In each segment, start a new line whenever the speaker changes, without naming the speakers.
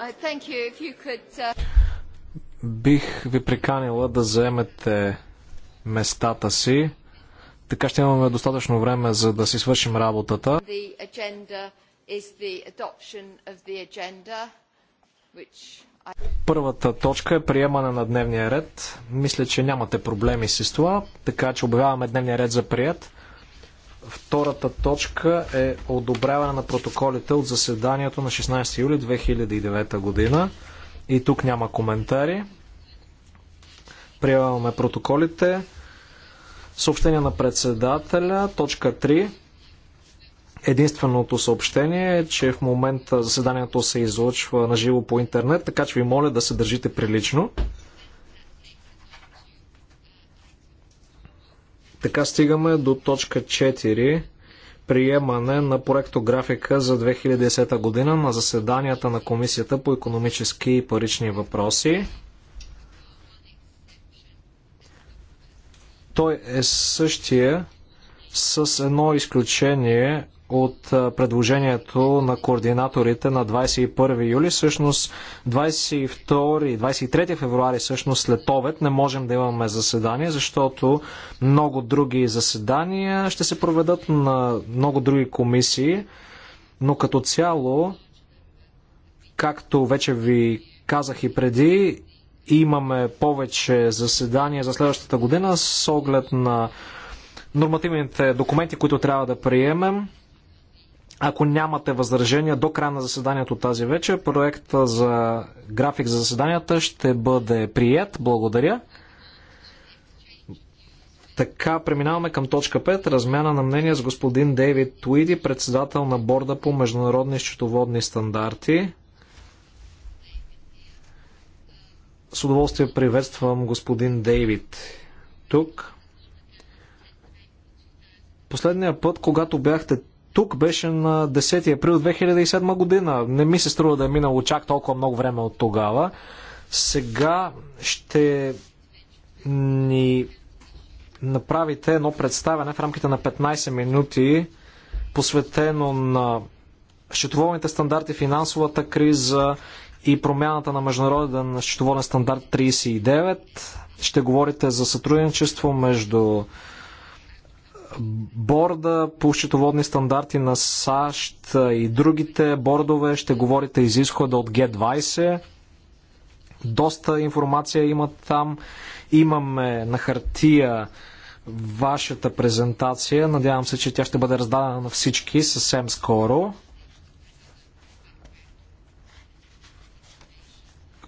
Uh, uh,
Бих ви приканила да заемете местата си. Така ще имаме достатъчно време, за да си свършим работата. Първата точка е приемане на дневния ред. Мисля, че нямате проблеми с това, така че обявяваме дневния ред за прият. Втората точка е одобряване на протоколите от заседанието на 16 юли 2009 година. И тук няма коментари. Приемаме протоколите. Съобщение на председателя. Точка 3. Единственото съобщение е, че в момента заседанието се излъчва на живо по интернет, така че ви моля да се държите прилично. Така стигаме до точка 4 приемане на проектографика за 2010 година на заседанията на Комисията по економически и парични въпроси. Той е същия с едно изключение от предложението на координаторите на 21 юли. Всъщност 22 и 23 февруари, всъщност след обед, не можем да имаме заседание, защото много други заседания ще се проведат на много други комисии, но като цяло, както вече ви казах и преди, имаме повече заседания за следващата година с оглед на нормативните документи, които трябва да приемем ако нямате възражения до края на заседанието тази вечер, проекта за график за заседанията ще бъде прият. Благодаря. Така, преминаваме към точка 5. Размяна на мнение с господин Дейвид Туиди, председател на борда по международни счетоводни стандарти. С удоволствие приветствам господин Дейвид тук. Последния път, когато бяхте тук беше на 10 април 2007 година. Не ми се струва да е минало чак толкова много време от тогава. Сега ще ни направите едно представяне в рамките на 15 минути, посветено на счетоводните стандарти, финансовата криза и промяната на международен счетоводен стандарт 39. Ще говорите за сътрудничество между борда по счетоводни стандарти на САЩ и другите бордове. Ще говорите из изхода от Г20. Доста информация има там. Имаме на хартия вашата презентация. Надявам се, че тя ще бъде раздадена на всички съвсем скоро.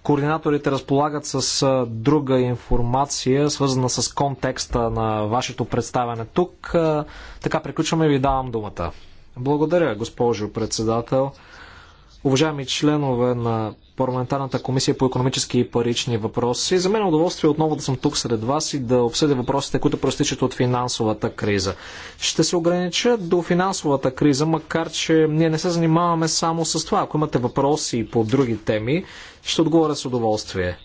Координаторите разполагат с друга информация, свързана с контекста на вашето представяне тук. Така приключваме и ви давам думата. Благодаря, госпожо председател. Уважаеми членове на парламентарната комисия по економически и парични въпроси, за мен е удоволствие отново да съм тук сред вас и да обсъдя въпросите, които простичат от финансовата криза. Ще се огранича до финансовата криза, макар че ние не се занимаваме само с това. Ако имате въпроси по други теми, ще отговоря с удоволствие.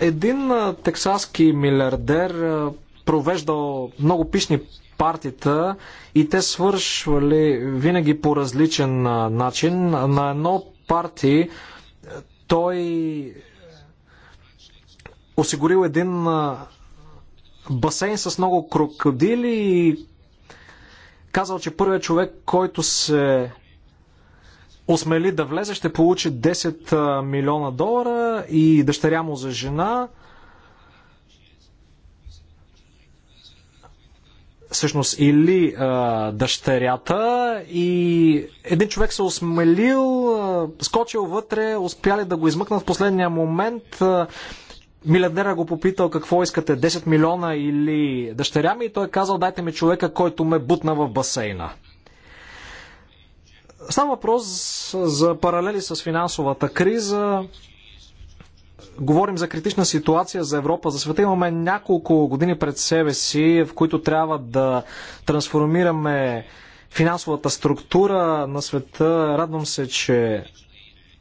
Един тексаски милиардер провеждал много пишни партията и те свършвали винаги по различен начин. На едно парти е, той е, осигурил един басейн с много крокодили и казал, че първият човек, който се осмели да влезе, ще получи 10 милиона долара и дъщеря му за жена – всъщност или а, дъщерята и един човек се осмелил, а, скочил вътре, успяли да го измъкнат в последния момент. А, Милиардера го попитал какво искате, 10 милиона или дъщеря ми и той е казал дайте ми човека, който ме бутна в басейна. Става въпрос за паралели с финансовата криза говорим за критична ситуация за Европа, за света, имаме няколко години пред себе си, в които трябва да трансформираме финансовата структура на света. Радвам се, че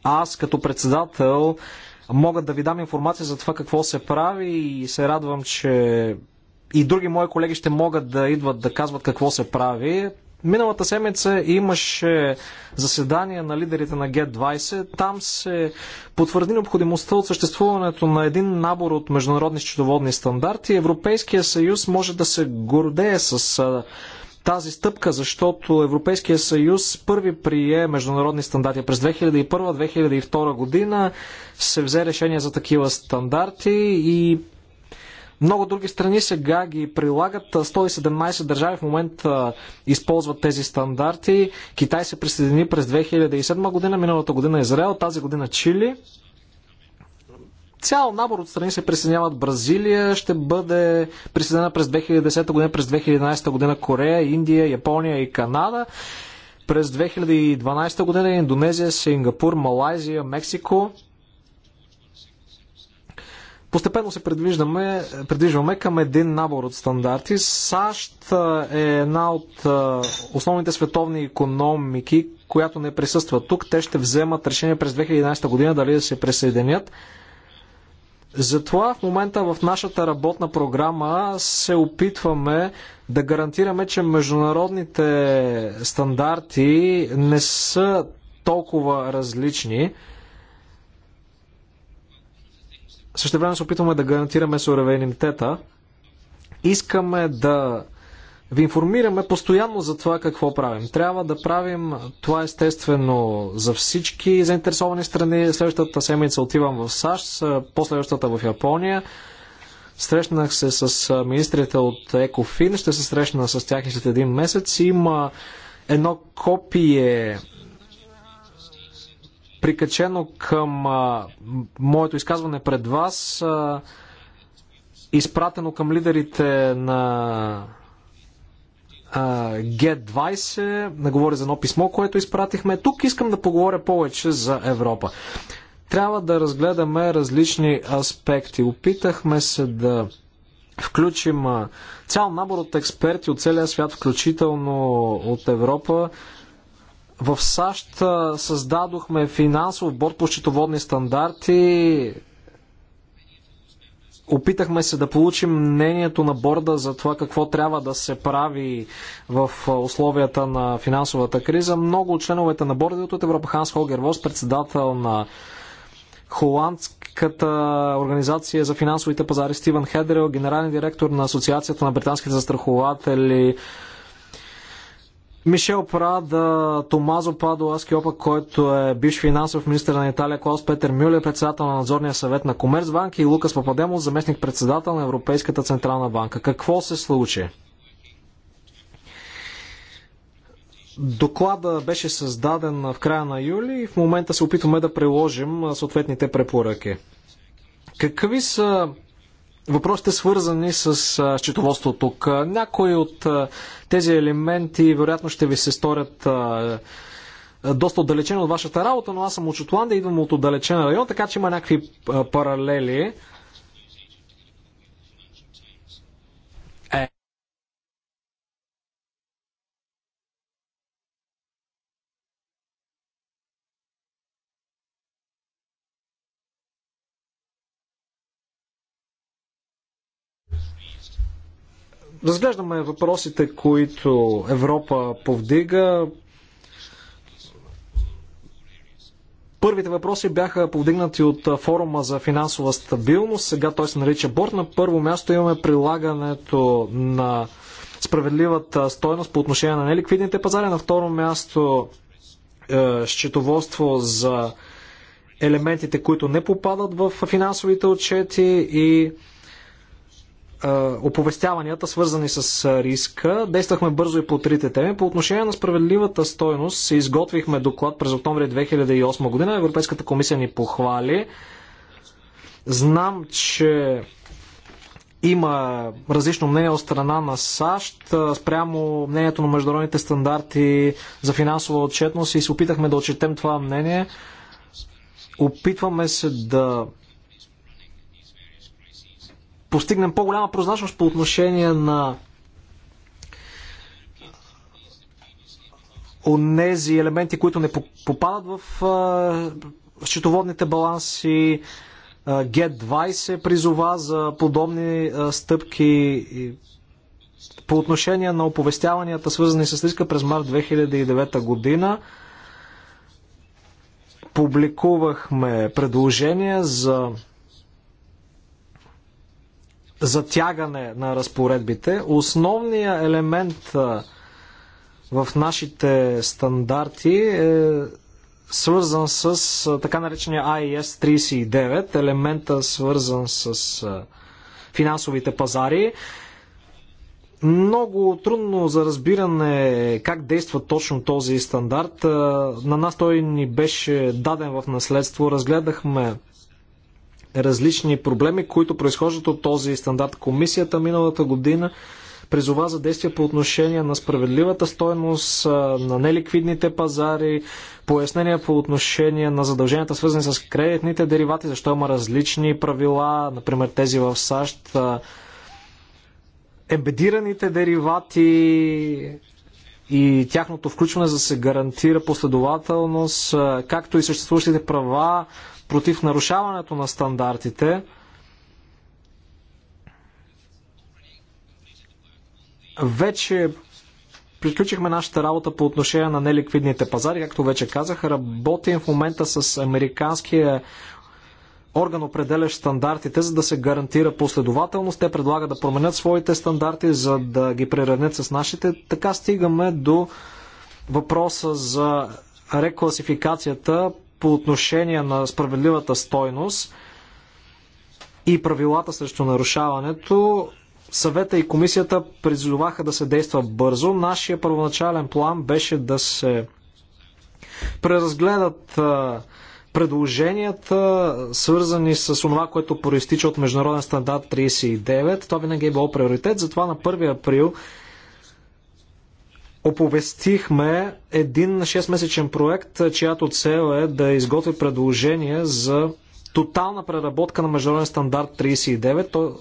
аз като председател мога да ви дам информация за това какво се прави и се радвам, че и други мои колеги ще могат да идват да казват какво се прави. Миналата седмица имаше заседание на лидерите на Г-20. Там се потвърди необходимостта от съществуването на един набор от международни счетоводни стандарти. Европейския съюз може да се гордее с тази стъпка, защото Европейския съюз първи прие международни стандарти. През 2001-2002 година се взе решение за такива стандарти и много други страни сега ги прилагат. 117 държави в момента използват тези стандарти. Китай се присъедини през 2007 година, миналата година Израел, тази година Чили. Цял набор от страни се присъединяват. Бразилия ще бъде присъединена през 2010 година, през 2011 година Корея, Индия, Япония и Канада. През 2012 година Индонезия, Сингапур, Малайзия, Мексико. Постепенно се предвиждаме, предвиждаме към един набор от стандарти. САЩ е една от основните световни економики, която не присъства тук. Те ще вземат решение през 2011 година дали да се присъединят. Затова в момента в нашата работна програма се опитваме да гарантираме, че международните стандарти не са толкова различни. Също време се опитваме да гарантираме суверенитета. Искаме да ви информираме постоянно за това какво правим. Трябва да правим това естествено за всички заинтересовани страни. Следващата седмица отивам в САЩ, последващата в Япония. Срещнах се с министрите от Екофин, ще се срещна с тях след един месец. Има едно копие прикачено към а, моето изказване пред вас, а, изпратено към лидерите на а, G20, да говоря за едно писмо, което изпратихме. Тук искам да поговоря повече за Европа. Трябва да разгледаме различни аспекти. Опитахме се да включим цял набор от експерти от целия свят, включително от Европа. В САЩ създадохме финансов борт по счетоводни стандарти. Опитахме се да получим мнението на борда за това какво трябва да се прави в условията на финансовата криза. Много от членовете на борда от Европа Ханс Холгер Вос, председател на Холандската организация за финансовите пазари Стивен Хедрел, генерален директор на Асоциацията на британските застрахователи, Мишел Прада, Томазо Падо Аскиопа, който е бивш финансов министр на Италия, Клаус Петър Мюле, председател на надзорния съвет на Комерцбанк и Лукас Пападемо, заместник председател на Европейската централна банка. Какво се случи? Доклада беше създаден в края на юли и в момента се опитваме да приложим съответните препоръки. Какви са въпросите свързани с счетоводство тук. Някои от тези елементи вероятно ще ви се сторят доста отдалечени от вашата работа, но аз съм от Шотландия, идвам от отдалечен район, така че има някакви паралели. Разглеждаме въпросите, които Европа повдига. Първите въпроси бяха повдигнати от форума за финансова стабилност. Сега той се нарича борт. На първо място имаме прилагането на справедливата стойност по отношение на неликвидните пазари. На второ място е, счетоводство за елементите, които не попадат в финансовите отчети и оповестяванията, свързани с риска. Действахме бързо и по трите теми. По отношение на справедливата стойност, се изготвихме доклад през октомври 2008 година. Европейската комисия ни похвали. Знам, че има различно мнение от страна на САЩ спрямо мнението на международните стандарти за финансова отчетност и се опитахме да отчетем това мнение. Опитваме се да постигнем по-голяма прозрачност по отношение на онези елементи, които не попадат в счетоводните баланси. G20 призова за подобни стъпки по отношение на оповестяванията, свързани с риска през март 2009 година. Публикувахме предложения за затягане на разпоредбите. Основният елемент в нашите стандарти е свързан с така наречения IES 39, елемента свързан с финансовите пазари. Много трудно за разбиране как действа точно този стандарт. На нас той ни беше даден в наследство. Разгледахме различни проблеми, които произхождат от този стандарт. Комисията миналата година призова за действия по отношение на справедливата стоеност на неликвидните пазари, пояснения по отношение на задълженията, свързани с кредитните деривати, защо има различни правила, например тези в САЩ, ембедираните деривати и тяхното включване за да се гарантира последователност, както и съществуващите права против нарушаването на стандартите. Вече приключихме нашата работа по отношение на неликвидните пазари. Както вече казах, работим в момента с американския орган определящ стандартите, за да се гарантира последователност. Те предлагат да променят своите стандарти, за да ги приравнят с нашите. Така стигаме до въпроса за рекласификацията по отношение на справедливата стойност и правилата срещу нарушаването, съвета и комисията призоваха да се действа бързо. Нашия първоначален план беше да се преразгледат предложенията, свързани с това, което проистича от международен стандарт 39. Това винаги е било приоритет, затова на 1 април оповестихме един 6-месечен проект, чиято цел е да изготви предложение за тотална преработка на международен стандарт 39. То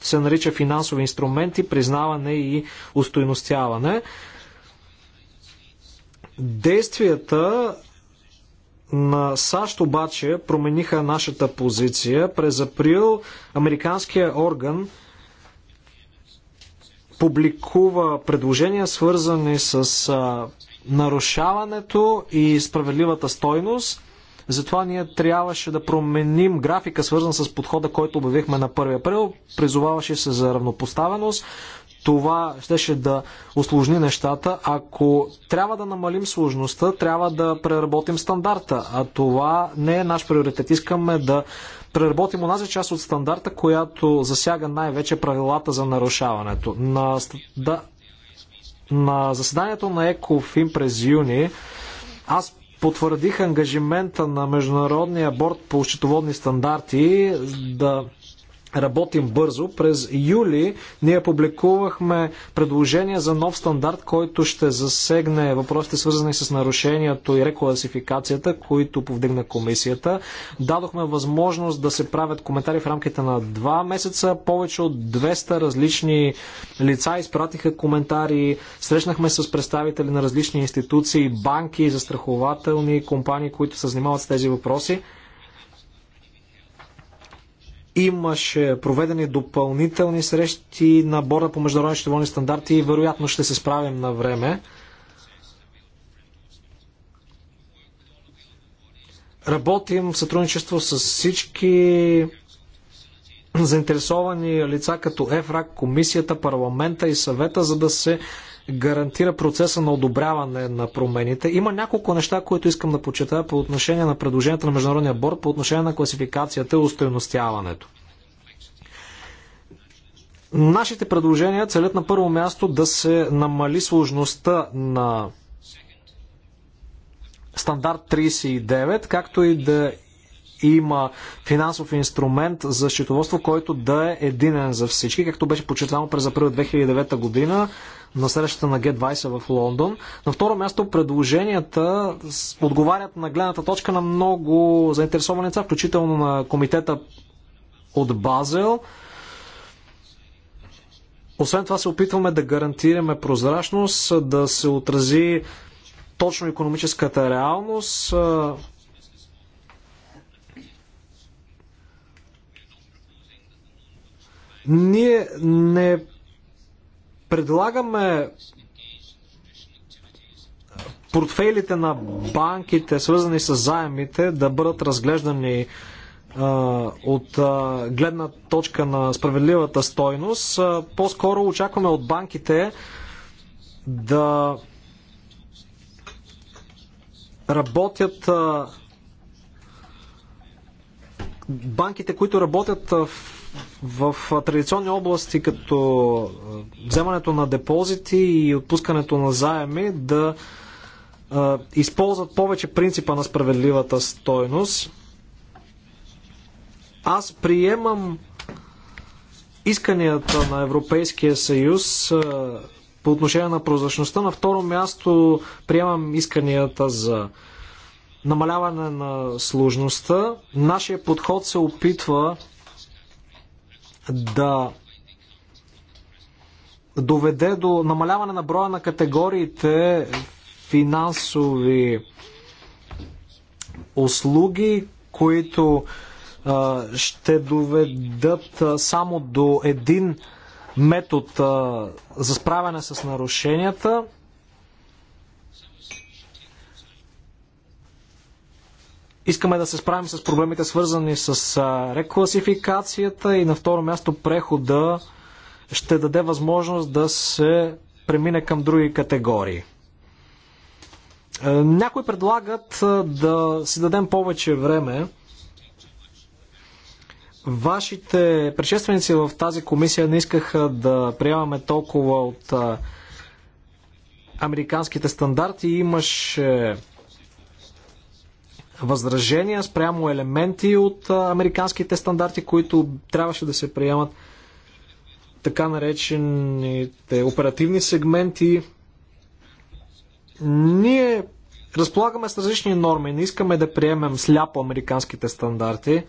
се нарича финансови инструменти, признаване и устойностяване. Действията на САЩ обаче промениха нашата позиция. През април американския орган публикува предложения, свързани с а, нарушаването и справедливата стойност. Затова ние трябваше да променим графика, свързан с подхода, който обявихме на 1 април. Призоваваше се за равнопоставеност това щеше да осложни нещата. Ако трябва да намалим сложността, трябва да преработим стандарта, а това не е наш приоритет. Искаме да преработим онази част от стандарта, която засяга най-вече правилата за нарушаването. На, да, на заседанието на ЕКОФИН през юни аз потвърдих ангажимента на Международния борт по счетоводни стандарти да работим бързо. През юли ние публикувахме предложение за нов стандарт, който ще засегне въпросите свързани с нарушението и рекласификацията, които повдигна комисията. Дадохме възможност да се правят коментари в рамките на два месеца. Повече от 200 различни лица изпратиха коментари. Срещнахме с представители на различни институции, банки, застрахователни компании, които се занимават с тези въпроси. Имаше проведени допълнителни срещи на борда по международни щитоволни стандарти и вероятно ще се справим на време. Работим в сътрудничество с всички заинтересовани лица като ЕФРАК, комисията, парламента и съвета, за да се гарантира процеса на одобряване на промените. Има няколко неща, които искам да почета по отношение на предложението на Международния борт, по отношение на класификацията и устойностяването. Нашите предложения целят на първо място да се намали сложността на стандарт 39, както и да има финансов инструмент за счетоводство, който да е единен за всички, както беше почетвано през април 2009 година на срещата на Г20 в Лондон. На второ място предложенията отговарят на гледната точка на много заинтересовани лица, включително на комитета от Базел. Освен това се опитваме да гарантираме прозрачност, да се отрази точно економическата реалност. Ние не Предлагаме портфейлите на банките, свързани с заемите, да бъдат разглеждани от гледна точка на справедливата стойност. По-скоро очакваме от банките да работят банките, които работят в в традиционни области, като вземането на депозити и отпускането на заеми, да използват повече принципа на справедливата стойност. Аз приемам исканията на Европейския съюз по отношение на прозрачността. На второ място приемам исканията за намаляване на сложността. Нашия подход се опитва да доведе до намаляване на броя на категориите финансови услуги, които ще доведат само до един метод за справяне с нарушенията. Искаме да се справим с проблемите, свързани с рекласификацията и на второ място прехода ще даде възможност да се премине към други категории. Някои предлагат да си дадем повече време. Вашите предшественици в тази комисия не искаха да приемаме толкова от американските стандарти. Имаше възражения спрямо елементи от американските стандарти, които трябваше да се приемат така наречените оперативни сегменти. Ние разполагаме с различни норми, не искаме да приемем сляпо американските стандарти.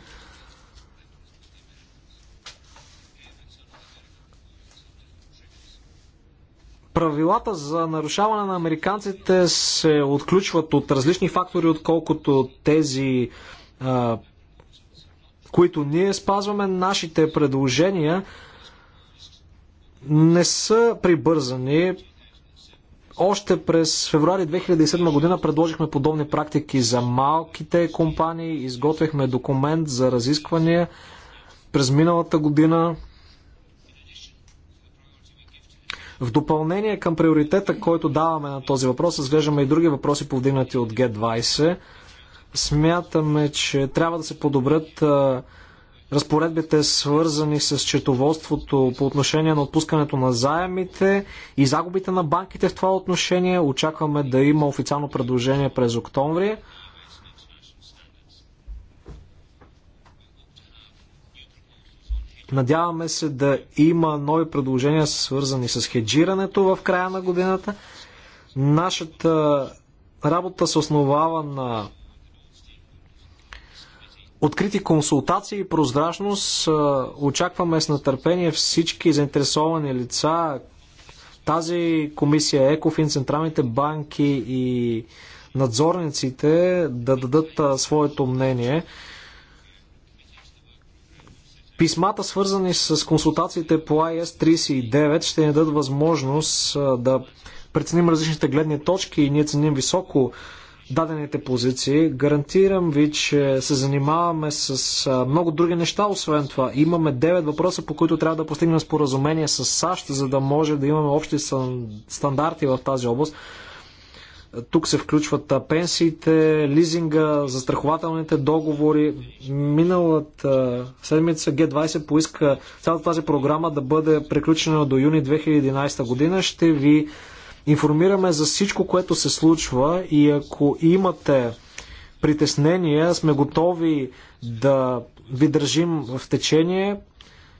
правилата за нарушаване на американците се отключват от различни фактори, отколкото тези, а, които ние спазваме. Нашите предложения не са прибързани. Още през февруари 2007 година предложихме подобни практики за малките компании, изготвихме документ за разисквания през миналата година в допълнение към приоритета, който даваме на този въпрос, разглеждаме и други въпроси, повдигнати от Г20. Смятаме, че трябва да се подобрят разпоредбите свързани с четоводството по отношение на отпускането на заемите и загубите на банките в това отношение. Очакваме да има официално предложение през октомври. Надяваме се да има нови предложения, свързани с хеджирането в края на годината. Нашата работа се основава на открити консултации и прозрачност. Е, очакваме с нетърпение всички заинтересовани лица, тази комисия Екофин, централните банки и надзорниците да дадат е, своето мнение. Писмата, свързани с консултациите по IS-39, ще ни дадат възможност да преценим различните гледни точки и ние ценим високо дадените позиции. Гарантирам ви, че се занимаваме с много други неща, освен това. Имаме 9 въпроса, по които трябва да постигнем споразумение с САЩ, за да може да имаме общи стандарти в тази област. Тук се включват пенсиите, лизинга, застрахователните договори. Миналата седмица Г20 поиска цялата тази програма да бъде приключена до юни 2011 година. Ще ви информираме за всичко, което се случва и ако имате притеснения, сме готови да ви държим в течение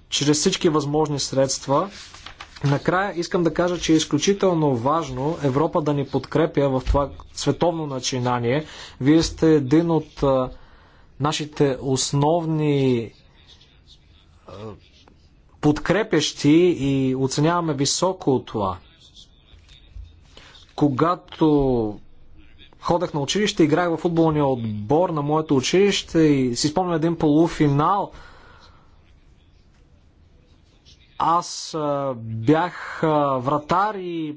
чрез всички възможни средства. Накрая искам да кажа, че е изключително важно Европа да ни подкрепя в това световно начинание. Вие сте един от нашите основни подкрепещи и оценяваме високо от това. Когато ходех на училище, играх в футболния отбор на моето училище и си спомням един полуфинал – аз бях вратар и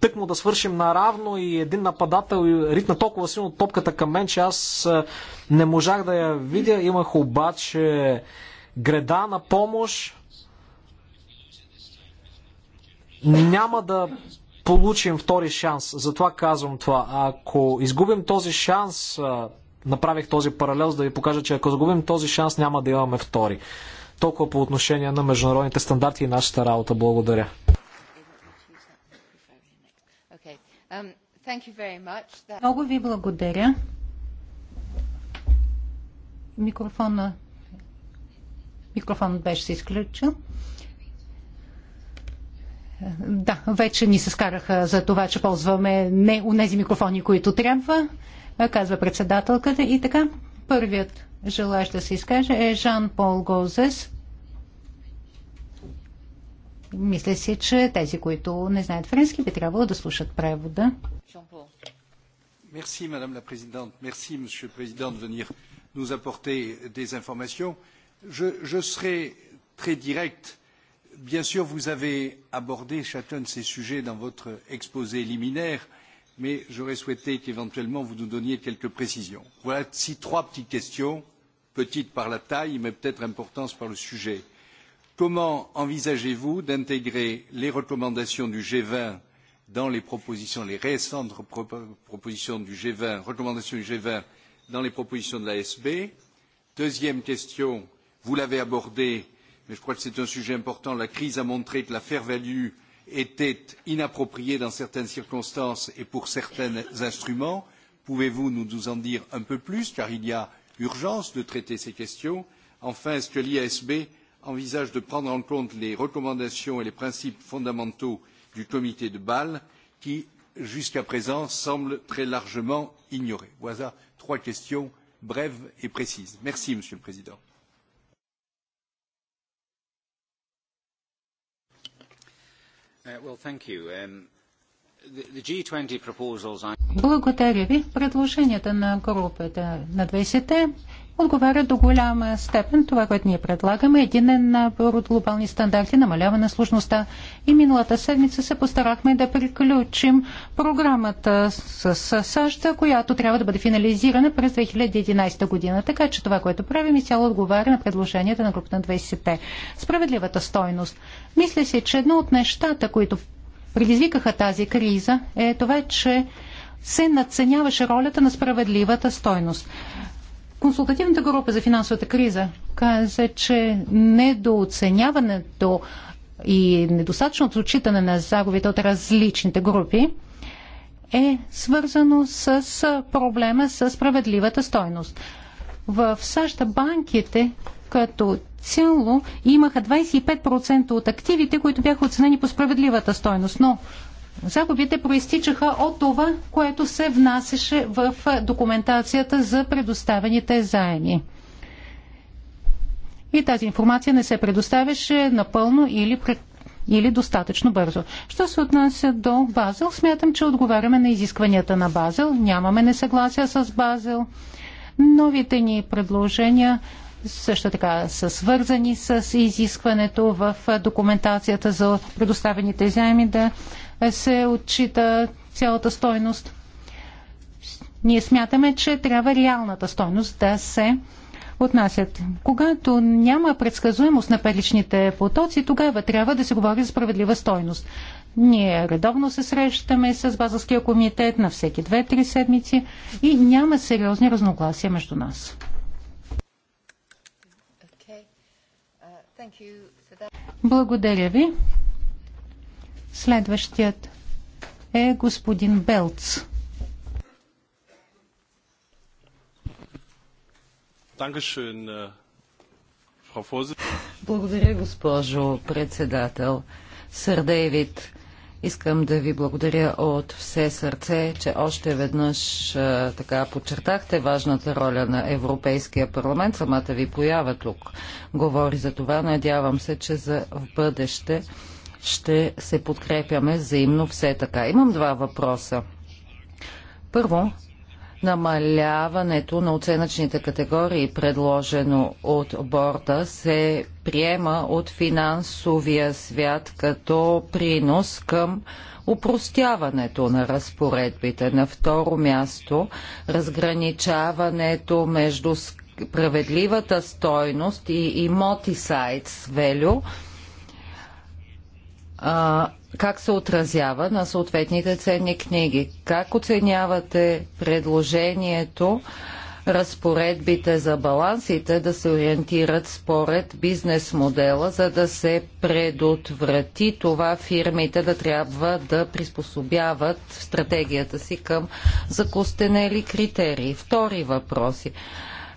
тък му да свършим наравно и един нападател ритна толкова силно топката към мен, че аз не можах да я видя. Имах обаче греда на помощ. Няма да получим втори шанс. Затова казвам това. Ако изгубим този шанс, направих този паралел, за да ви покажа, че ако изгубим този шанс, няма да имаме втори. Толкова по отношение на международните стандарти и нашата работа. Благодаря.
Um, Много ви
благодаря. Микрофона... Микрофонът беше се изключил. Да, вече ни се скараха за това, че ползваме не у нези микрофони, които трябва, казва председателката. И така, първият желаещ да се изкаже е Жан-Пол Гозес. Мисля си, че тези, които не знаят френски, би трябвало да слушат превода.
Merci, Madame la Présidente. Merci, Monsieur le Président, de venir nous apporter des informations. Je, je serai très direct. Bien sûr, vous avez abordé chacun de ces sujets dans votre exposé liminaire mais j'aurais souhaité qu'éventuellement vous nous donniez quelques précisions. Voilà trois petites questions petite par la taille, mais peut-être importance par le sujet. Comment envisagez-vous d'intégrer les recommandations du g vingt dans les propositions, les récentes propositions du g vingt, recommandations du g vingt dans les propositions de l'ASB Deuxième question, vous l'avez abordée, mais je crois que c'est un sujet important. La crise a montré que la fair value était inappropriée dans certaines circonstances et pour certains instruments. Pouvez-vous nous en dire un peu plus, car il y a urgence de traiter ces questions Enfin, est-ce que l'IASB envisage de prendre en compte les recommandations et les principes fondamentaux du comité de Bâle qui, jusqu'à présent, semblent très largement ignorés Voilà trois questions brèves et précises. Merci, Monsieur le Président. Благодаря
ви. Предложенията на групата на 20-те отговарят до голяма степен това, което ние предлагаме. Е един е на глобални стандарти намалява на сложността. И миналата седмица се постарахме да приключим програмата с, САЩ, която трябва да бъде финализирана през 2011 година. Така че това, което правим, изцяло отговаря на предложенията на групата на 20-те. Справедливата стойност. Мисля се, че едно от нещата, които предизвикаха тази криза, е това, че се надценяваше ролята на справедливата стойност. Консултативната група за финансовата криза каза, че недооценяването и недостатъчното отчитане на загубите от различните групи е свързано с проблема с справедливата стойност. В САЩ банките като цяло имаха 25% от активите, които бяха оценени по справедливата стойност. Но загубите проистичаха от това, което се внасяше в документацията за предоставените заеми. И тази информация не се предоставяше напълно или пред или достатъчно бързо. Що се отнася до Базел, смятам, че отговаряме на изискванията на Базел. Нямаме несъгласия с Базел. Новите ни предложения също така са свързани с изискването в документацията за предоставените заеми да се отчита цялата стойност. Ние смятаме, че трябва реалната стойност да се отнасят. Когато няма предсказуемост на паричните потоци, тогава трябва да се говори за справедлива стойност. Ние редовно се срещаме с базовския комитет на всеки 2-3 седмици и няма сериозни разногласия между нас. Благодаря ви. Следващият е господин Белц.
Äh,
Благодаря, госпожо председател. Сър Дейвид, Искам да ви благодаря от все сърце, че още веднъж така подчертахте важната роля на Европейския парламент. Самата ви поява тук говори за това. Надявам се, че за в бъдеще ще се подкрепяме взаимно все така. Имам два въпроса. Първо, намаляването на оценъчните категории, предложено от борда, се приема от финансовия свят като принос към упростяването на разпоредбите. На второ място разграничаването между справедливата стойност и имоти с велю как се отразява на съответните ценни книги. Как оценявате предложението разпоредбите за балансите да се ориентират според бизнес модела, за да се предотврати това фирмите да трябва да приспособяват стратегията си към закостенели критерии. Втори въпроси. Е,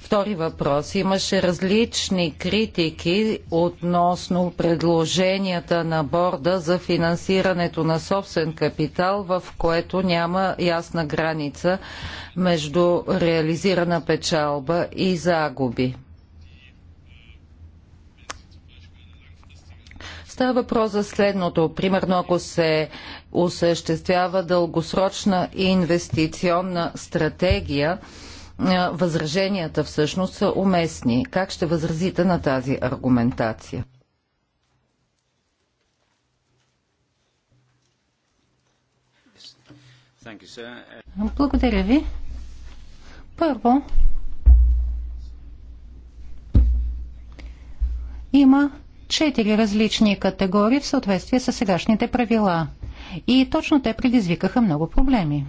Втори въпрос. Имаше различни критики относно предложенията на борда за финансирането на собствен капитал, в което няма ясна граница между реализирана печалба и загуби. Става въпрос за следното. Примерно, ако се осъществява дългосрочна инвестиционна стратегия, възраженията всъщност са уместни. Как ще възразите на тази аргументация?
Благодаря
ви. Първо, има четири различни категории в съответствие с сегашните правила. И точно те предизвикаха много проблеми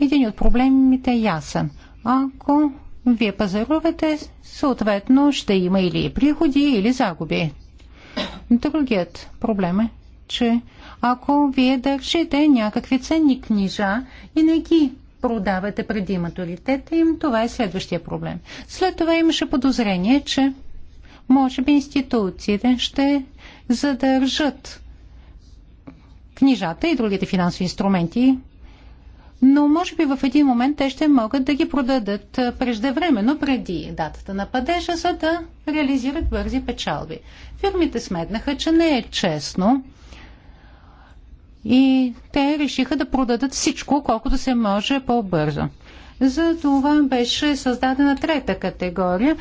един от проблемите е ясен. Ако вие пазарувате, съответно ще има или приходи, или загуби. Другият проблем е, че ако вие държите някакви ценни книжа и не ги продавате преди матуритета им, това е следващия проблем. След това имаше подозрение, че може би институциите ще задържат книжата и другите финансови инструменти но може би в един момент те ще могат да ги продадат преждевременно преди датата на падежа, за да реализират бързи печалби. Фирмите сметнаха, че не е честно и те решиха да продадат всичко, колкото се може по-бързо. За това беше създадена трета категория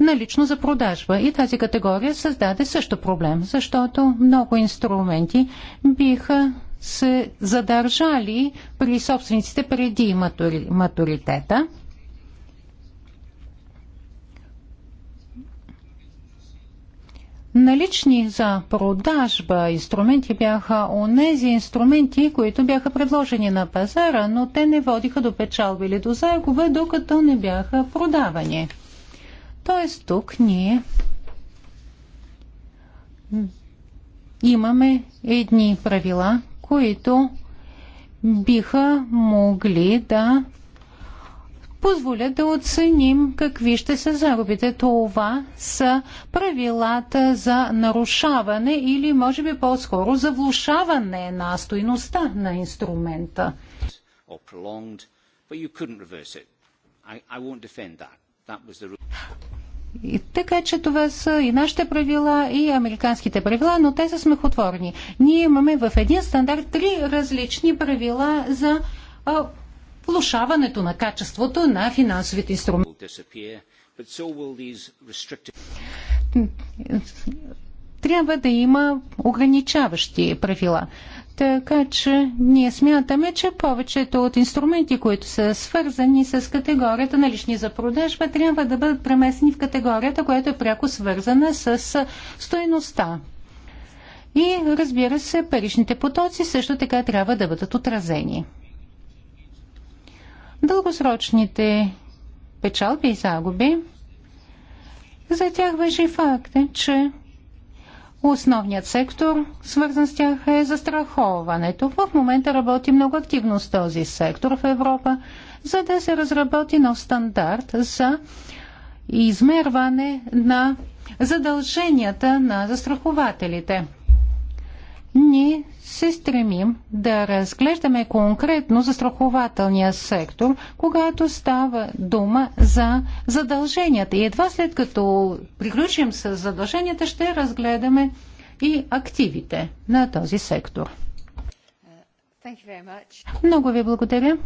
налично за продажба. И тази категория създаде също проблем, защото много инструменти биха се задържали при собствениците преди матури, матуритета. Налични за продажба инструменти бяха онези инструменти, които бяха предложени на пазара, но те не водиха до печалби или до загуба, докато не бяха продавани. Тоест тук ние имаме едни правила, които биха могли да позволят да оценим какви ще са загубите. Това са правилата за нарушаване или може би по-скоро за влушаване на стоиността на инструмента. И така че това са и нашите правила, и американските правила, но те са смехотворни. Ние имаме в един стандарт три различни правила за а, влушаването на качеството на финансовите инструменти. Трябва да има ограничаващи правила. Така че ние смятаме, че повечето от инструменти, които са свързани с категорията на лични за продажба, трябва да бъдат преместени в категорията, която е пряко свързана с стоеността. И разбира се, паричните потоци също така трябва да бъдат отразени. Дългосрочните печалби и загуби, за тях въжи факт, че Основният сектор, свързан с тях, е застраховането. В момента работи много активно с този сектор в Европа, за да се разработи нов стандарт за измерване на задълженията на застрахователите. Ние се стремим да разглеждаме конкретно застрахователния сектор, когато става дума за задълженията. И едва след като приключим с задълженията, ще разгледаме и активите на този сектор. Много ви благодаря.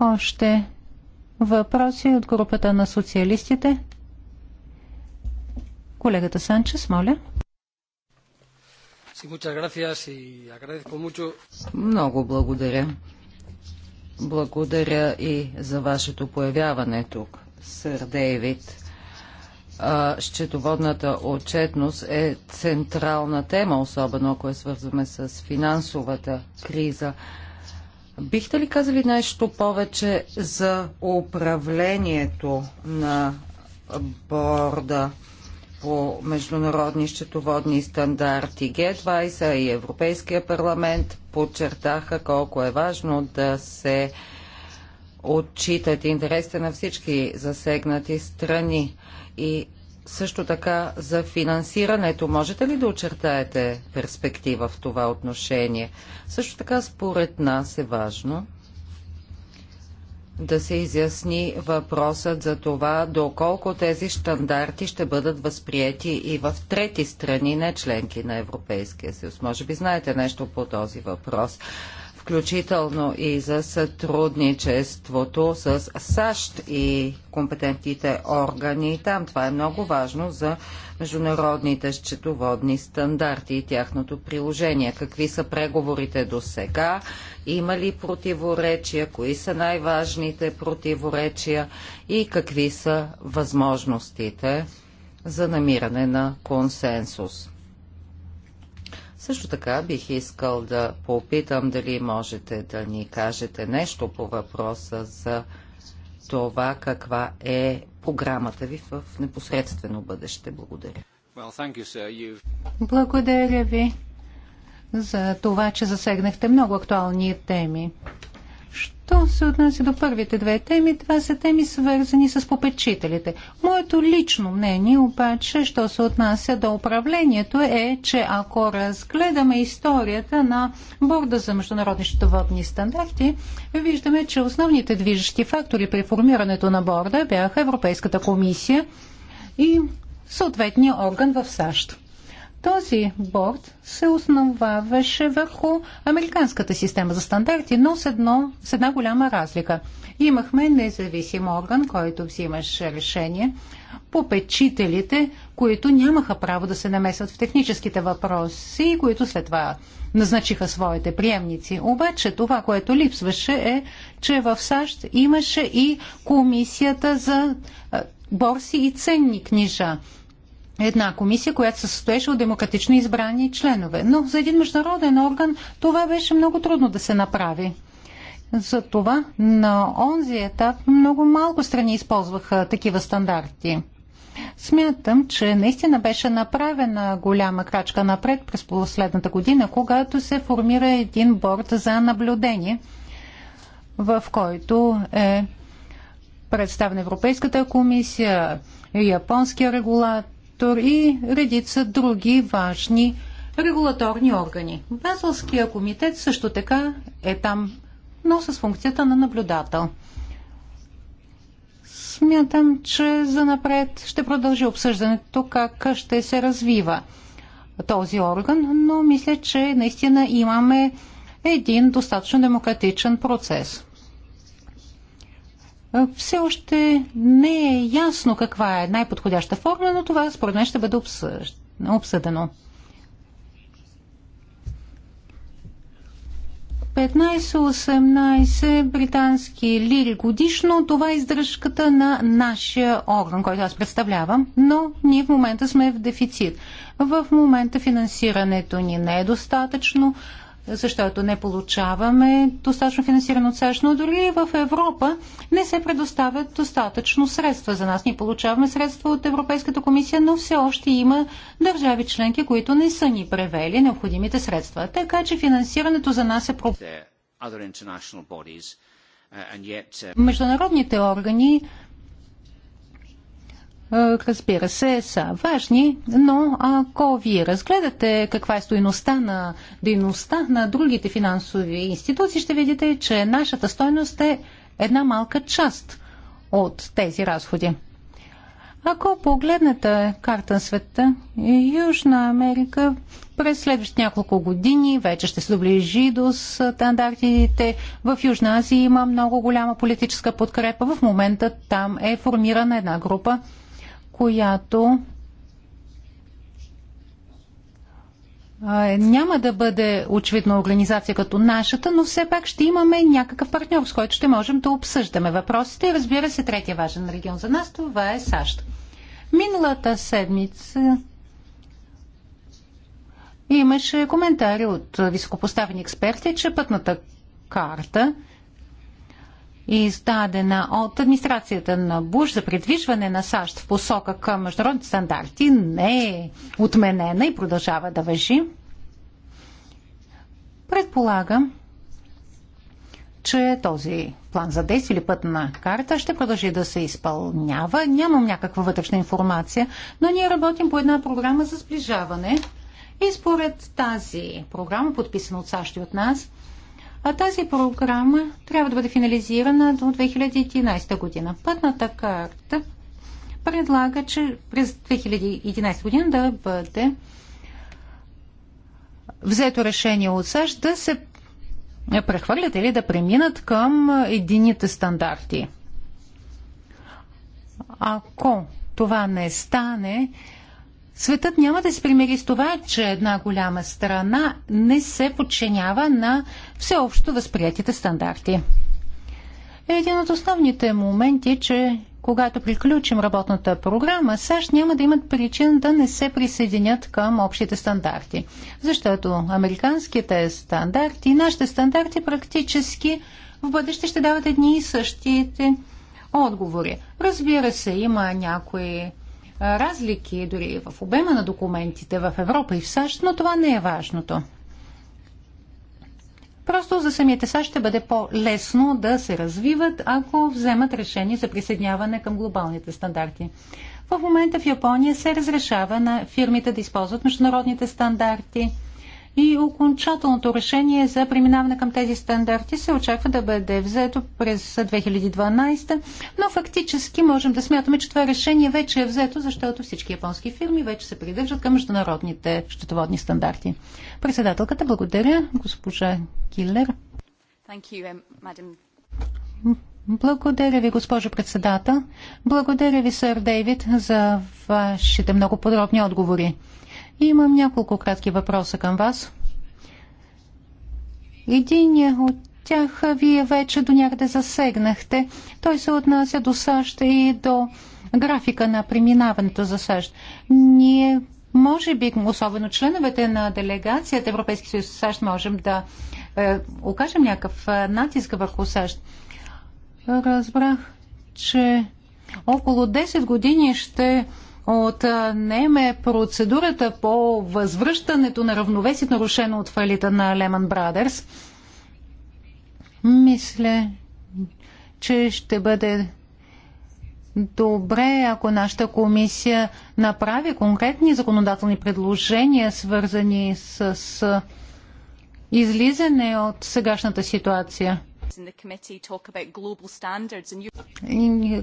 Още въпроси от групата на социалистите. Колегата Санчес, моля. Много благодаря.
Благодаря и за вашето появяване тук, сър Дейвид. Счетоводната отчетност е централна тема, особено ако я свързваме с финансовата криза. Бихте ли казали нещо повече за управлението на борда? по международни счетоводни стандарти. Г20 и Европейския парламент подчертаха колко е важно да се отчитат интересите на всички засегнати страни и също така за финансирането. Можете ли да очертаете перспектива в това отношение? Също така според нас е важно да се изясни въпросът за това, доколко тези стандарти ще бъдат възприяти и в трети страни, не членки на Европейския съюз. Може би знаете нещо по този въпрос включително и за сътрудничеството с САЩ и компетентните органи там. Това е много важно за международните счетоводни стандарти и тяхното приложение. Какви са преговорите до сега? Има ли противоречия? Кои са най-важните противоречия? И какви са възможностите за намиране на консенсус? Също така бих искал да попитам дали можете да ни кажете нещо по въпроса за това каква е програмата ви в непосредствено бъдеще. Благодаря.
Well, you,
Благодаря ви за това, че засегнахте много актуални теми. Що се отнася до първите две теми, това са теми свързани с попечителите. Моето лично мнение обаче, що се отнася до управлението е, че ако разгледаме историята на Борда за международни щитоводни стандарти, виждаме, че основните движещи фактори при формирането на Борда бяха Европейската комисия и съответния орган в САЩ. Този борт се основаваше върху американската система за стандарти, но с, едно, с една голяма разлика. Имахме независим орган, който взимаше решение. Попечителите, които нямаха право да се намесват в техническите въпроси и които след това назначиха своите приемници. Обаче това, което липсваше е, че в САЩ имаше и комисията за борси и ценни книжа една комисия, която се състоеше от демократично избрани членове. Но за един международен орган това беше много трудно да се направи. Затова на онзи етап много малко страни използваха такива стандарти. Смятам, че наистина беше направена голяма крачка напред през последната година, когато се формира един борт за наблюдение, в който е представена Европейската комисия, японския регулат, сектор и редица други важни регулаторни органи. Базълския комитет също така е там, но с функцията на наблюдател. Смятам, че за напред ще продължи обсъждането как ще се развива този орган, но мисля, че наистина имаме един достатъчно демократичен процес все още не е ясно каква е най-подходяща форма, но това според мен ще бъде обсъдено. 15-18 британски лири годишно. Това е издръжката на нашия орган, който аз представлявам, но ние в момента сме в дефицит. В момента финансирането ни не е достатъчно защото не получаваме достатъчно финансиране от САЩ, но дори в Европа не се предоставят достатъчно средства за нас. Ние получаваме средства от Европейската комисия, но все още има държави членки, които не са ни превели необходимите средства. Така че финансирането за нас е проблем.
Uh, uh,
Международните органи е, разбира се, са важни, но ако вие разгледате каква е стоеността на дейността на другите финансови институции, ще видите, че нашата стойност е една малка част от тези разходи. Ако погледнете карта на света, Южна Америка през следващите няколко години вече ще се доближи до стандартите. В Южна Азия има много голяма политическа подкрепа. В момента там е формирана една група която няма да бъде очевидно организация като нашата, но все пак ще имаме някакъв партньор, с който ще можем да обсъждаме въпросите. И разбира се, третия важен регион за нас това е САЩ. Миналата седмица имаше коментари от високопоставени експерти, че пътната карта издадена от администрацията на Буш за предвижване на САЩ в посока към международните стандарти, не е отменена и продължава да въжи. Предполагам, че този план за действие или пътна карта ще продължи да се изпълнява. Нямам някаква вътрешна информация, но ние работим по една програма за сближаване. И според тази програма, подписана от САЩ и от нас, а тази програма трябва да бъде финализирана до 2011 година. Пътната карта предлага, че през 2011 година да бъде взето решение от САЩ да се прехвърлят или да преминат към едините стандарти. Ако това не стане, Светът няма да се примири с това, че една голяма страна не се подчинява на всеобщо възприятите стандарти. Един от основните моменти е, че когато приключим работната програма, САЩ няма да имат причин да не се присъединят към общите стандарти. Защото американските стандарти и нашите стандарти практически в бъдеще ще дават едни и същите отговори. Разбира се, има някои разлики дори в обема на документите в Европа и в САЩ, но това не е важното. Просто за самите САЩ ще бъде по-лесно да се развиват, ако вземат решение за присъединяване към глобалните стандарти. В момента в Япония се разрешава на фирмите да използват международните стандарти – и окончателното решение за преминаване към тези стандарти се очаква да бъде взето през 2012, но фактически можем да смятаме, че това решение вече е взето, защото всички японски фирми вече се придържат към международните счетоводни стандарти. Председателката, благодаря, госпожа Килер. Um, благодаря ви, госпожо председател. Благодаря ви, сър Дейвид, за вашите много подробни отговори. И имам няколко кратки въпроса към вас. Един от тях вие вече до някъде засегнахте. Той се отнася до САЩ и до графика на преминаването за САЩ. Ние, може би, особено членовете на делегацията Европейски съюз САЩ, можем да е, окажем някакъв е, натиск върху САЩ. Разбрах, че около 10 години ще отнеме процедурата по възвръщането на равновесието, нарушено от фалита на Lehman Brothers, мисля, че ще бъде добре, ако нашата комисия направи конкретни законодателни предложения, свързани с излизане от сегашната ситуация.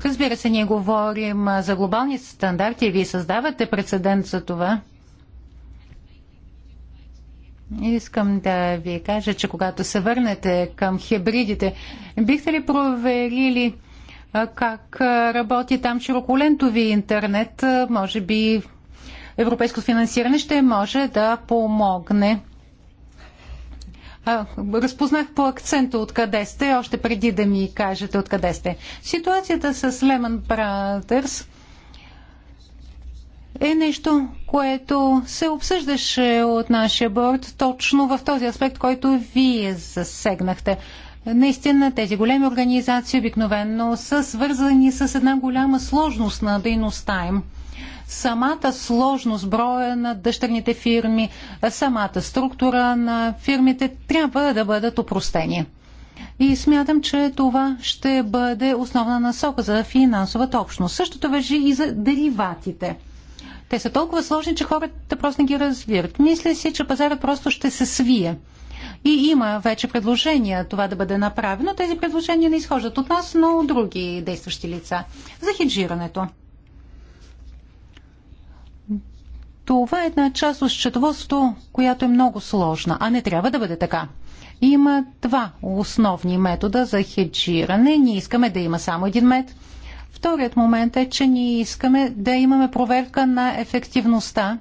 Разбира се, ние говорим за глобални стандарти. Вие създавате прецедент за това. Искам да ви кажа, че когато се върнете към хибридите, бихте ли проверили как работи там широколентови интернет? Може би европейско финансиране ще може да помогне а, разпознах по акцента откъде сте, още преди да ми кажете откъде сте. Ситуацията с Лемън Братърс е нещо, което се обсъждаше от нашия борт точно в този аспект, който вие засегнахте. Наистина тези големи организации обикновено са свързани с една голяма сложност на дейността им самата сложност, броя на дъщерните фирми, самата структура на фирмите трябва да бъдат опростени. И смятам, че това ще бъде основна насока за финансовата общност. Същото въжи и за дериватите. Те са толкова сложни, че хората просто не ги разбират. Мисля си, че пазарът просто ще се свие. И има вече предложения това да бъде направено. Тези предложения не изхождат от нас, но от други действащи лица. За хеджирането. Това е една част от счетоводството, която е много сложна, а не трябва да бъде така. Има два основни метода за хеджиране. Ние искаме да има само един мед. Вторият момент е, че ние искаме да имаме проверка на ефективността.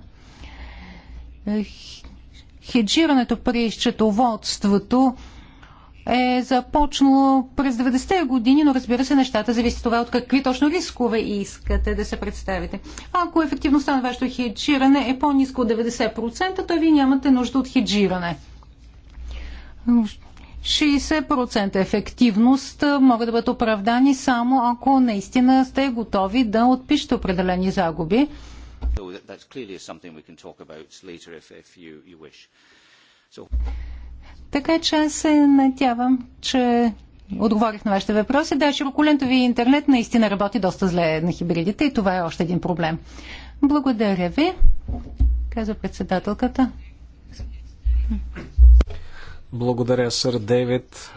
Хеджирането при счетоводството е започнало през 90-те години, но разбира се, нещата зависи това от какви точно рискове искате да се представите. Ако ефективността на вашето хеджиране е по-низко от 90%, то вие нямате нужда от хеджиране. 60% ефективност могат да бъдат оправдани само ако наистина сте готови да отпишете определени загуби. Така че аз се надявам, че отговорих на вашите въпроси. Да, широколентови интернет наистина работи доста зле на хибридите и това е още един проблем. Благодаря ви, казва председателката.
Благодаря, сър Дейвид.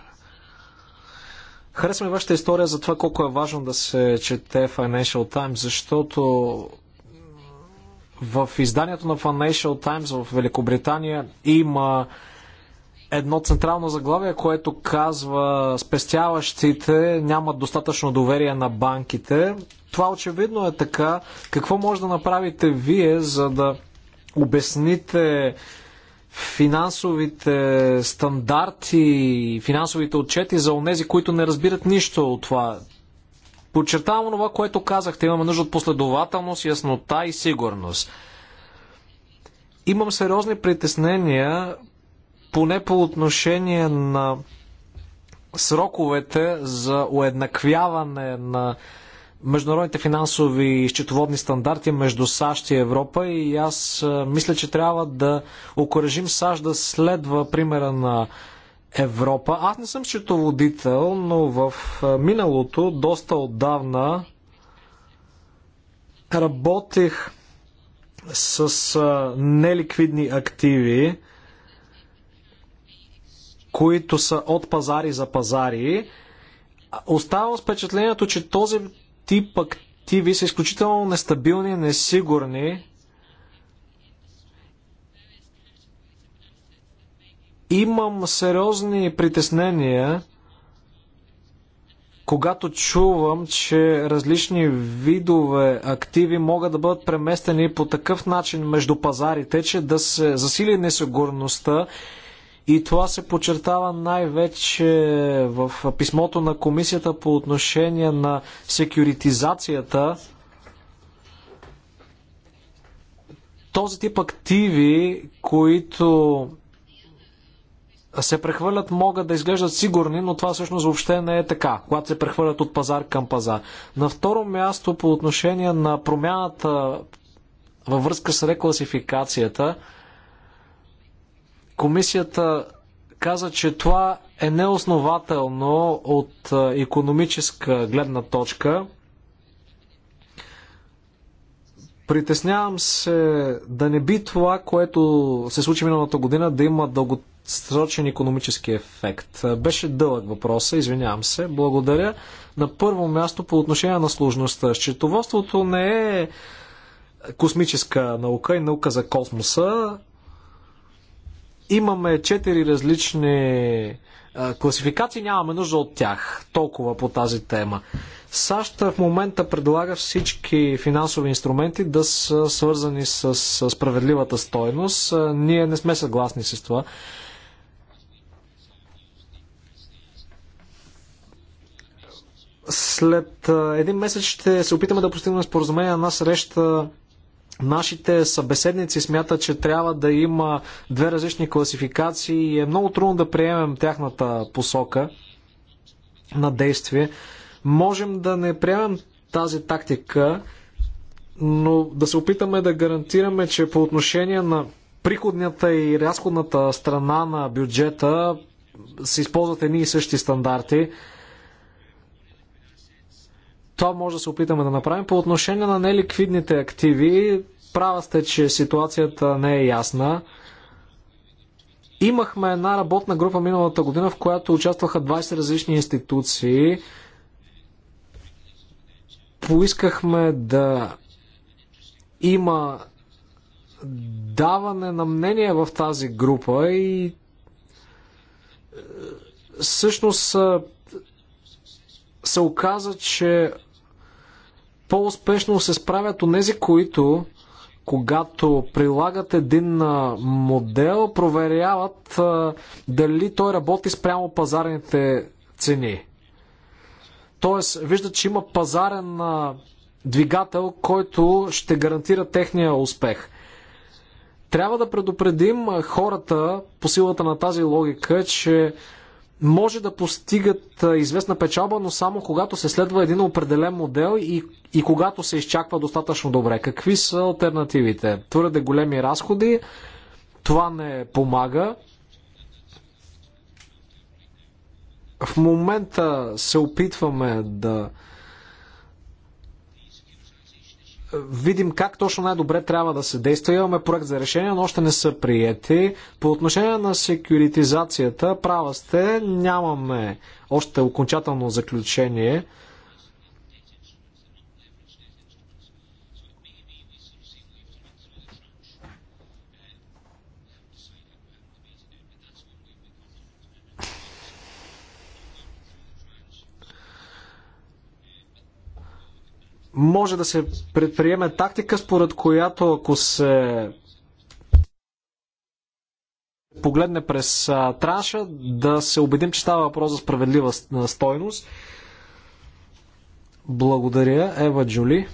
Харесваме вашата история за това колко е важно да се чете Financial Times, защото в изданието на Financial Times в Великобритания има едно централно заглавие, което казва спестяващите нямат достатъчно доверие на банките. Това очевидно е така. Какво може да направите вие, за да обясните финансовите стандарти, финансовите отчети за онези, които не разбират нищо от това? Подчертавам това, което казахте. Имаме нужда от последователност, яснота и сигурност. Имам сериозни притеснения поне по отношение на сроковете за уеднаквяване на международните финансови и счетоводни стандарти между САЩ и Европа и аз мисля, че трябва да окоръжим САЩ да следва примера на Европа. Аз не съм счетоводител, но в миналото, доста отдавна, работех с неликвидни активи които са от пазари за пазари, остава впечатлението, че този тип активи са изключително нестабилни, несигурни. Имам сериозни притеснения, когато чувам, че различни видове активи могат да бъдат преместени по такъв начин между пазарите, че да се засили несигурността и това се подчертава най-вече в писмото на комисията по отношение на секюритизацията. Този тип активи, които се прехвърлят, могат да изглеждат сигурни, но това всъщност въобще не е така, когато се прехвърлят от пазар към пазар. На второ място, по отношение на промяната във връзка с рекласификацията, Комисията каза, че това е неоснователно от економическа гледна точка. Притеснявам се да не би това, което се случи миналата година, да има дългосрочен економически ефект. Беше дълъг въпрос, извинявам се. Благодаря. На първо място по отношение на сложността. Счетоводството не е космическа наука и наука за космоса. Имаме четири различни класификации, нямаме нужда от тях. Толкова по тази тема. САЩ в момента предлага всички финансови инструменти да са свързани с справедливата стойност. Ние не сме съгласни с това. След един месец ще се опитаме да постигнем споразумение на среща Нашите събеседници смятат, че трябва да има две различни класификации и е много трудно да приемем тяхната посока на действие. Можем да не приемем тази тактика, но да се опитаме да гарантираме, че по отношение на приходната и разходната страна на бюджета се използват едни и същи стандарти. Това може да се опитаме да направим. По отношение на неликвидните активи, Права сте, че ситуацията не е ясна. Имахме една работна група миналата година, в която участваха 20 различни институции. Поискахме да има даване на мнение в тази група и е, всъщност е, се оказа, че по-успешно се справят онези, които когато прилагат един модел, проверяват дали той работи спрямо пазарните цени. Тоест, виждат, че има пазарен двигател, който ще гарантира техния успех. Трябва да предупредим хората по силата на тази логика, че може да постигат известна печалба, но само когато се следва един определен модел и, и когато се изчаква достатъчно добре. Какви са альтернативите? Твърде големи разходи, това не помага. В момента се опитваме да видим как точно най-добре трябва да се действа. Имаме проект за решение, но още не са приети. По отношение на секюритизацията, права сте, нямаме още окончателно заключение. може да се предприеме тактика, според която ако се погледне през а, транша, да се убедим, че става въпрос за справедлива стойност. Благодаря, Ева Джули.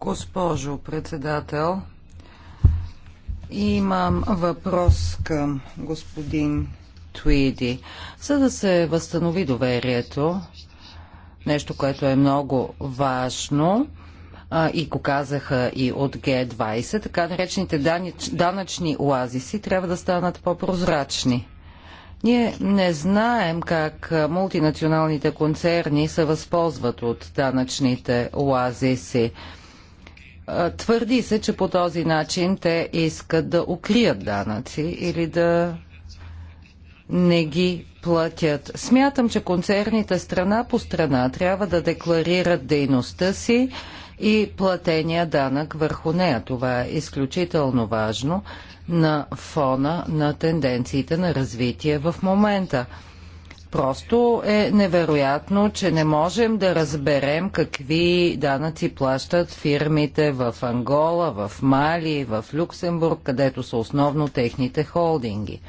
Госпожо председател,
имам въпрос към господин Туиди. За да се възстанови доверието, нещо, което е много важно и го казаха и от Г20, така наречените данъчни оазиси трябва да станат по-прозрачни. Ние не знаем как мултинационалните концерни се възползват от данъчните оазиси. Твърди се, че по този начин те искат да укрият данъци или да не ги платят. Смятам, че концерните страна по страна трябва да декларират дейността си и платения данък върху нея. Това е изключително важно на фона на тенденциите на развитие в момента. Просто е невероятно, че не можем да разберем какви данъци плащат фирмите в Ангола, в Мали, в Люксембург, където са основно техните холдинги.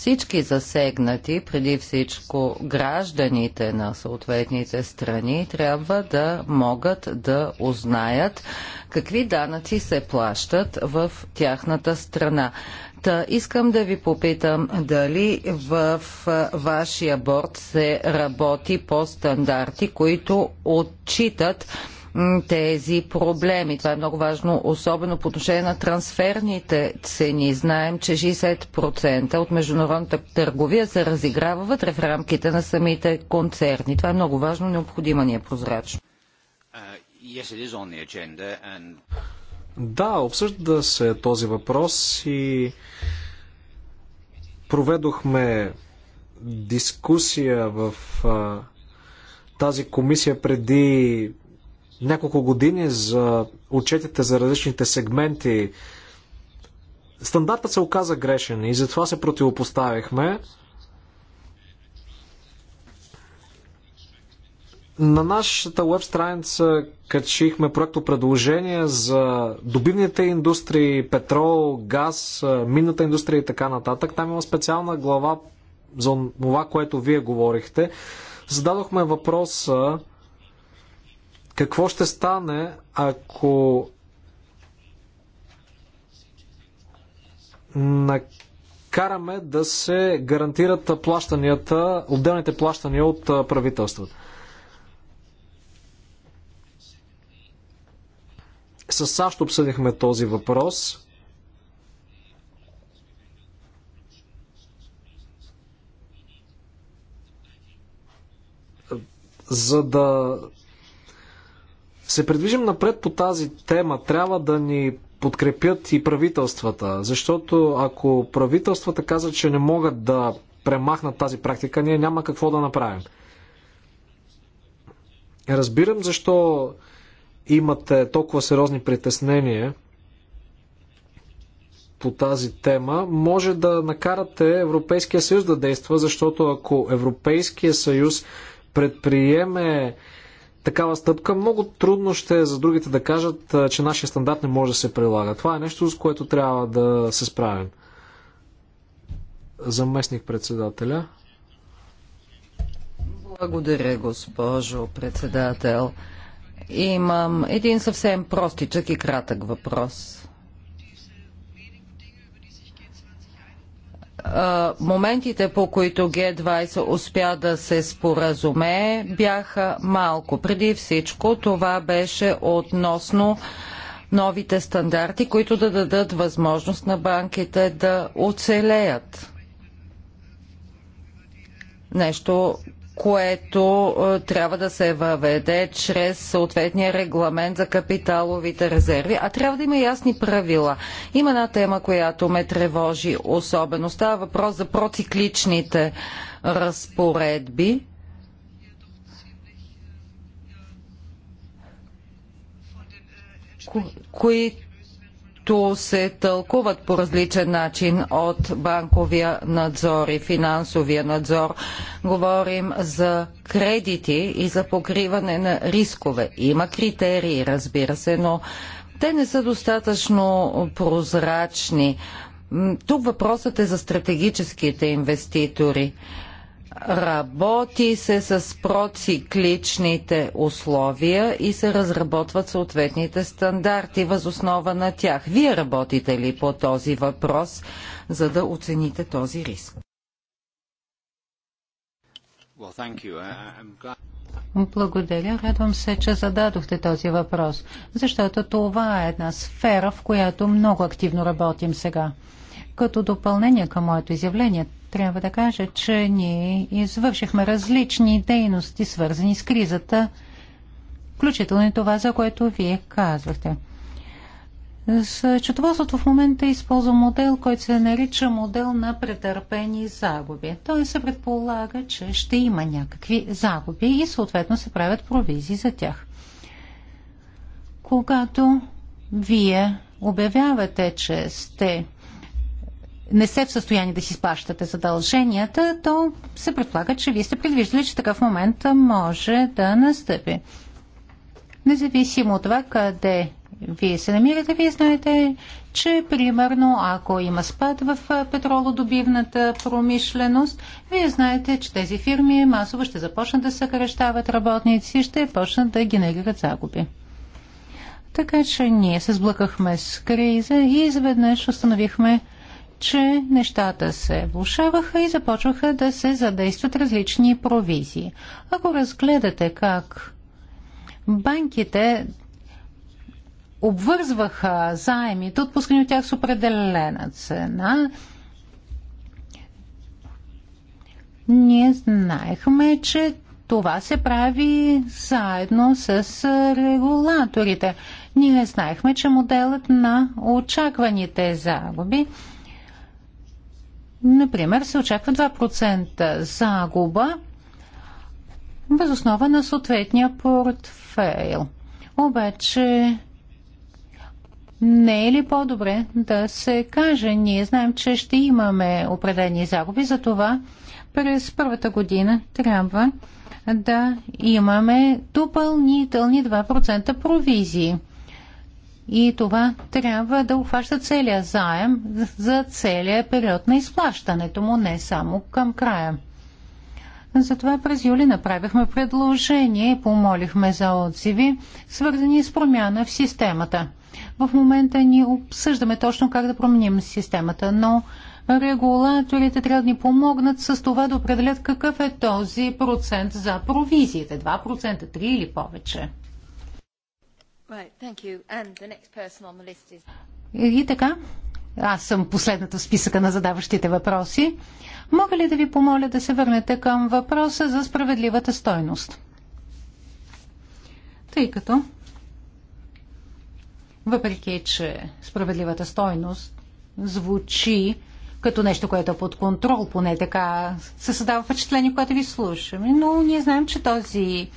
Всички засегнати, преди всичко гражданите на съответните страни, трябва да могат да узнаят какви данъци се плащат в тяхната страна. Та искам да ви попитам дали в вашия борт се работи по стандарти, които отчитат тези проблеми. Това е много важно, особено по отношение на трансферните цени. Знаем, че 60% от международната търговия се разиграва вътре в рамките на самите концерни. Това е много
важно, необходима ни е прозрачно.
Uh,
да, обсъжда се този въпрос и проведохме дискусия в тази комисия преди няколко години за отчетите за различните сегменти. Стандартът се оказа грешен и затова се противопоставихме. На нашата веб страница качихме проекто предложения за добивните индустрии, петрол, газ, минната индустрия и така нататък. Там има специална глава за това, което вие говорихте. Зададохме въпроса какво ще стане, ако накараме да се гарантират плащанията, отделните плащания от правителството? С САЩ обсъдихме този въпрос. За да се предвижим напред по тази тема, трябва да ни подкрепят и правителствата, защото ако правителствата казват, че не могат да премахнат тази практика, ние няма какво да направим. Разбирам защо имате толкова сериозни притеснения по тази тема, може да накарате Европейския съюз да действа, защото ако Европейския съюз предприеме такава стъпка, много трудно ще е за другите да кажат, че нашия стандарт не може да се прилага. Това е нещо, с което трябва да се справим. Заместник председателя.
Благодаря, госпожо председател. Имам един съвсем простичък и кратък въпрос. моментите, по които Г-20 успя да се споразумее, бяха малко. Преди всичко това беше относно новите стандарти, които да дадат възможност на банките да оцелеят. Нещо, което е, трябва да се въведе чрез съответния регламент за капиталовите резерви, а трябва да има ясни правила. Има една тема, която ме тревожи особено. Става въпрос за процикличните разпоредби. които които се тълкуват по различен начин от банковия надзор и финансовия надзор. Говорим за кредити и за покриване на рискове. Има критерии, разбира се, но те не са достатъчно прозрачни. Тук въпросът е за стратегическите инвеститори. Работи се с процикличните условия и се разработват съответните стандарти възоснова на тях. Вие работите ли по този въпрос, за да оцените този
риск?
Благодаря. Радвам се, че зададохте този въпрос, защото това е една сфера, в която много активно работим сега. Като допълнение към моето изявление, трябва да кажа, че ние извършихме различни дейности, свързани с кризата, включително и това, за което вие казвахте. С в момента използва модел, който се нарича модел на претърпени загуби. Той се предполага, че ще има някакви загуби и съответно се правят провизии за тях. Когато вие обявявате, че сте не сте е в състояние да си сплащате задълженията, то се предполага, че вие сте предвиждали, че такъв момент може да настъпи. Независимо от това къде вие се намирате, вие знаете, че примерно ако има спад в петролодобивната промишленост, вие знаете, че тези фирми масово ще започнат да съкрещават работници, ще почнат да генерират загуби. Така че ние се сблъкахме с криза и изведнъж установихме, че нещата се влушаваха и започваха да се задействат различни провизии. Ако разгледате как банките обвързваха заемите, отпускани от тях с определена цена, ние знаехме, че това се прави заедно с регулаторите. Ние знаехме, че моделът на очакваните загуби Например, се очаква 2% загуба без основа на съответния портфейл. Обаче не е ли по-добре да се каже, ние знаем, че ще имаме определени загуби, затова през първата година трябва да имаме допълнителни 2% провизии. И това трябва да обхваща целия заем за целия период на изплащането му, не само към края. Затова през юли направихме предложение и помолихме за отзиви, свързани с промяна в системата. В момента ни обсъждаме точно как да променим системата, но регулаторите трябва да ни помогнат с това да определят какъв е този процент за провизиите. 2%, 3% или повече. И така, аз съм последната в списъка на задаващите въпроси. Мога ли да ви помоля да се върнете към въпроса за справедливата стойност? Тъй като, въпреки че справедливата стойност звучи като нещо, което е под контрол, поне така се създава впечатление, което ви слушаме. Но ние знаем, че този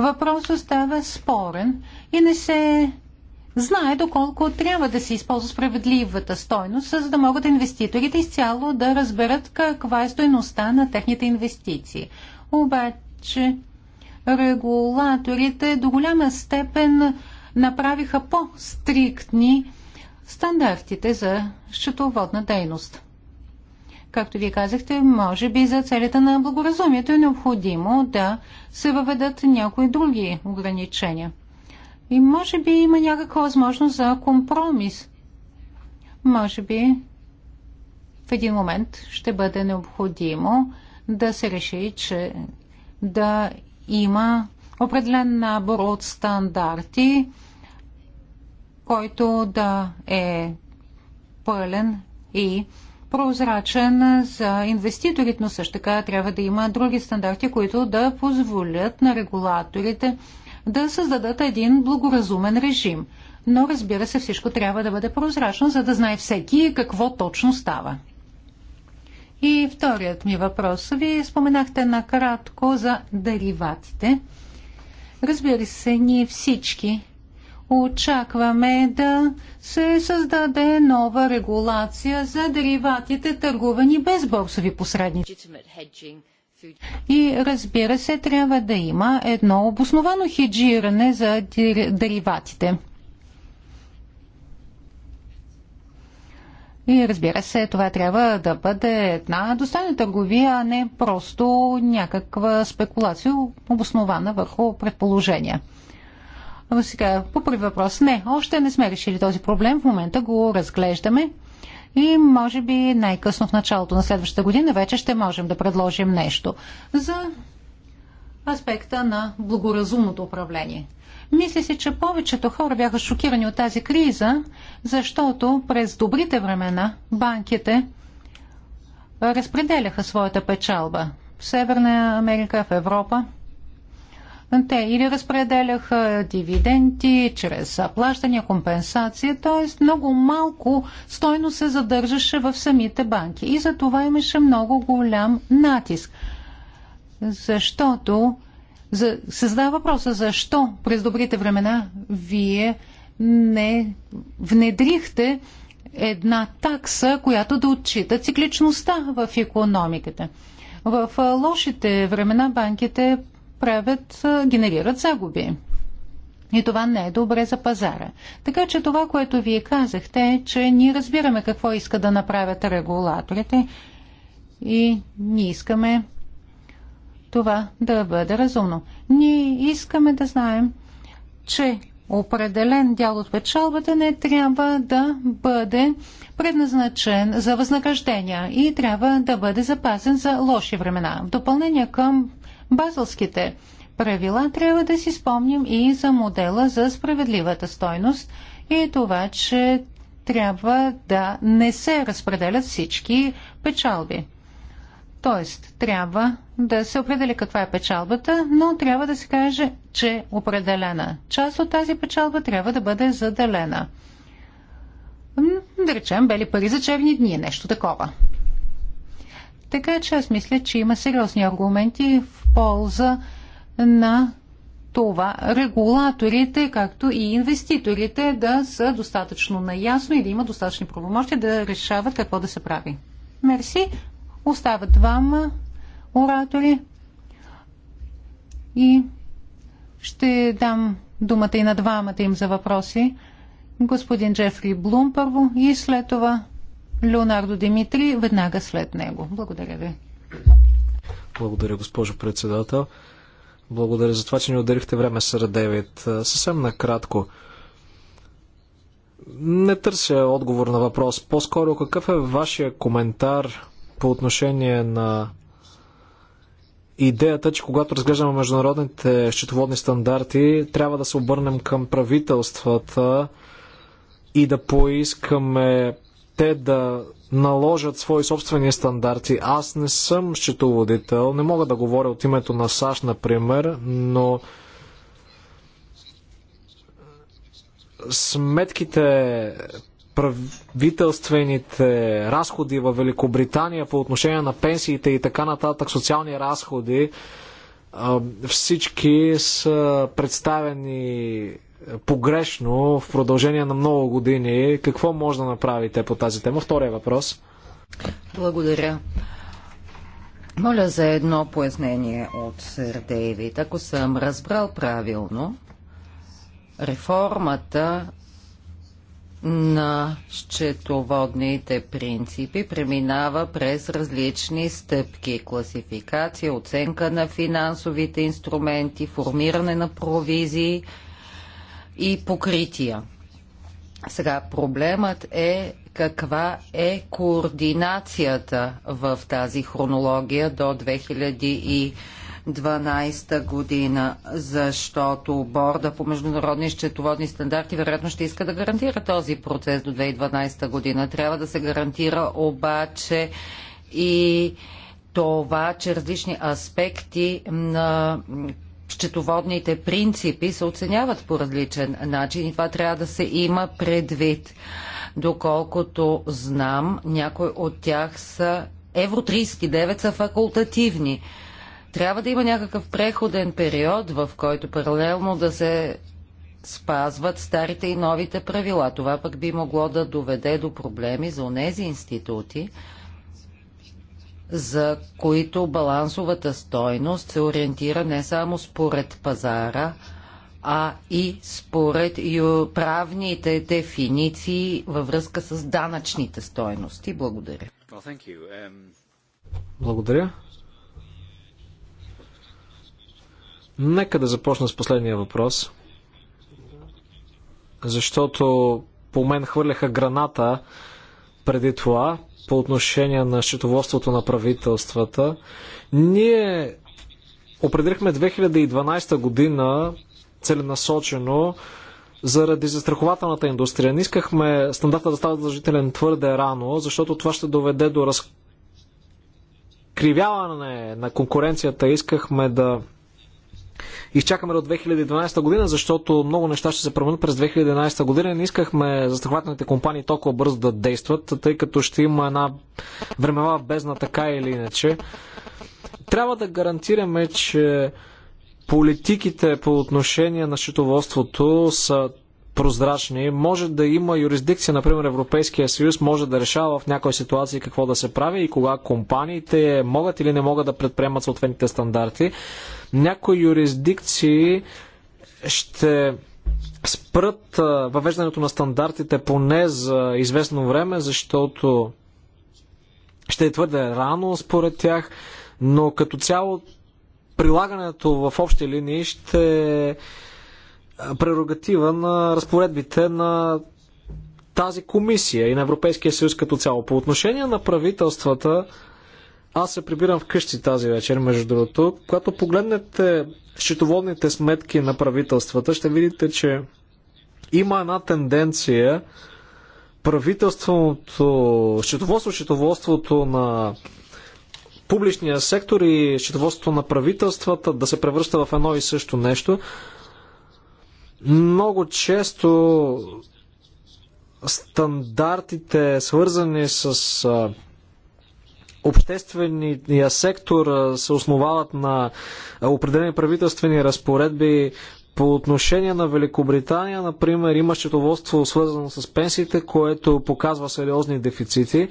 въпрос остава спорен и не се знае доколко трябва да се използва справедливата стойност, за да могат инвеститорите изцяло да разберат каква е стойността на техните инвестиции. Обаче регулаторите до голяма степен направиха по-стриктни стандартите за счетоводна дейност както вие казахте, може би за целите на благоразумието е необходимо да се въведат някои други ограничения. И може би има някаква възможност за компромис. Може би в един момент ще бъде необходимо да се реши, че да има определен набор от стандарти, който да е пълен и прозрачен за инвеститорите, но също така трябва да има други стандарти, които да позволят на регулаторите да създадат един благоразумен режим. Но разбира се, всичко трябва да бъде прозрачно, за да знае всеки какво точно става. И вторият ми въпрос. Вие споменахте накратко за дериватите. Разбира се, ние всички очакваме да се създаде нова регулация за дериватите, търговани без борсови посредници. И разбира се, трябва да има едно обосновано хеджиране за дериватите. И разбира се, това трябва да бъде една достойна търговия, а не просто някаква спекулация, обоснована върху предположения. Сега, по първи въпрос, не, още не сме решили този проблем. В момента го разглеждаме и може би най-късно в началото на следващата година вече ще можем да предложим нещо за аспекта на благоразумното управление. Мисля си, че повечето хора бяха шокирани от тази криза, защото през добрите времена банките разпределяха своята печалба в Северна Америка, в Европа – те или разпределяха дивиденти чрез плащания, компенсации, т.е. много малко стойно се задържаше в самите банки. И за това имаше много голям натиск. Защото за, се задава въпроса защо през добрите времена вие не внедрихте една такса, която да отчита цикличността в економиката. В лошите времена банките правят, генерират загуби. И това не е добре за пазара. Така че това, което вие казахте, е, че ние разбираме какво иска да направят регулаторите и ние искаме това да бъде разумно. Ние искаме да знаем, че определен дял от печалбата не трябва да бъде предназначен за възнаграждения и трябва да бъде запазен за лоши времена. В допълнение към базълските правила, трябва да си спомним и за модела за справедливата стойност и това, че трябва да не се разпределят всички печалби. Тоест, трябва да се определи каква е печалбата, но трябва да се каже, че определена част от тази печалба трябва да бъде заделена. Да речем, бели пари за черни дни, нещо такова. Така че аз мисля, че има сериозни аргументи в полза на това регулаторите, както и инвеститорите да са достатъчно наясно и да има достатъчни правомощи да решават какво да се прави. Мерси. Остават двама оратори и ще дам думата и на двамата им за въпроси. Господин Джефри Блум първо и след това Леонардо Димитри веднага след него. Благодаря ви.
Благодаря, госпожо председател. Благодаря за това, че ни отделихте време, с Радевит. Съвсем накратко. Не търся отговор на въпрос. По-скоро, какъв е вашия коментар по отношение на идеята, че когато разглеждаме международните счетоводни стандарти, трябва да се обърнем към правителствата и да поискаме те да наложат свои собствени стандарти. Аз не съм счетоводител, не мога да говоря от името на САЩ, например, но сметките, правителствените разходи в Великобритания по отношение на пенсиите и така нататък, социални разходи, всички са представени погрешно в продължение на много години. Какво може да направите по тази тема? Втория въпрос.
Благодаря. Моля за едно пояснение от сър Дейвид. Ако съм разбрал правилно, реформата на счетоводните принципи преминава през различни стъпки – класификация, оценка на финансовите инструменти, формиране на провизии – и покрития. Сега проблемът е каква е координацията в тази хронология до 2012 година, защото Борда по международни счетоводни стандарти вероятно ще иска да гарантира този процес до 2012 година. Трябва да се гарантира обаче и това, че различни аспекти на счетоводните принципи се оценяват по различен начин и това трябва да се има предвид. Доколкото знам, някои от тях са Евро 39 са факултативни. Трябва да има някакъв преходен период, в който паралелно да се спазват старите и новите правила. Това пък би могло да доведе до проблеми за онези институти, за които балансовата стойност се ориентира не само според пазара, а и според правните дефиниции във връзка с данъчните стойности. Благодаря.
Um,
Благодаря. Нека да започна с последния въпрос. Защото по мен хвърляха граната преди това по отношение на счетоводството на правителствата. Ние определихме 2012 година целенасочено заради застрахователната индустрия. Не искахме стандарта да става задължителен твърде рано, защото това ще доведе до разкривяване на конкуренцията. Искахме да изчакаме до 2012 година, защото много неща ще се променят през 2011 година. Не искахме застрахователните компании толкова бързо да действат, тъй като ще има една времева бездна така или иначе. Трябва да гарантираме, че политиките по отношение на счетоводството са прозрачни. Може да има юрисдикция, например Европейския съюз може да решава в някои ситуации какво да се прави и кога компаниите могат или не могат да предприемат съответните стандарти. Някои юрисдикции ще спрат въвеждането на стандартите поне за известно време, защото ще е твърде рано според тях, но като цяло прилагането в общи линии ще е прерогатива на разпоредбите на тази комисия и на Европейския съюз като цяло. По отношение на правителствата, аз се прибирам вкъщи тази вечер, между другото. Когато погледнете счетоводните сметки на правителствата, ще видите, че има една тенденция правителственото, счетоводство, счетоводството на публичния сектор и счетоводството на правителствата да се превръща в едно и също нещо. Много често стандартите, свързани с обществения сектор се основават на определени правителствени разпоредби. По отношение на Великобритания, например, има счетоводство свързано с пенсиите, което показва сериозни дефицити.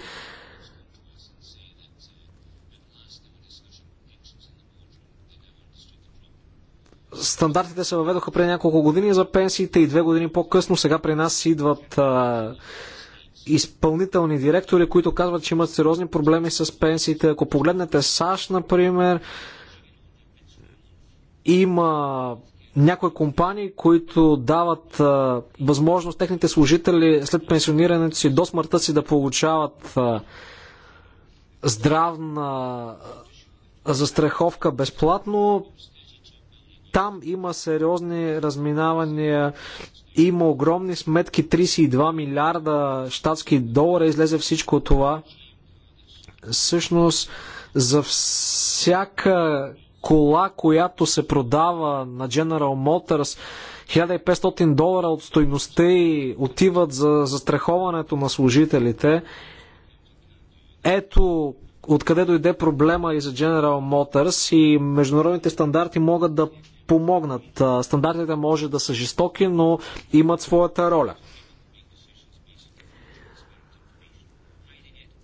стандартите се въведоха преди няколко години за пенсиите и две години по-късно сега при нас идват а, изпълнителни директори, които казват, че имат сериозни проблеми с пенсиите. Ако погледнете САЩ, например, има някои компании, които дават а, възможност техните служители след пенсионирането си до смъртта си да получават а, здравна застраховка безплатно. Там има сериозни разминавания има огромни сметки, 32 милиарда щатски долара, излезе всичко това. Всъщност, за всяка кола, която се продава на General Motors, 1500 долара от стойността и отиват за застраховането на служителите. Ето откъде дойде проблема и за General Motors и международните стандарти могат да помогнат. Стандартите може да са жестоки, но имат своята роля.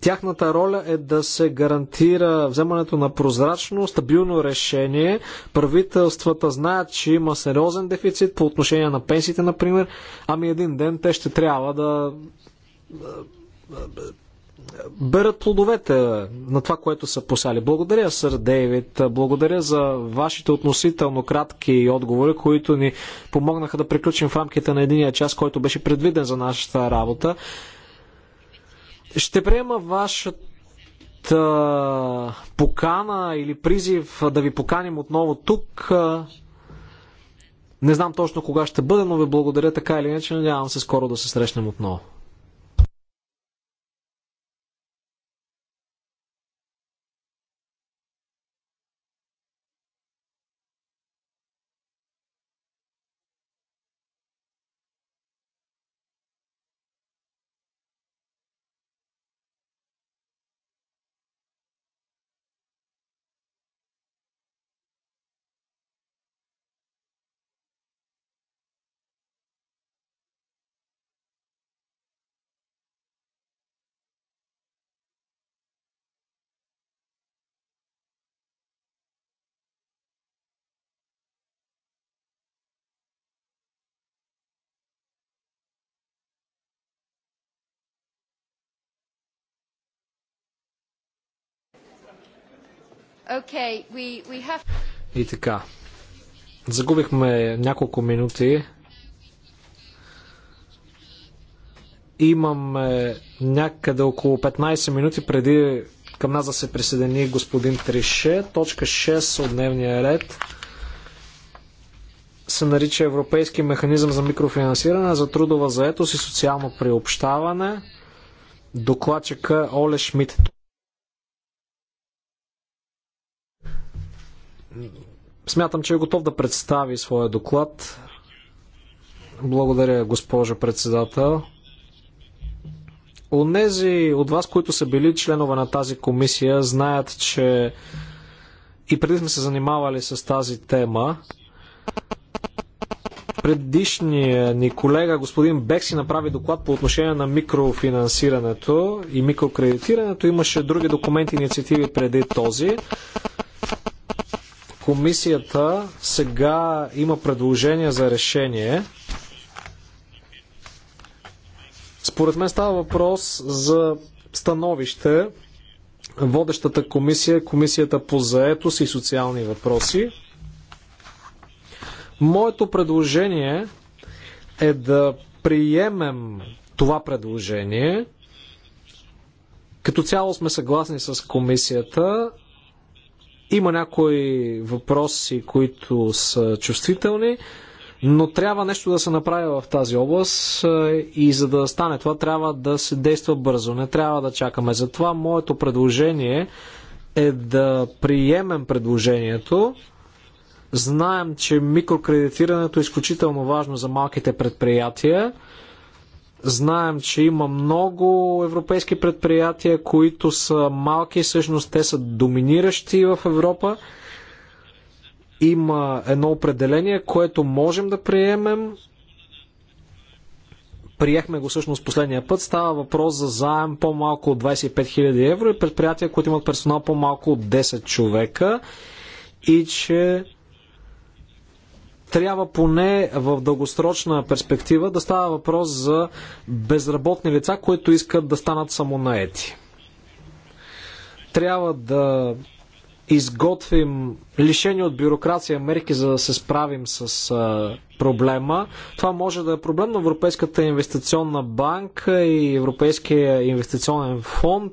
Тяхната роля е да се гарантира вземането на прозрачно, стабилно решение. Правителствата знаят, че има сериозен дефицит по отношение на пенсиите, например. Ами един ден те ще трябва да берат плодовете на това, което са посали. Благодаря, сър Дейвид. Благодаря за вашите относително кратки отговори, които ни помогнаха да приключим в рамките на единия час, който беше предвиден за нашата работа. Ще приема вашата покана или призив да ви поканим отново тук. Не знам точно кога ще бъде, но ви благодаря така или иначе. Надявам се скоро да се срещнем отново.
Okay, we, we have...
И така. Загубихме няколко минути. Имаме някъде около 15 минути преди към нас да се присъедини господин Трише. Точка 6 от дневния ред се нарича Европейски механизъм за микрофинансиране за трудова заетост и социално приобщаване. Докладчика Оле Шмидт. Смятам, че е готов да представи своя доклад. Благодаря, госпожо председател. Онези от вас, които са били членове на тази комисия, знаят, че и преди сме се занимавали с тази тема. Предишният ни колега, господин Бекси, направи доклад по отношение на микрофинансирането и микрокредитирането. Имаше други документи и инициативи преди този. Комисията сега има предложение за решение. Според мен става въпрос за становище. Водещата комисия, е комисията по заетост и социални въпроси. Моето предложение е да приемем това предложение. Като цяло сме съгласни с комисията. Има някои въпроси, които са чувствителни, но трябва нещо да се направи в тази област е, и за да стане това, трябва да се действа бързо. Не трябва да чакаме. Затова моето предложение е да приемем предложението. Знаем, че микрокредитирането е изключително важно за малките предприятия. Знаем, че има много европейски предприятия, които са малки, всъщност те са доминиращи в Европа. Има едно определение, което можем да приемем. Приехме го всъщност последния път. Става въпрос за заем по-малко от 25 000 евро и предприятия, които имат персонал по-малко от 10 човека и че трябва поне в дългосрочна перспектива да става въпрос за безработни лица, които искат да станат самонаети. Трябва да изготвим лишени от бюрокрация мерки, за да се справим с а, проблема. Това може да е проблем на Европейската инвестиционна банка и Европейския инвестиционен фонд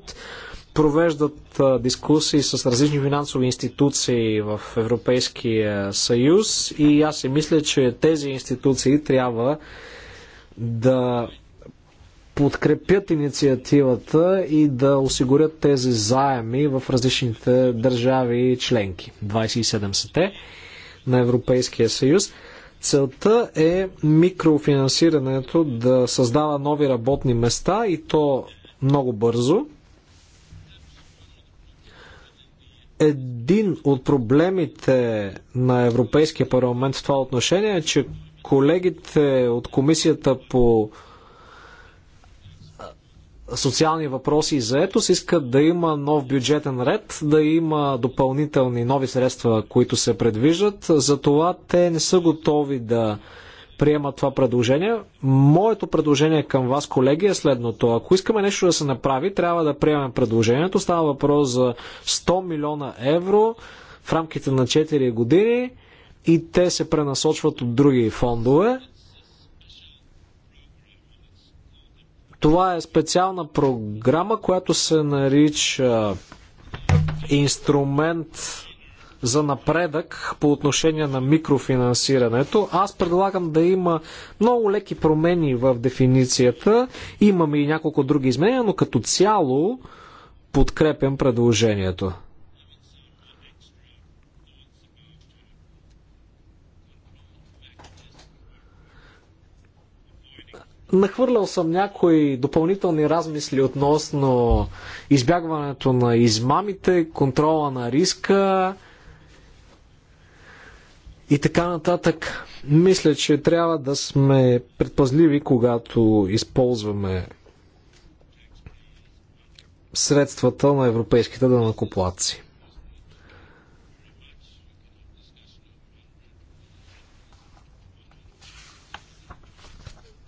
провеждат дискусии с различни финансови институции в Европейския съюз и аз си мисля, че тези институции трябва да подкрепят инициативата и да осигурят тези заеми в различните държави и членки. 27-те на Европейския съюз. Целта е микрофинансирането да създава нови работни места и то много бързо. Един от проблемите на Европейския парламент в това отношение е, че колегите от комисията по социални въпроси и заетост искат да има нов бюджетен ред, да има допълнителни нови средства, които се предвиждат. Затова те не са готови да приема това предложение. Моето предложение към вас, колеги, е следното. Ако искаме нещо да се направи, трябва да приемем предложението. Става въпрос за 100 милиона евро в рамките на 4 години и те се пренасочват от други фондове. Това е специална програма, която се нарича инструмент за напредък по отношение на микрофинансирането. Аз предлагам да има много леки промени в дефиницията. Имаме и няколко други изменения, но като цяло подкрепям предложението. Нахвърлял съм някои допълнителни размисли относно избягването на измамите, контрола на риска, и така нататък. Мисля, че трябва да сме предпазливи, когато използваме средствата на европейските данакоплаци.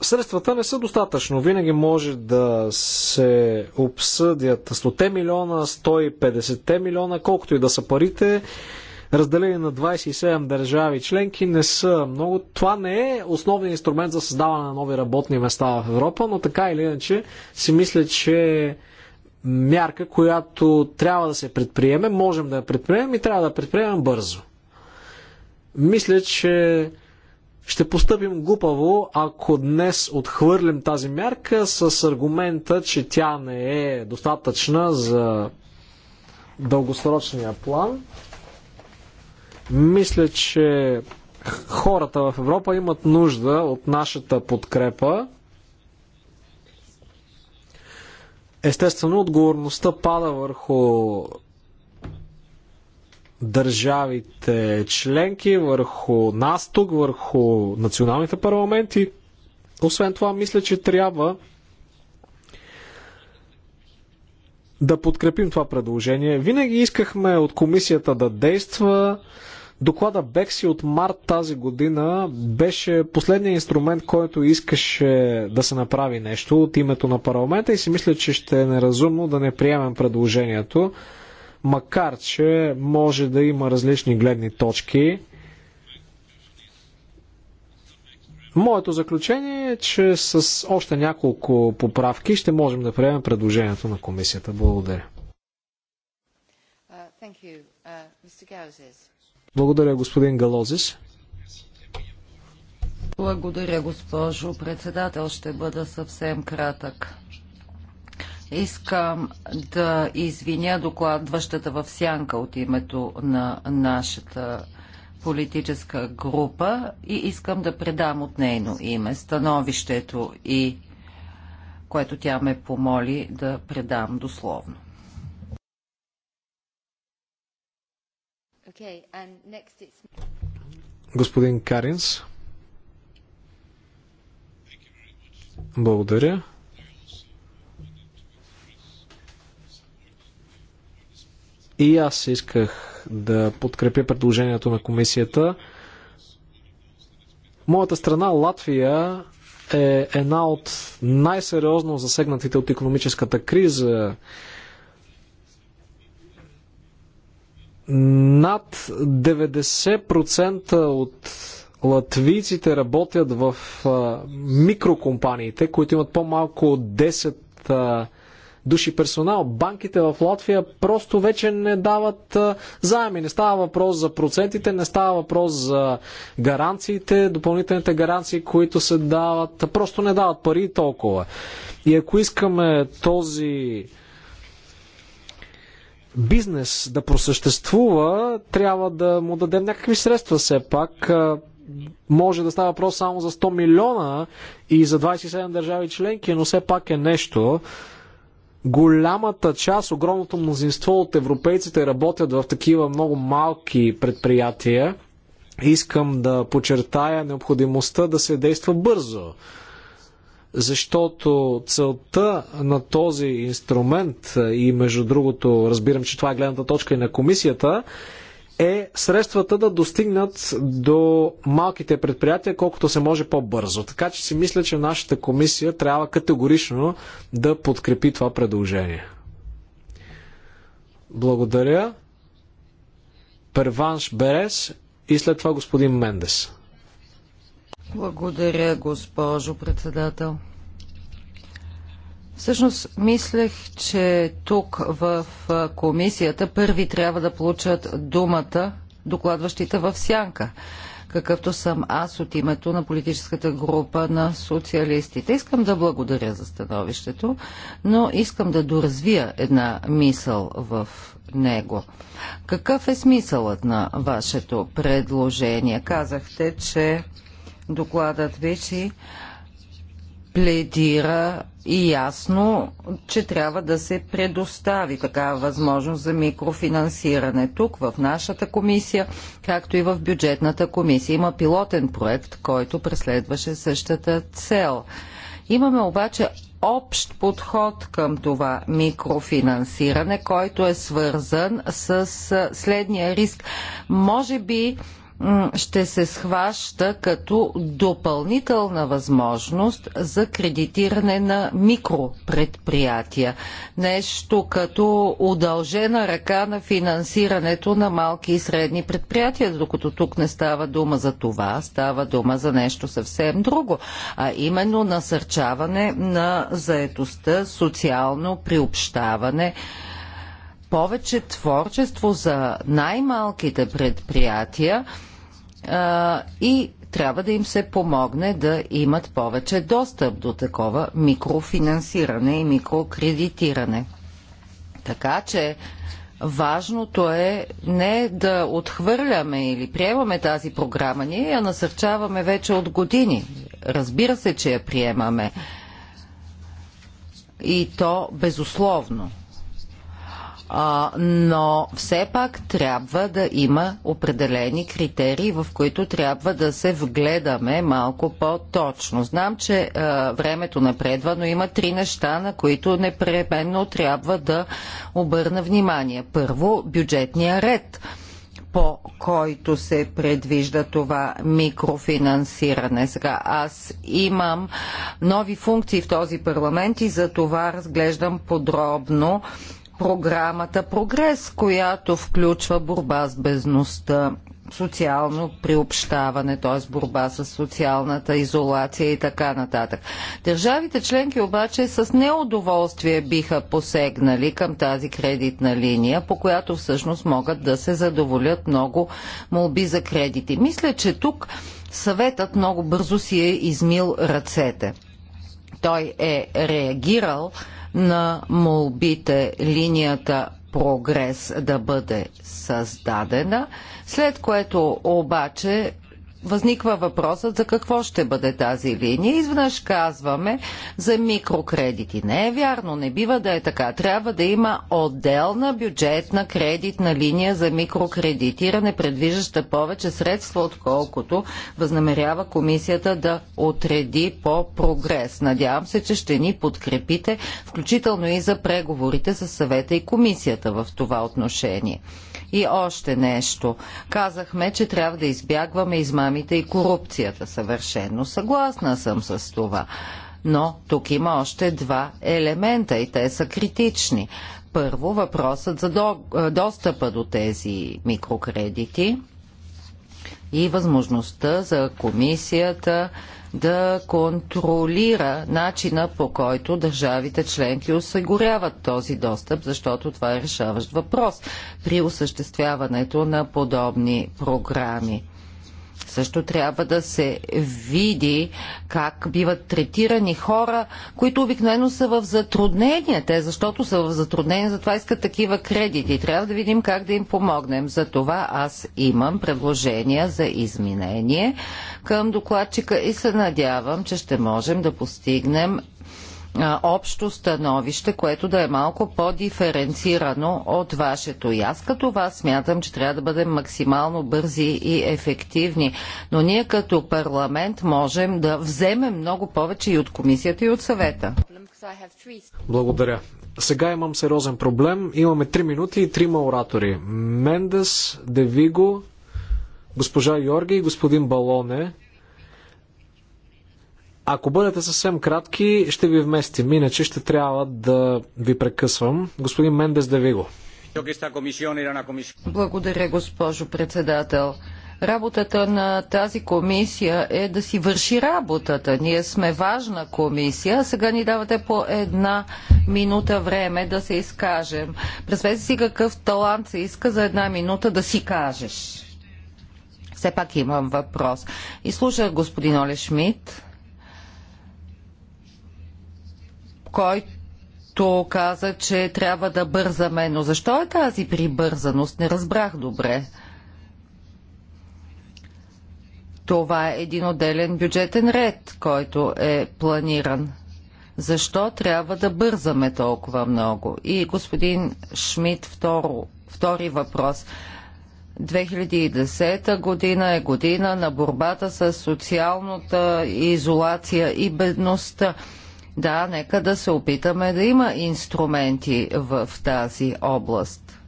Средствата не са достатъчно. Винаги може да се обсъдят 100 милиона, 150 милиона, колкото и да са парите разделени на 27 държави членки, не са много. Това не е основният инструмент за създаване на нови работни места в Европа, но така или иначе си мисля, че мярка, която трябва да се предприеме, можем да я предприемем и трябва да я предприемем бързо. Мисля, че ще постъпим глупаво, ако днес отхвърлим тази мярка с аргумента, че тя не е достатъчна за дългосрочния план. Мисля, че хората в Европа имат нужда от нашата подкрепа. Естествено, отговорността пада върху държавите членки, върху нас тук, върху националните парламенти. Освен това, мисля, че трябва да подкрепим това предложение. Винаги искахме от комисията да действа, Доклада Бекси от март тази година беше последният инструмент, който искаше да се направи нещо от името на парламента и си мисля, че ще е неразумно да не приемем предложението, макар че може да има различни гледни точки. Моето заключение е, че с още няколко поправки ще можем да приемем предложението на комисията. Благодаря.
Uh, uh
благодаря, господин Галозис.
Благодаря, госпожо председател. Ще бъда съвсем кратък. Искам да извиня докладващата в сянка от името на нашата политическа група и искам да предам от нейно име становището и което тя ме помоли да предам дословно.
Господин Каринс. Благодаря. И аз исках да подкрепя предложението на комисията. Моята страна, Латвия, е една от най-сериозно засегнатите от економическата криза Над 90% от латвийците работят в микрокомпаниите, които имат по-малко от 10 души персонал. Банките в Латвия просто вече не дават заеми. Не става въпрос за процентите, не става въпрос за гаранциите, допълнителните гаранции, които се дават. Просто не дават пари толкова. И ако искаме този бизнес да просъществува, трябва да му дадем някакви средства все пак. Може да става въпрос само за 100 милиона и за 27 държави членки, но все пак е нещо. Голямата част, огромното мнозинство от европейците работят в такива много малки предприятия. Искам да подчертая необходимостта да се действа бързо защото целта на този инструмент е, и между другото разбирам, че това е гледната точка и на комисията, е средствата да достигнат до малките предприятия колкото се може по-бързо. Така че си мисля, че нашата комисия трябва категорично да подкрепи това предложение. Благодаря. Перванш Берес и след това господин Мендес.
Благодаря, госпожо председател. Всъщност мислех, че тук в комисията първи трябва да получат думата докладващите в сянка, какъвто съм аз от името на политическата група на социалистите. Искам да благодаря за становището, но искам да доразвия една мисъл в него. Какъв е смисълът на вашето предложение? Казахте, че Докладът вече пледира и ясно, че трябва да се предостави такава възможност за микрофинансиране. Тук в нашата комисия, както и в бюджетната комисия, има пилотен проект, който преследваше същата цел. Имаме обаче общ подход към това микрофинансиране, който е свързан с следния риск. Може би ще се схваща като допълнителна възможност за кредитиране на микропредприятия. Нещо като удължена ръка на финансирането на малки и средни предприятия, докато тук не става дума за това, става дума за нещо съвсем друго, а именно насърчаване на заетостта, социално приобщаване, повече творчество за най-малките предприятия а, и трябва да им се помогне да имат повече достъп до такова микрофинансиране и микрокредитиране. Така че важното е не да отхвърляме или приемаме тази програма, ние я насърчаваме вече от години. Разбира се, че я приемаме. И то безусловно а, но все пак трябва да има определени критерии, в които трябва да се вгледаме малко по-точно. Знам, че а, е, времето напредва, но има три неща, на които непременно трябва да обърна внимание. Първо, бюджетния ред по който се предвижда това микрофинансиране. Сега аз имам нови функции в този парламент и за това разглеждам подробно програмата Прогрес, която включва борба с безността, социално приобщаване, т.е. борба с социалната изолация и така нататък. Държавите членки обаче с неудоволствие биха посегнали към тази кредитна линия, по която всъщност могат да се задоволят много молби за кредити. Мисля, че тук съветът много бързо си е измил ръцете. Той е реагирал на молбите линията прогрес да бъде създадена, след което обаче възниква въпросът за какво ще бъде тази линия. Изведнъж казваме за микрокредити. Не е вярно, не бива да е така. Трябва да има отделна бюджетна кредитна линия за микрокредитиране, предвиждаща повече средства, отколкото възнамерява комисията да отреди по прогрес. Надявам се, че ще ни подкрепите, включително и за преговорите с съвета и комисията в това отношение. И още нещо. Казахме, че трябва да избягваме измамите и корупцията съвършено. Съгласна съм с това. Но тук има още два елемента и те са критични. Първо, въпросът за до, достъпа до тези микрокредити и възможността за комисията да контролира начина по който държавите членки осигуряват този достъп, защото това е решаващ въпрос при осъществяването на подобни програми. Също трябва да се види как биват третирани хора, които обикновено са в затруднение. Те защото са в затруднение, затова искат такива кредити. Трябва да видим как да им помогнем. За това аз имам предложения за изменение към докладчика и се надявам, че ще можем да постигнем общо становище, което да е малко по-диференцирано от вашето. И аз като вас смятам, че трябва да бъдем максимално бързи и ефективни. Но ние като парламент можем да вземем много повече и от комисията, и от съвета.
Благодаря. Сега имам сериозен проблем. Имаме 3 минути и 3 оратори. Мендес, Девиго, госпожа Йорги и господин Балоне. Ако бъдете съвсем кратки, ще ви вместим, иначе ще трябва да ви прекъсвам. Господин Мендес Девиго.
Благодаря, госпожо председател. Работата на тази комисия е да си върши работата. Ние сме важна комисия, сега ни давате по една минута време да се изкажем. Представете си какъв талант се иска за една минута да си кажеш. Все пак имам въпрос. И слушах господин Оле Шмидт който каза, че трябва да бързаме. Но защо е тази прибързаност? Не разбрах добре. Това е един отделен бюджетен ред, който е планиран. Защо трябва да бързаме толкова много? И господин Шмидт, второ, втори въпрос. 2010 година е година на борбата с социалната изолация и бедността. Да, нека да се опитаме да има инструменти в тази област.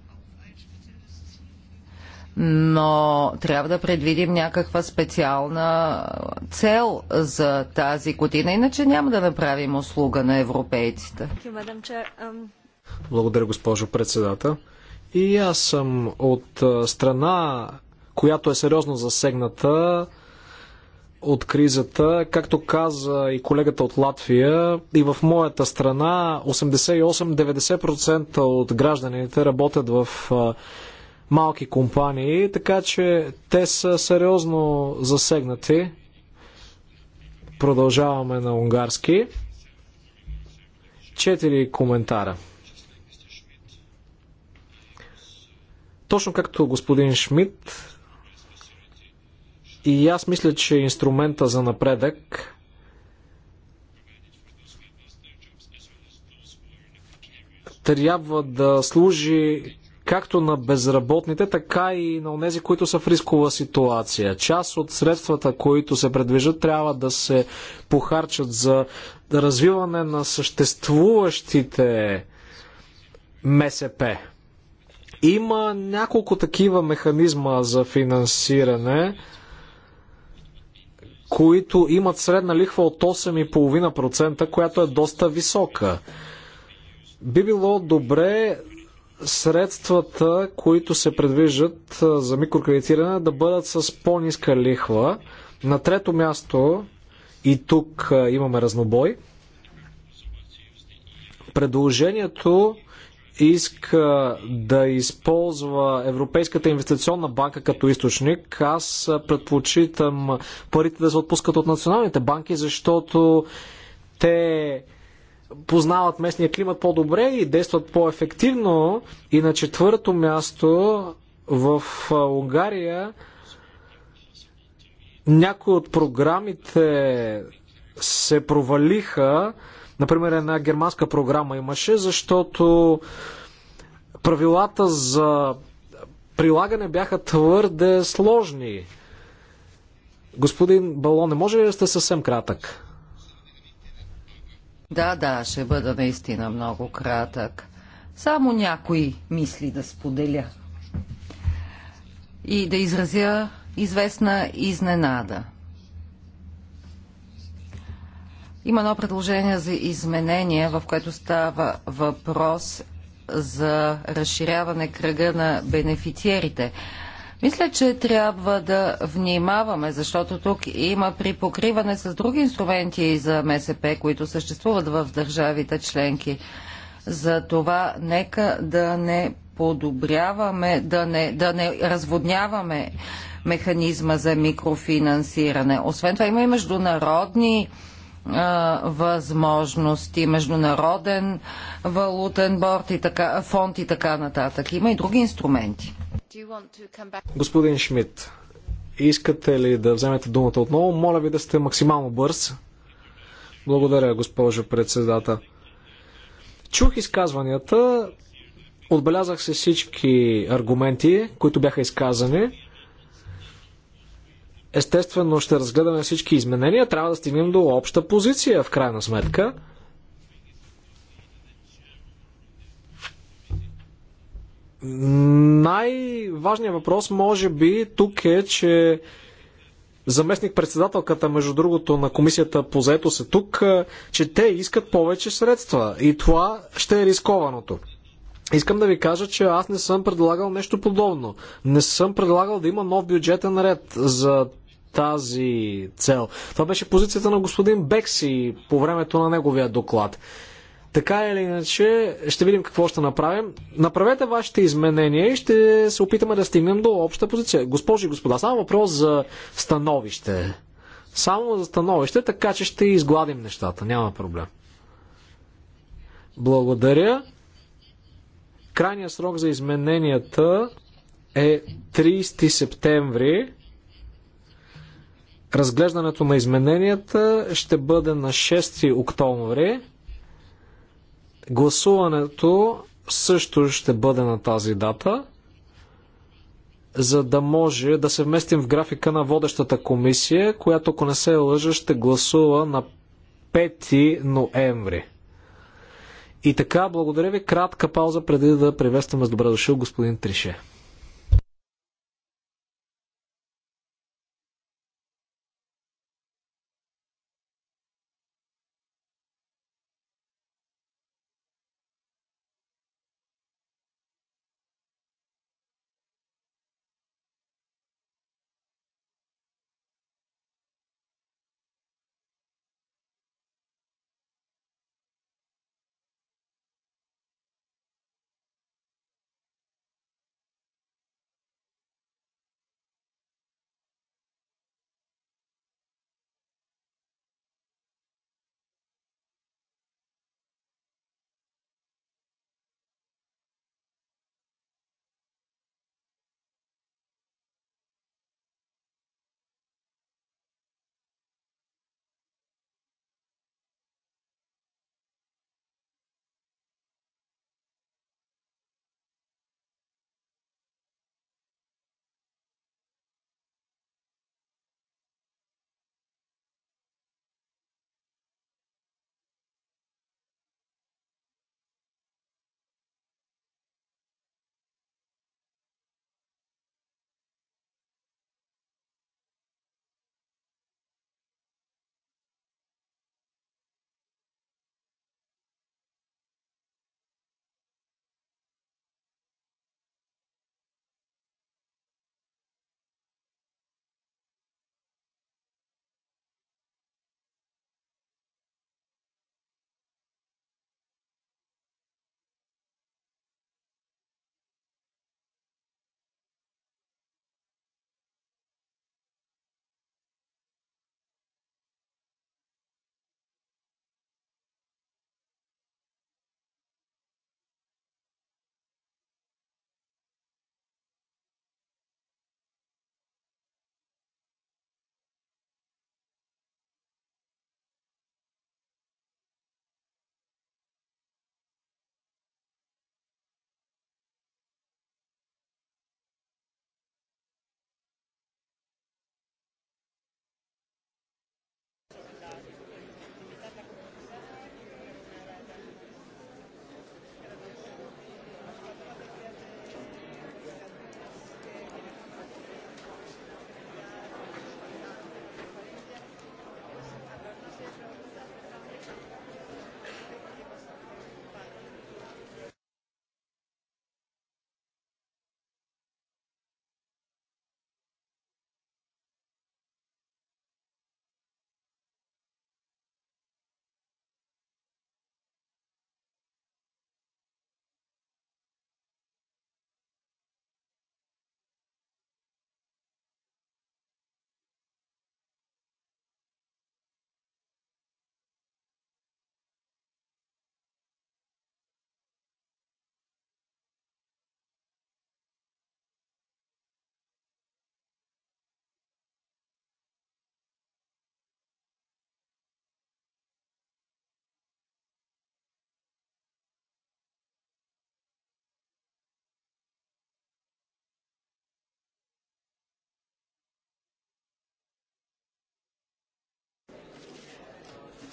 Но трябва да предвидим някаква специална цел за тази година, иначе няма да направим услуга на европейците.
Благодаря, госпожо председател. И аз съм от страна, която е сериозно засегната от кризата. Както каза и колегата от Латвия, и в моята страна 88-90% от гражданите работят в малки компании, така че те са сериозно засегнати. Продължаваме на унгарски. Четири коментара. Точно както господин Шмидт, и аз мисля, че инструмента за напредък трябва да служи както на безработните, така и на тези, които са в рискова ситуация. Част от средствата, които се предвижат, трябва да се похарчат за развиване на съществуващите МСП. Има няколко такива механизма за финансиране които имат средна лихва от 8,5%, която е доста висока. Би било добре средствата, които се предвиждат за микрокредитиране, да бъдат с по-ниска лихва. На трето място, и тук имаме разнобой, предложението иска да използва Европейската инвестиционна банка като източник, аз предпочитам парите да се отпускат от националните банки, защото те познават местния климат по-добре и действат по-ефективно. И на четвърто място в Унгария някои от програмите се провалиха Например, една германска програма имаше, защото правилата за прилагане бяха твърде сложни. Господин Балон, не може ли да сте съвсем кратък? Да, да, ще бъда наистина
много кратък. Само някои мисли да споделя и да изразя известна изненада – има едно предложение за изменение, в което става въпрос за разширяване кръга на бенефициерите. Мисля, че трябва да внимаваме, защото тук има при покриване с други инструменти за МСП, които съществуват в държавите членки. За това нека да не подобряваме, да не, да не разводняваме механизма за микрофинансиране. Освен това има и международни възможности, международен валутен борт и така, фонд и така нататък. Има и други инструменти.
Господин Шмидт, искате ли да вземете думата отново? Моля ви да сте максимално бърз. Благодаря, госпожо председател. Чух изказванията, отбелязах се всички аргументи, които бяха изказани. Естествено ще разгледаме всички изменения, трябва да стигнем до обща позиция в крайна сметка. Най-важният въпрос, може би, тук е, че заместник-председателката, между другото, на комисията по заето се тук, че те искат повече средства и това ще е рискованото. Искам да ви кажа, че аз не съм предлагал нещо подобно. Не съм предлагал да има нов бюджетен ред за тази цел. Това беше позицията на господин Бекси по времето на неговия доклад. Така или иначе, ще видим какво ще направим. Направете вашите изменения и ще се опитаме да стигнем до обща позиция. Госпожи и господа, само въпрос за становище. Само за становище, така че ще изгладим нещата. Няма проблем. Благодаря. Крайният срок за измененията е 30 септември. Разглеждането на измененията ще бъде на 6 октомври. Гласуването също ще бъде на тази дата, за да може да се вместим в графика на водещата комисия, която, ако не се лъжа, ще гласува на 5 ноември. И така, благодаря ви. Кратка пауза преди да приветстваме с добре дошъл господин Трише.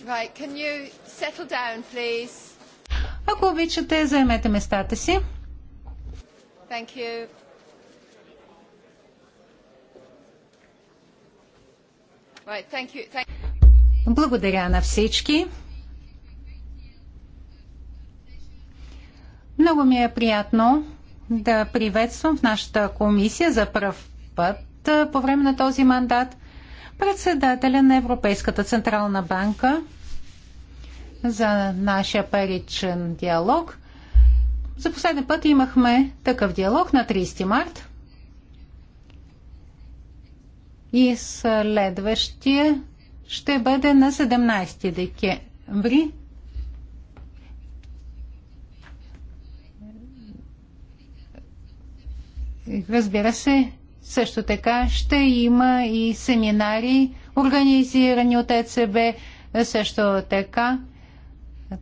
Right, can you settle down, please?
Ако обичате, заемете местата си.
Thank you. Right, thank you. Thank...
Благодаря на всички. Много ми е приятно да приветствам в нашата комисия за първ път по време на този мандат – председателя на Европейската централна банка за нашия паричен диалог. За последен път имахме такъв диалог на 30 март и следващия ще бъде на 17 декември. Разбира се, също така ще има и семинари, организирани от ЕЦБ. Също така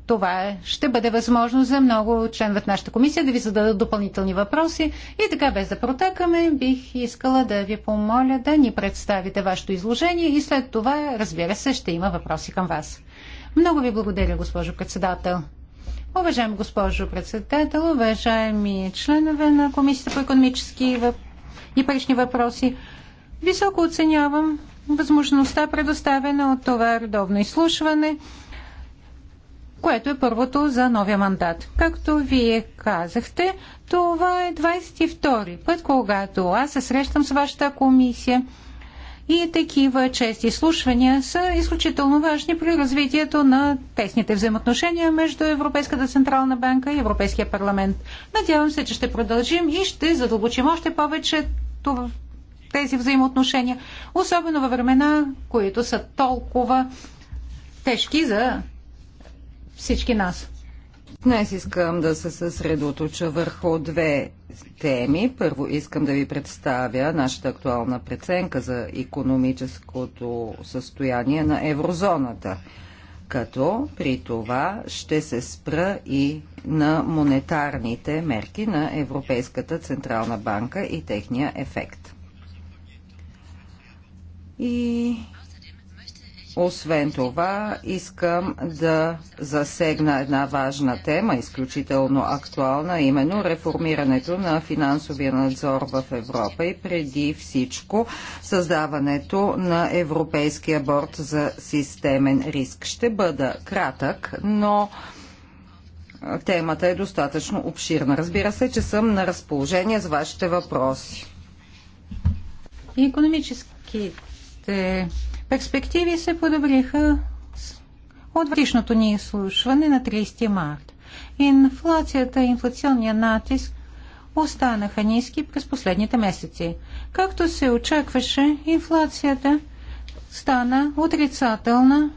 това ще бъде възможно за много членове в нашата комисия да ви зададат допълнителни въпроси. И така, без да протакаме, бих искала да ви помоля да ни представите вашето изложение и след това, разбира се, ще има въпроси към вас. Много ви благодаря, госпожо председател. Уважаем госпожо председател, уважаеми членове на Комисията по економически въпроси, и парични въпроси. Високо оценявам възможността предоставена от това редовно изслушване, което е първото за новия мандат. Както вие казахте, това е 22-и път, когато аз се срещам с вашата комисия. И такива чести изслушвания са изключително важни при развитието на тесните взаимоотношения между Европейската централна банка и Европейския парламент. Надявам се, че ще продължим и ще задълбочим още повече това, тези взаимоотношения, особено във времена, които са толкова тежки за всички нас. Днес
искам да се съсредоточа върху две теми. Първо искам да ви представя нашата актуална преценка за економическото състояние на еврозоната, като при това ще се спра и на монетарните мерки на Европейската Централна банка и техния ефект. И освен това, искам да засегна една важна тема, изключително актуална, именно реформирането на финансовия надзор в Европа и преди всичко създаването на Европейския борт за системен риск. Ще бъда кратък, но темата е достатъчно обширна. Разбира се, че съм на разположение с вашите въпроси.
економическите перспективи се подобриха от вришното ни изслушване на 30 март. Инфлацията и инфлационния натиск останаха ниски през последните месеци. Както се очакваше, инфлацията стана отрицателна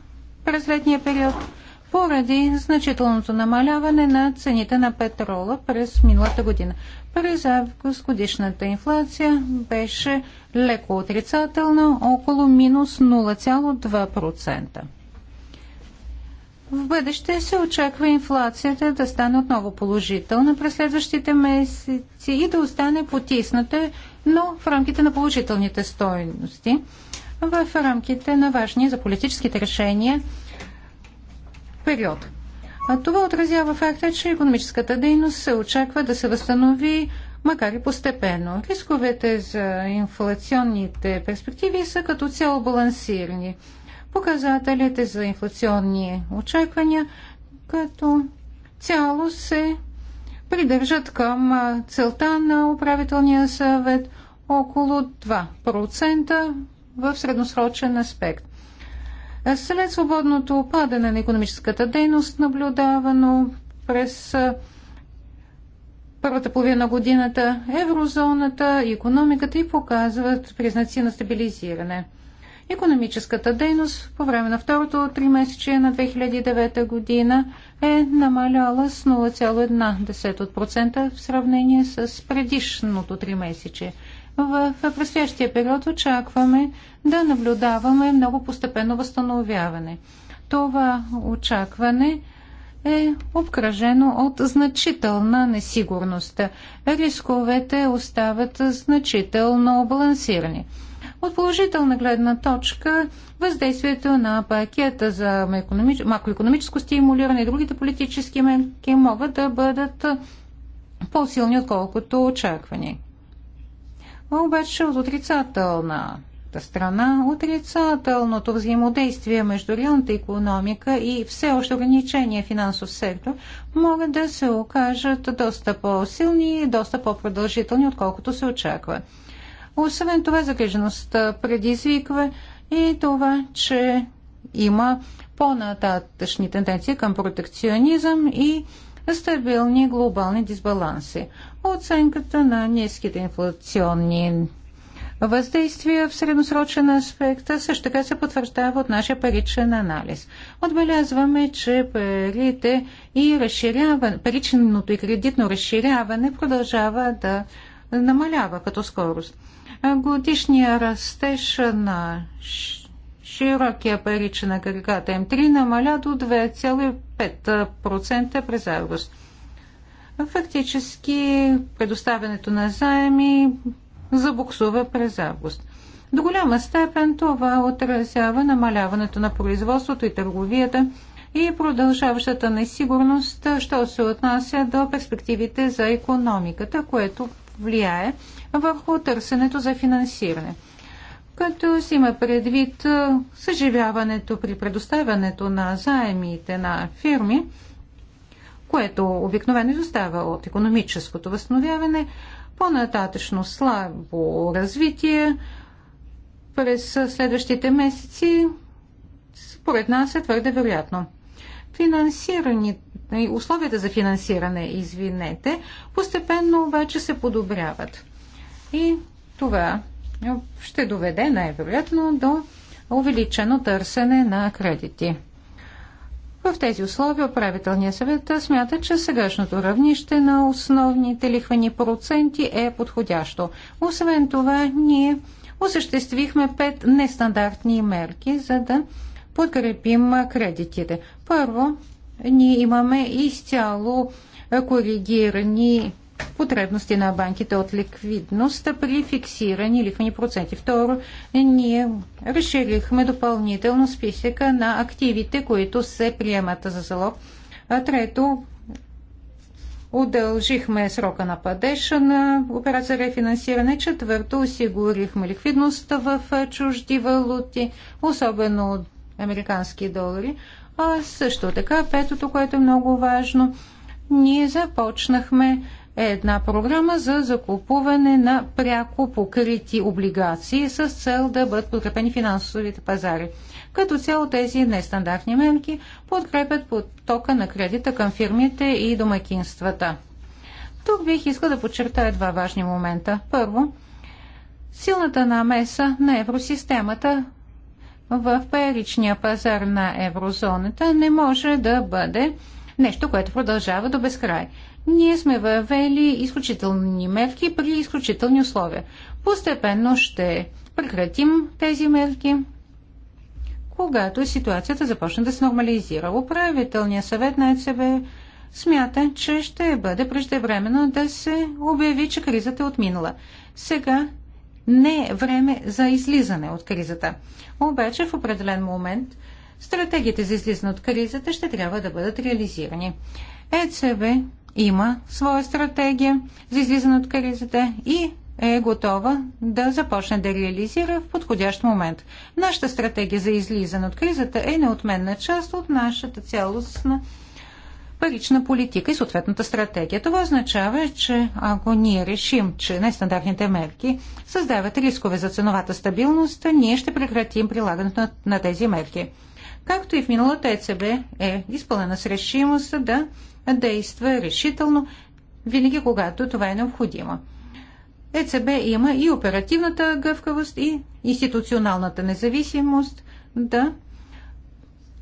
през летния период – поради значителното намаляване на цените на петрола през миналата година. През август годишната инфлация беше леко отрицателна, около минус 0,2%. В бъдеще се очаква инфлацията да стане отново положителна през следващите месеци и да остане потисната, но в рамките на положителните стоености в рамките на важни за политическите решения – период. А това отразява факта, че економическата дейност се очаква да се възстанови макар и постепенно. Рисковете за инфлационните перспективи са като цяло балансирани. Показателите за инфлационни очаквания като цяло се придържат към целта на управителния съвет около 2% в средносрочен аспект. След свободното падане на економическата дейност, наблюдавано през първата половина на годината, еврозоната, и економиката и показват признаци на стабилизиране. Економическата дейност по време на второто три месече на 2009 година е намаляла с 0,1% в сравнение с предишното три месече. В предстоящия период очакваме да наблюдаваме много постепенно възстановяване. Това очакване е обкръжено от значителна несигурност. Рисковете остават значително балансирани. От положителна гледна точка, въздействието на пакета за макроекономическо стимулиране и другите политически мерки могат да бъдат по-силни, отколкото очаквани обаче от отрицателната страна, отрицателното взаимодействие между реалната економика и все още ограничения финансов сектор могат да се окажат доста по-силни и доста по-продължителни, отколкото се очаква. Освен това, загрежеността предизвиква и това, че има по-нататъчни тенденции към протекционизъм и стабилни глобални дисбаланси. Оценката на ниските инфлационни въздействия в средносрочен аспект също така се потвърждава от нашия паричен анализ. Отбелязваме, че парите и разширяване, паричното и кредитно разширяване продължава да намалява като скорост. Годишният растеж на широкия паричен агрегат М3 намаля до 5% е през август. Фактически предоставянето на заеми забуксува през август. До голяма степен това отразява намаляването на производството и търговията и продължаващата несигурност, що се отнася до перспективите за економиката, което влияе върху търсенето за финансиране като си има предвид съживяването при предоставянето на заемите на фирми, което обикновено изостава от економическото възстановяване, по-нататъчно слабо развитие през следващите месеци, според нас е твърде вероятно. Финансирани, условията за финансиране, извинете, постепенно обаче се подобряват. И това ще доведе най-вероятно до увеличено търсене на кредити. В тези условия управителният съвет смята, че сегашното равнище на основните лихвени проценти е подходящо. Освен това, ние осъществихме пет нестандартни мерки, за да подкрепим кредитите. Първо, ние имаме изцяло коригирани потребности на банките от ликвидност при фиксирани лихвени проценти. Второ, ние разширихме допълнително списъка на активите, които се приемат за залог. Трето, удължихме срока на падеж на операция рефинансиране. Четвърто, осигурихме ликвидност в чужди валути, особено американски долари. А също така, петото, което е много важно, ние започнахме е една програма за закупуване на пряко покрити облигации с цел да бъдат подкрепени финансовите пазари. Като цяло тези нестандартни мерки подкрепят потока на кредита към фирмите и домакинствата. Тук бих искал да подчертая два важни момента. Първо, силната намеса на евросистемата в паричния пазар на еврозоната не може да бъде нещо, което продължава до безкрай ние сме въвели изключителни мерки при изключителни условия. Постепенно ще прекратим тези мерки, когато ситуацията започне да се нормализира. Управителният съвет на ЕЦБ смята, че ще бъде преждевременно да се обяви, че кризата е отминала. Сега не е време за излизане от кризата. Обаче в определен момент стратегиите за излизане от кризата ще трябва да бъдат реализирани. ЕЦБ има своя стратегия за излизане от кризата и е готова да започне да реализира в подходящ момент. Нашата стратегия за излизане от кризата е неотменна част от нашата цялостна парична политика и съответната стратегия. Това означава, че ако ние решим, че нестандартните мерки създават рискове за ценовата стабилност, ние ще прекратим прилагането на, тези мерки. Както и в миналата ЕЦБ е изпълнена с решимост да действа решително винаги, когато това е необходимо. ЕЦБ има и оперативната гъвкавост и институционалната независимост да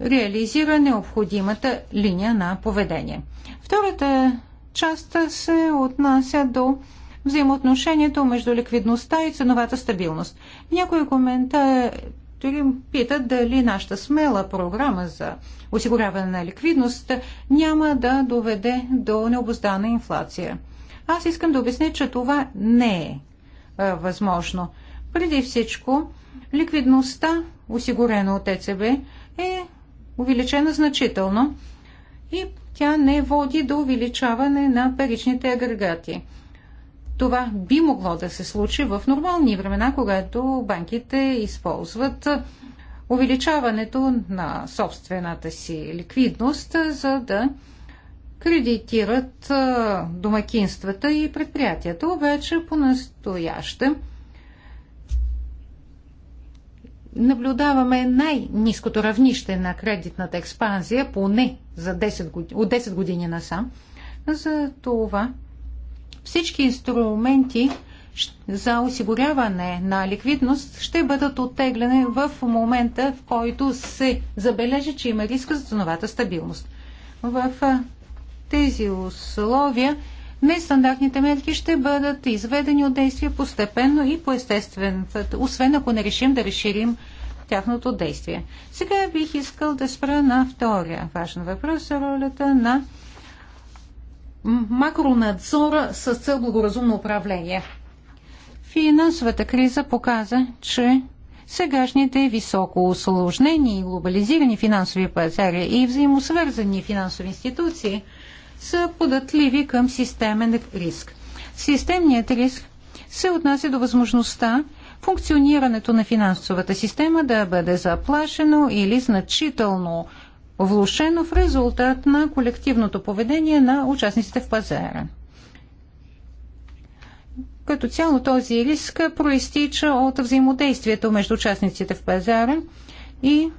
реализира необходимата линия на поведение. Втората част се отнася до взаимоотношението между ликвидността и ценовата стабилност. Някои коментари директори питат дали нашата смела програма за осигуряване на ликвидност няма да доведе до необоздана инфлация. Аз искам да обясня, че това не е а, възможно. Преди всичко, ликвидността, осигурена от ЕЦБ, е увеличена значително и тя не води до увеличаване на паричните агрегати. Това би могло да се случи в нормални времена, когато банките използват увеличаването на собствената си ликвидност, за да кредитират домакинствата и предприятията. Обаче по-настояще наблюдаваме най-низкото равнище на кредитната експанзия, поне за 10 години, от 10 години насам. За това всички инструменти за осигуряване на ликвидност ще бъдат оттеглени в момента, в който се забележи, че има риск за ценовата стабилност. В тези условия нестандартните мерки ще бъдат изведени от действие постепенно и по естествен освен ако не решим да разширим тяхното действие. Сега бих искал да спра на втория важен въпрос за ролята на макронадзора с цел благоразумно управление. Финансовата криза показа, че сегашните високо осложнени и глобализирани финансови пазари и взаимосвързани финансови институции са податливи към системен риск. Системният риск се отнася до възможността функционирането на финансовата система да бъде заплашено или значително влушено в резултат на колективното поведение на участниците в пазара. Като цяло този риск проистича от взаимодействието между участниците в пазара и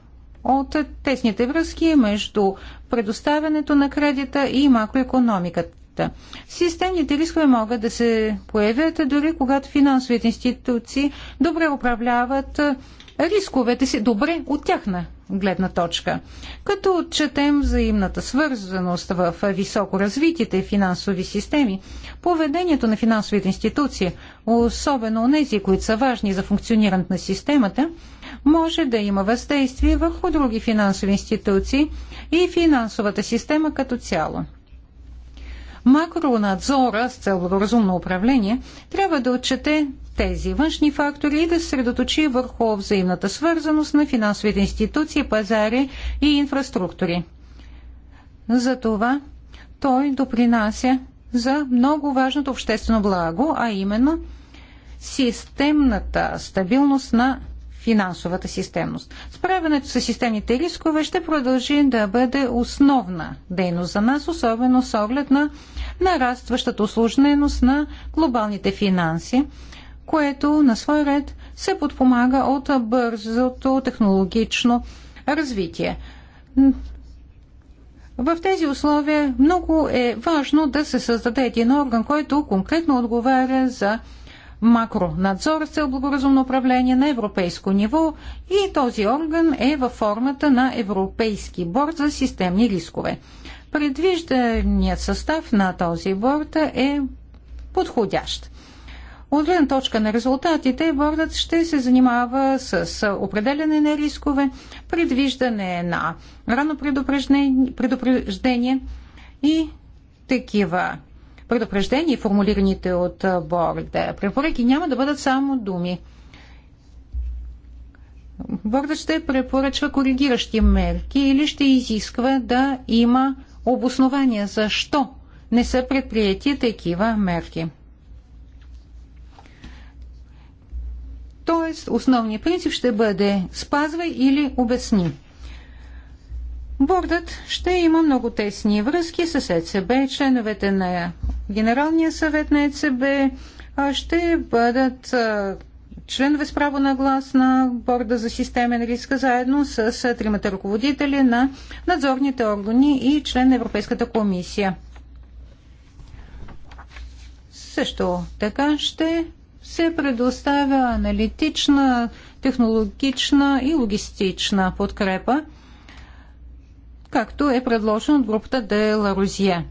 от тесните връзки между предоставянето на кредита и макроекономиката. Системните рискове могат да се появят дори когато финансовите институции добре управляват рисковете си, добре от тяхна гледна точка. Като отчетем взаимната свързаност в високо развитите финансови системи, поведението на финансовите институции, особено тези, които са важни за функционирането на системата, може да има въздействие върху други финансови институции и финансовата система като цяло. Макронадзора с цел разумно управление трябва да отчете тези външни фактори и да се средоточи върху взаимната свързаност на финансовите институции, пазари и инфраструктури. Затова той допринася за много важното обществено благо, а именно системната стабилност на финансовата системност. Справянето с системните рискове ще продължи да бъде основна дейност за нас, особено с оглед на нарастващата осложненост на глобалните финанси, което на свой ред се подпомага от бързото технологично развитие. В тези условия много е важно да се създаде един орган, който конкретно отговаря за макронадзор с цел благоразумно управление на европейско ниво и този орган е във формата на Европейски борд за системни рискове предвижданият състав на този борт е подходящ. От гледна точка на резултатите, бордът ще се занимава с определене на рискове, предвиждане на рано предупреждение, предупреждение и такива предупреждения, формулираните от борда. Препоръки няма да бъдат само думи. Бордът ще препоръчва коригиращи мерки или ще изисква да има обоснования защо не са предприяти такива мерки. Тоест, основният принцип ще бъде спазвай или обясни. Бордът ще има много тесни връзки с ЕЦБ, членовете на Генералния съвет на ЕЦБ ще бъдат членове с право на глас на борда за системен риск, заедно с тримата ръководители на надзорните органи и член на Европейската комисия. Също така ще се предоставя аналитична, технологична и логистична подкрепа, както е предложено от групата Де Ларузия.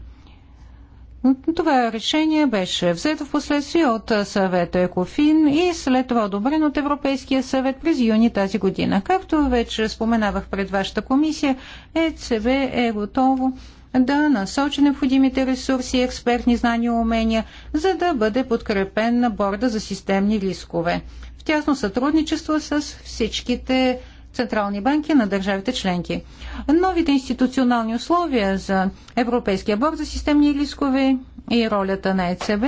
Това решение беше взето в последствие от съвета Екофин и след това одобрен от Европейския съвет през юни тази година. Както вече споменавах пред вашата комисия, ЕЦБ е готово да насочи необходимите ресурси, експертни знания и умения, за да бъде подкрепен на борда за системни рискове. В тясно сътрудничество с всичките централни банки на държавите членки. Новите институционални условия за Европейския борт за системни рискове и ролята на ЕЦБ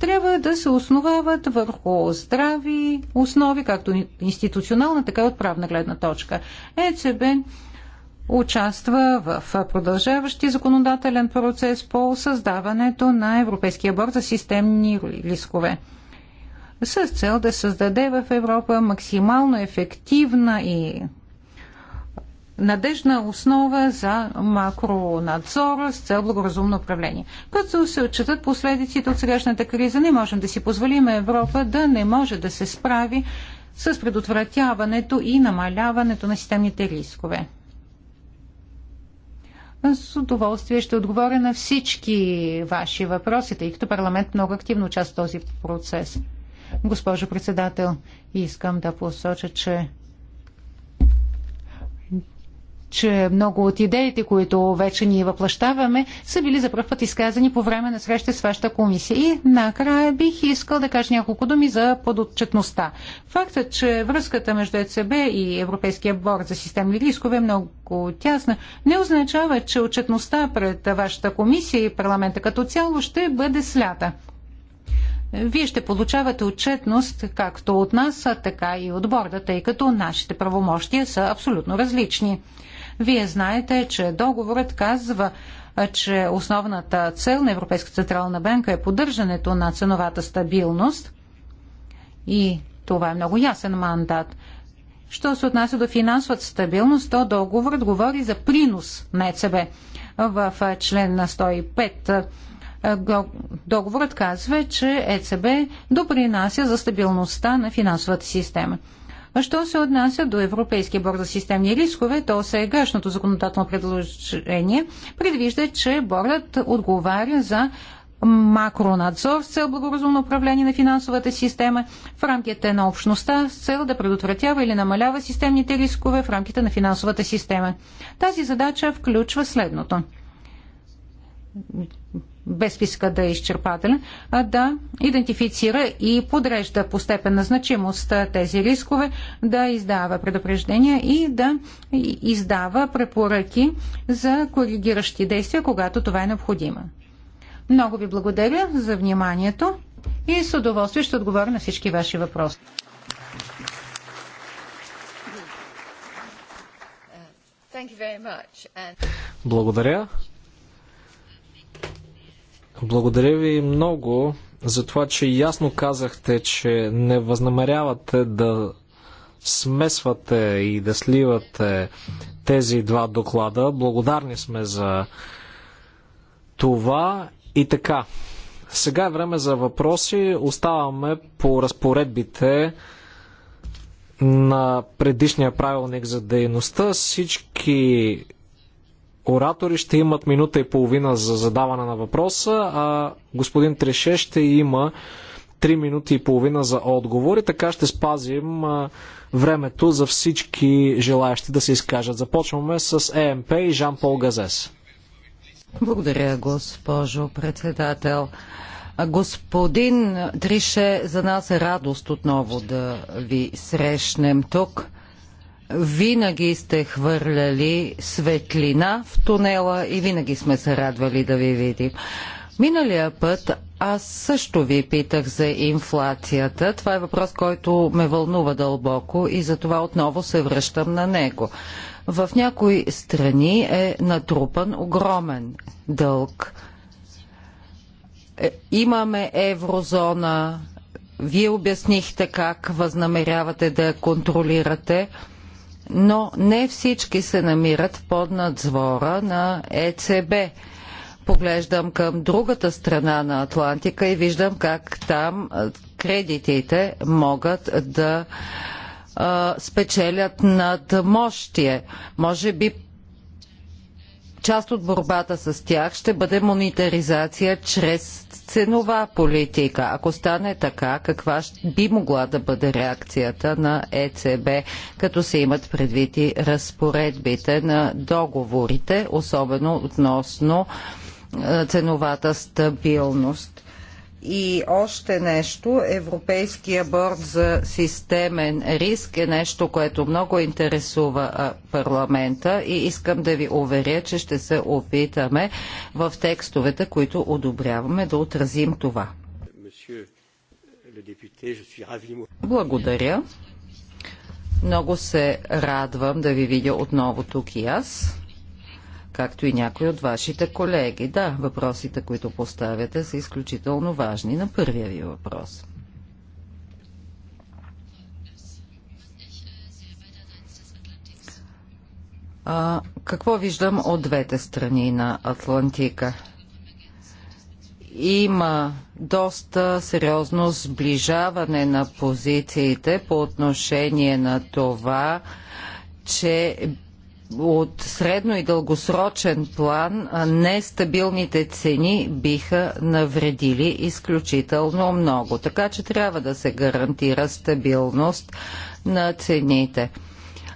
трябва да се основават върху здрави основи, както институционална, така и от правна гледна точка. ЕЦБ участва в продължаващи законодателен процес по създаването на Европейския борт за системни рискове с цел да създаде в Европа максимално ефективна и надежна основа за макронадзора с цел благоразумно управление. Като се отчитат последиците от сегашната криза, не можем да си позволим Европа да не може да се справи с предотвратяването и намаляването на системните рискове. С удоволствие ще отговоря на всички ваши въпроси, тъй като парламент много активно участва в този процес. Госпожо председател, искам да посоча, че че много от идеите, които вече ние въплащаваме, са били за първ път изказани по време на среща с вашата комисия. И накрая бих искал да кажа няколко думи за подотчетността. Фактът, че връзката между ЕЦБ и Европейския борд за системни рискове е много тясна, не означава, че отчетността пред вашата комисия и парламента като цяло ще бъде слята вие ще получавате отчетност както от нас, а така и от борда, тъй като нашите правомощия са абсолютно различни. Вие знаете, че договорът казва, че основната цел на Европейска централна банка е поддържането на ценовата стабилност и това е много ясен мандат. Що се отнася до финансовата стабилност, то договорът говори за принос на ЕЦБ. В член на 105 Договорът казва, че ЕЦБ допринася за стабилността на финансовата система. А що се отнася до Европейския борд за системни рискове, то сегашното законодателно предложение предвижда, че бордът отговаря за макронадзор с цел благоразумно управление на финансовата система в рамките на общността с цел да предотвратява или намалява системните рискове в рамките на финансовата система. Тази задача включва следното без списъка да е изчерпателен, а да идентифицира и подрежда по степен на значимост тези рискове, да издава предупреждения и да издава препоръки за коригиращи действия, когато това е необходимо. Много ви благодаря за вниманието и с удоволствие ще отговоря на всички ваши въпроси.
Благодаря. Благодаря ви много за това, че ясно казахте, че не възнамерявате да смесвате и да сливате тези два доклада. Благодарни сме за това и така. Сега е време за въпроси. Оставаме по разпоредбите на предишния правилник за дейността. Всички оратори ще имат минута и половина за задаване на въпроса, а господин Треше ще има 3 минути и половина за отговори. Така ще спазим времето за всички желаящи да се изкажат. Започваме с ЕМП и Жан-Пол Газес.
Благодаря, госпожо председател. Господин Трише, за нас е радост отново да ви срещнем тук винаги сте хвърляли светлина в тунела и винаги сме се радвали да ви видим. Миналия път аз също ви питах за инфлацията. Това е въпрос, който ме вълнува дълбоко и затова отново се връщам на него. В някои страни е натрупан огромен дълг. Е, имаме еврозона. Вие обяснихте как възнамерявате да я контролирате но не всички се намират под надзвора на ЕЦБ. Поглеждам към другата страна на Атлантика и виждам как там кредитите могат да а, спечелят над мощие. Може би част от борбата с тях ще бъде монетаризация чрез ценова политика. Ако стане така, каква би могла да бъде реакцията на ЕЦБ, като се имат предвид и разпоредбите на договорите, особено относно е, ценовата стабилност? И още нещо, Европейския борд за системен риск е нещо, което много интересува парламента и искам да ви уверя, че ще се опитаме в текстовете, които одобряваме, да отразим това. Благодаря. Много се радвам да ви видя отново тук и аз както и някои от вашите колеги. Да, въпросите, които поставяте, са изключително важни. На първия ви въпрос. А, какво виждам от двете страни на Атлантика? Има доста сериозно сближаване на позициите по отношение на това, че от средно и дългосрочен план нестабилните цени биха навредили изключително много. Така че трябва да се гарантира стабилност на цените.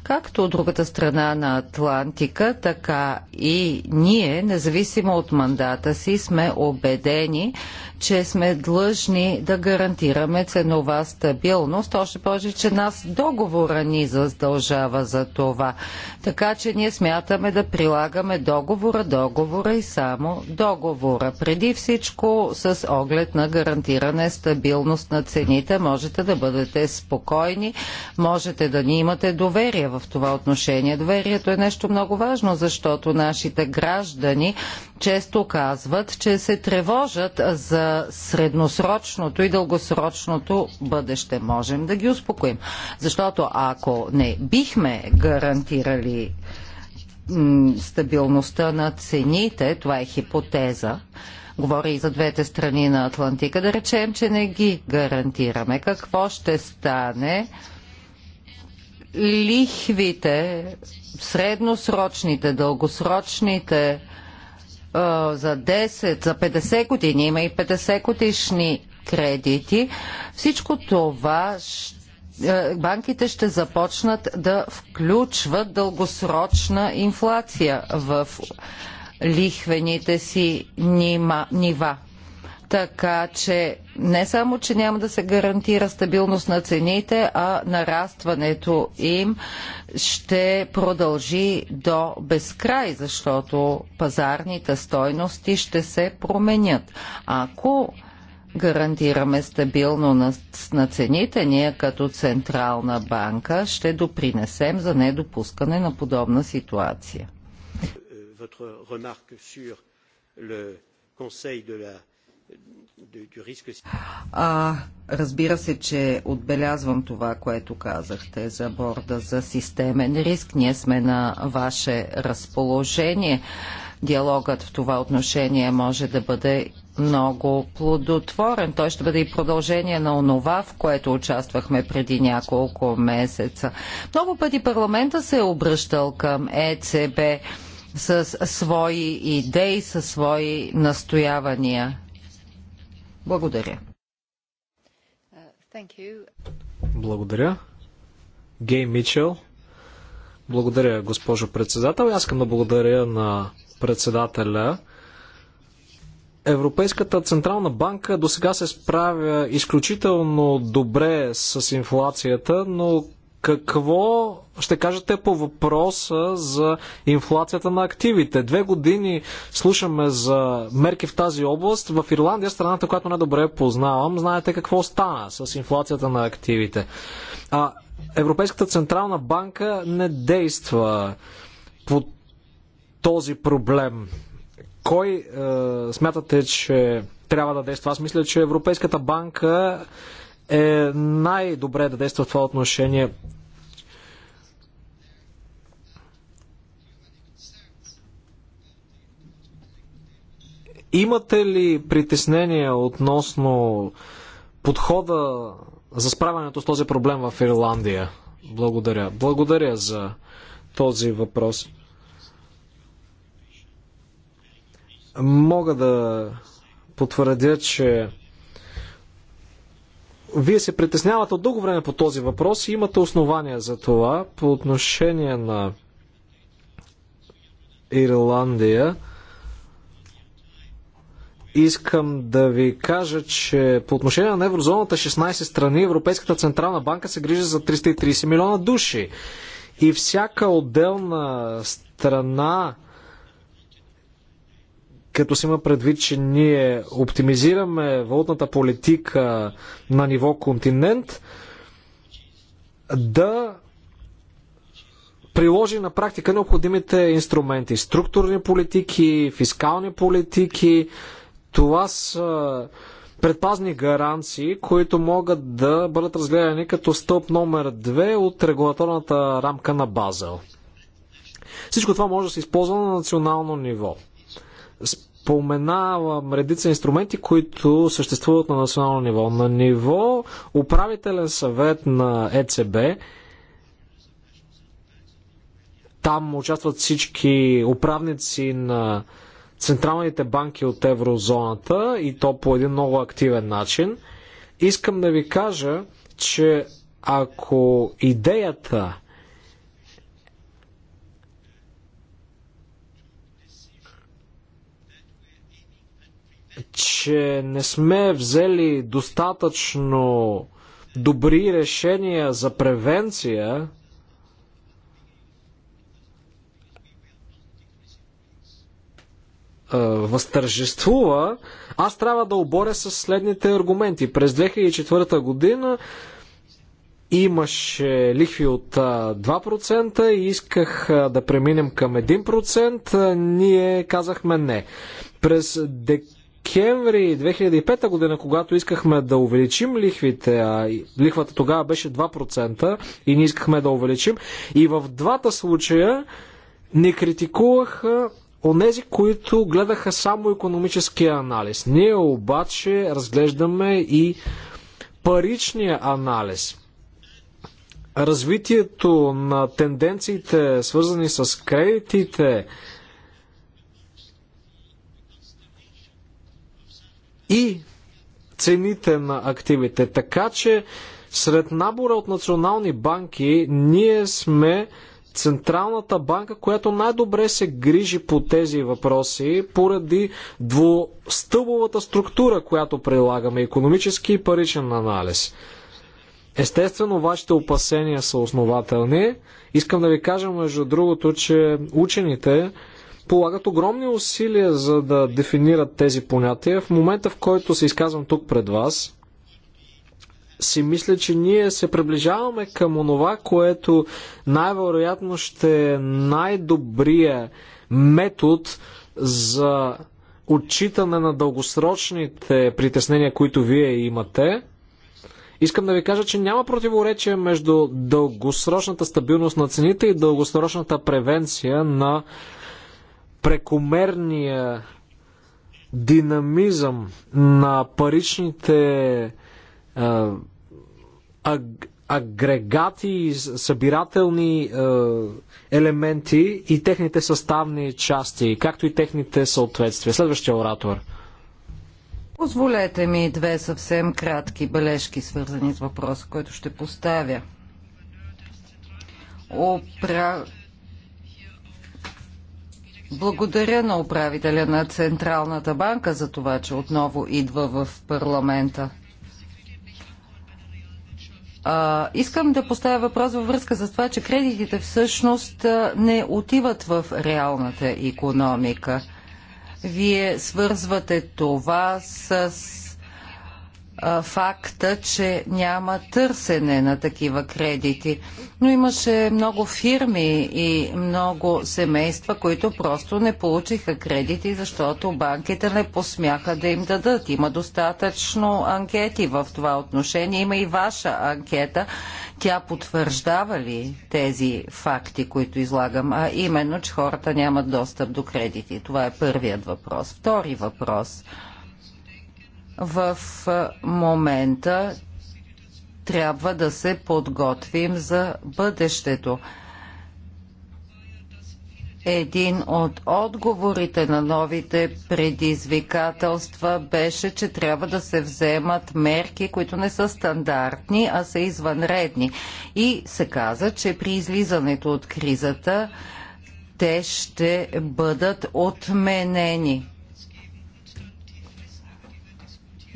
Както от другата страна на Атлантика, така и ние, независимо от мандата си, сме убедени, че сме длъжни да гарантираме ценова стабилност, още повече, че нас договора ни задължава за това. Така че ние смятаме да прилагаме договора, договора и само договора. Преди всичко с оглед на гарантиране стабилност на цените, можете да бъдете спокойни, можете да ни имате доверие в това отношение. Доверието е нещо много важно, защото нашите граждани често казват, че се тревожат за средносрочното и дългосрочното бъдеще. Можем да ги успокоим. Защото ако не бихме гарантирали стабилността на цените, това е хипотеза, говори и за двете страни на Атлантика, да речем, че не ги гарантираме. Какво ще стане? Лихвите, средносрочните, дългосрочните за 10, за 50 години, има и 50 годишни кредити, всичко това банките ще започнат да включват дългосрочна инфлация в лихвените си нива. Така че не само, че няма да се гарантира стабилност на цените, а нарастването им ще продължи до безкрай, защото пазарните стойности ще се променят. Ако гарантираме стабилно на цените, ние като Централна банка ще допринесем за недопускане на подобна ситуация.
Votre remarque sur le Conseil de la
а, разбира се, че отбелязвам това, което казахте за борда за системен риск. Ние сме на ваше разположение. Диалогът в това отношение може да бъде много плодотворен. Той ще бъде и продължение на онова, в което участвахме преди няколко месеца. Много пъти парламента се е обръщал към ЕЦБ с свои идеи, със свои настоявания.
Благодаря. Благодаря. Гей Мичел. Благодаря, госпожо председател. Аз искам да благодаря на председателя. Европейската централна банка до сега се справя изключително добре с инфлацията, но какво ще кажете по въпроса за инфлацията на активите? Две години слушаме за мерки в тази област. В Ирландия, страната, която най-добре познавам, знаете какво стана с инфлацията на активите. А Европейската централна банка не действа по този проблем. Кой е, смятате, че трябва да действа? Аз мисля, че Европейската банка е най-добре да действа в това отношение. Имате ли притеснения относно подхода за справянето с този проблем в Ирландия? Благодаря. Благодаря за този въпрос. Мога да потвърдя, че вие се притеснявате от дълго време по този въпрос и имате основания за това по отношение на Ирландия. Искам да ви кажа, че по отношение на еврозоната 16 страни Европейската Централна банка се грижи за 330 милиона души. И всяка отделна страна като си има предвид, че ние оптимизираме валутната политика на ниво континент, да приложи на практика необходимите инструменти. Структурни политики, фискални политики, това са предпазни гаранции, които могат да бъдат разгледани като стълб номер 2 от регулаторната рамка на Базел. Всичко това може да се използва на национално ниво. Споменавам редица инструменти, които съществуват на национално ниво. На ниво управителен съвет на ЕЦБ, там участват всички управници на централните банки от еврозоната и то по един много активен начин. Искам да ви кажа, че ако идеята че не сме взели достатъчно добри решения за превенция Е, възтържествува, аз трябва да оборя с следните аргументи. През 2004 година имаше лихви от 2% е, и исках е, да преминем към 1%. Ние казахме не. През декември 2005 година, когато искахме да увеличим лихвите, а лихвата тогава беше 2% и ние искахме да увеличим, и в двата случая ни критикуваха онези, които гледаха само економическия анализ. Ние обаче разглеждаме и паричния анализ. Развитието на тенденциите, свързани с кредитите и цените на активите. Така че сред набора от национални банки ние сме Централната банка, която най-добре се грижи по тези въпроси, поради двустълбовата структура, която прилагаме економически и паричен анализ. Естествено, вашите опасения са основателни. Искам да ви кажа, между другото, че учените полагат огромни усилия за да дефинират тези понятия. В момента, в който се изказвам тук пред вас, си мисля, че ние се приближаваме към онова, което най-вероятно ще е най-добрия метод за отчитане на дългосрочните притеснения, които вие имате. Искам да ви кажа, че няма противоречие между дългосрочната стабилност на цените и дългосрочната превенция на прекомерния динамизъм на паричните аг, агрегати, събирателни елементи и техните съставни части, както и техните съответствия. Следващия оратор.
Позволете ми две съвсем кратки бележки, свързани с въпроса, който ще поставя. Опра... Благодаря на управителя на Централната банка за това, че отново идва в парламента. А, искам да поставя въпрос във връзка с това, че кредитите всъщност не отиват в реалната економика. Вие свързвате това с факта, че няма търсене на такива кредити. Но имаше много фирми и много семейства, които просто не получиха кредити, защото банките не посмяха да им дадат. Има достатъчно анкети в това отношение. Има и ваша анкета. Тя потвърждава ли тези факти, които излагам, а именно, че хората нямат достъп до кредити? Това е първият въпрос. Втори въпрос – в е, момента трябва да се подготвим за бъдещето. Един от отговорите на новите предизвикателства беше, че трябва да се вземат мерки, които не са стандартни, а са извънредни. И се каза, че при излизането от кризата те ще бъдат отменени.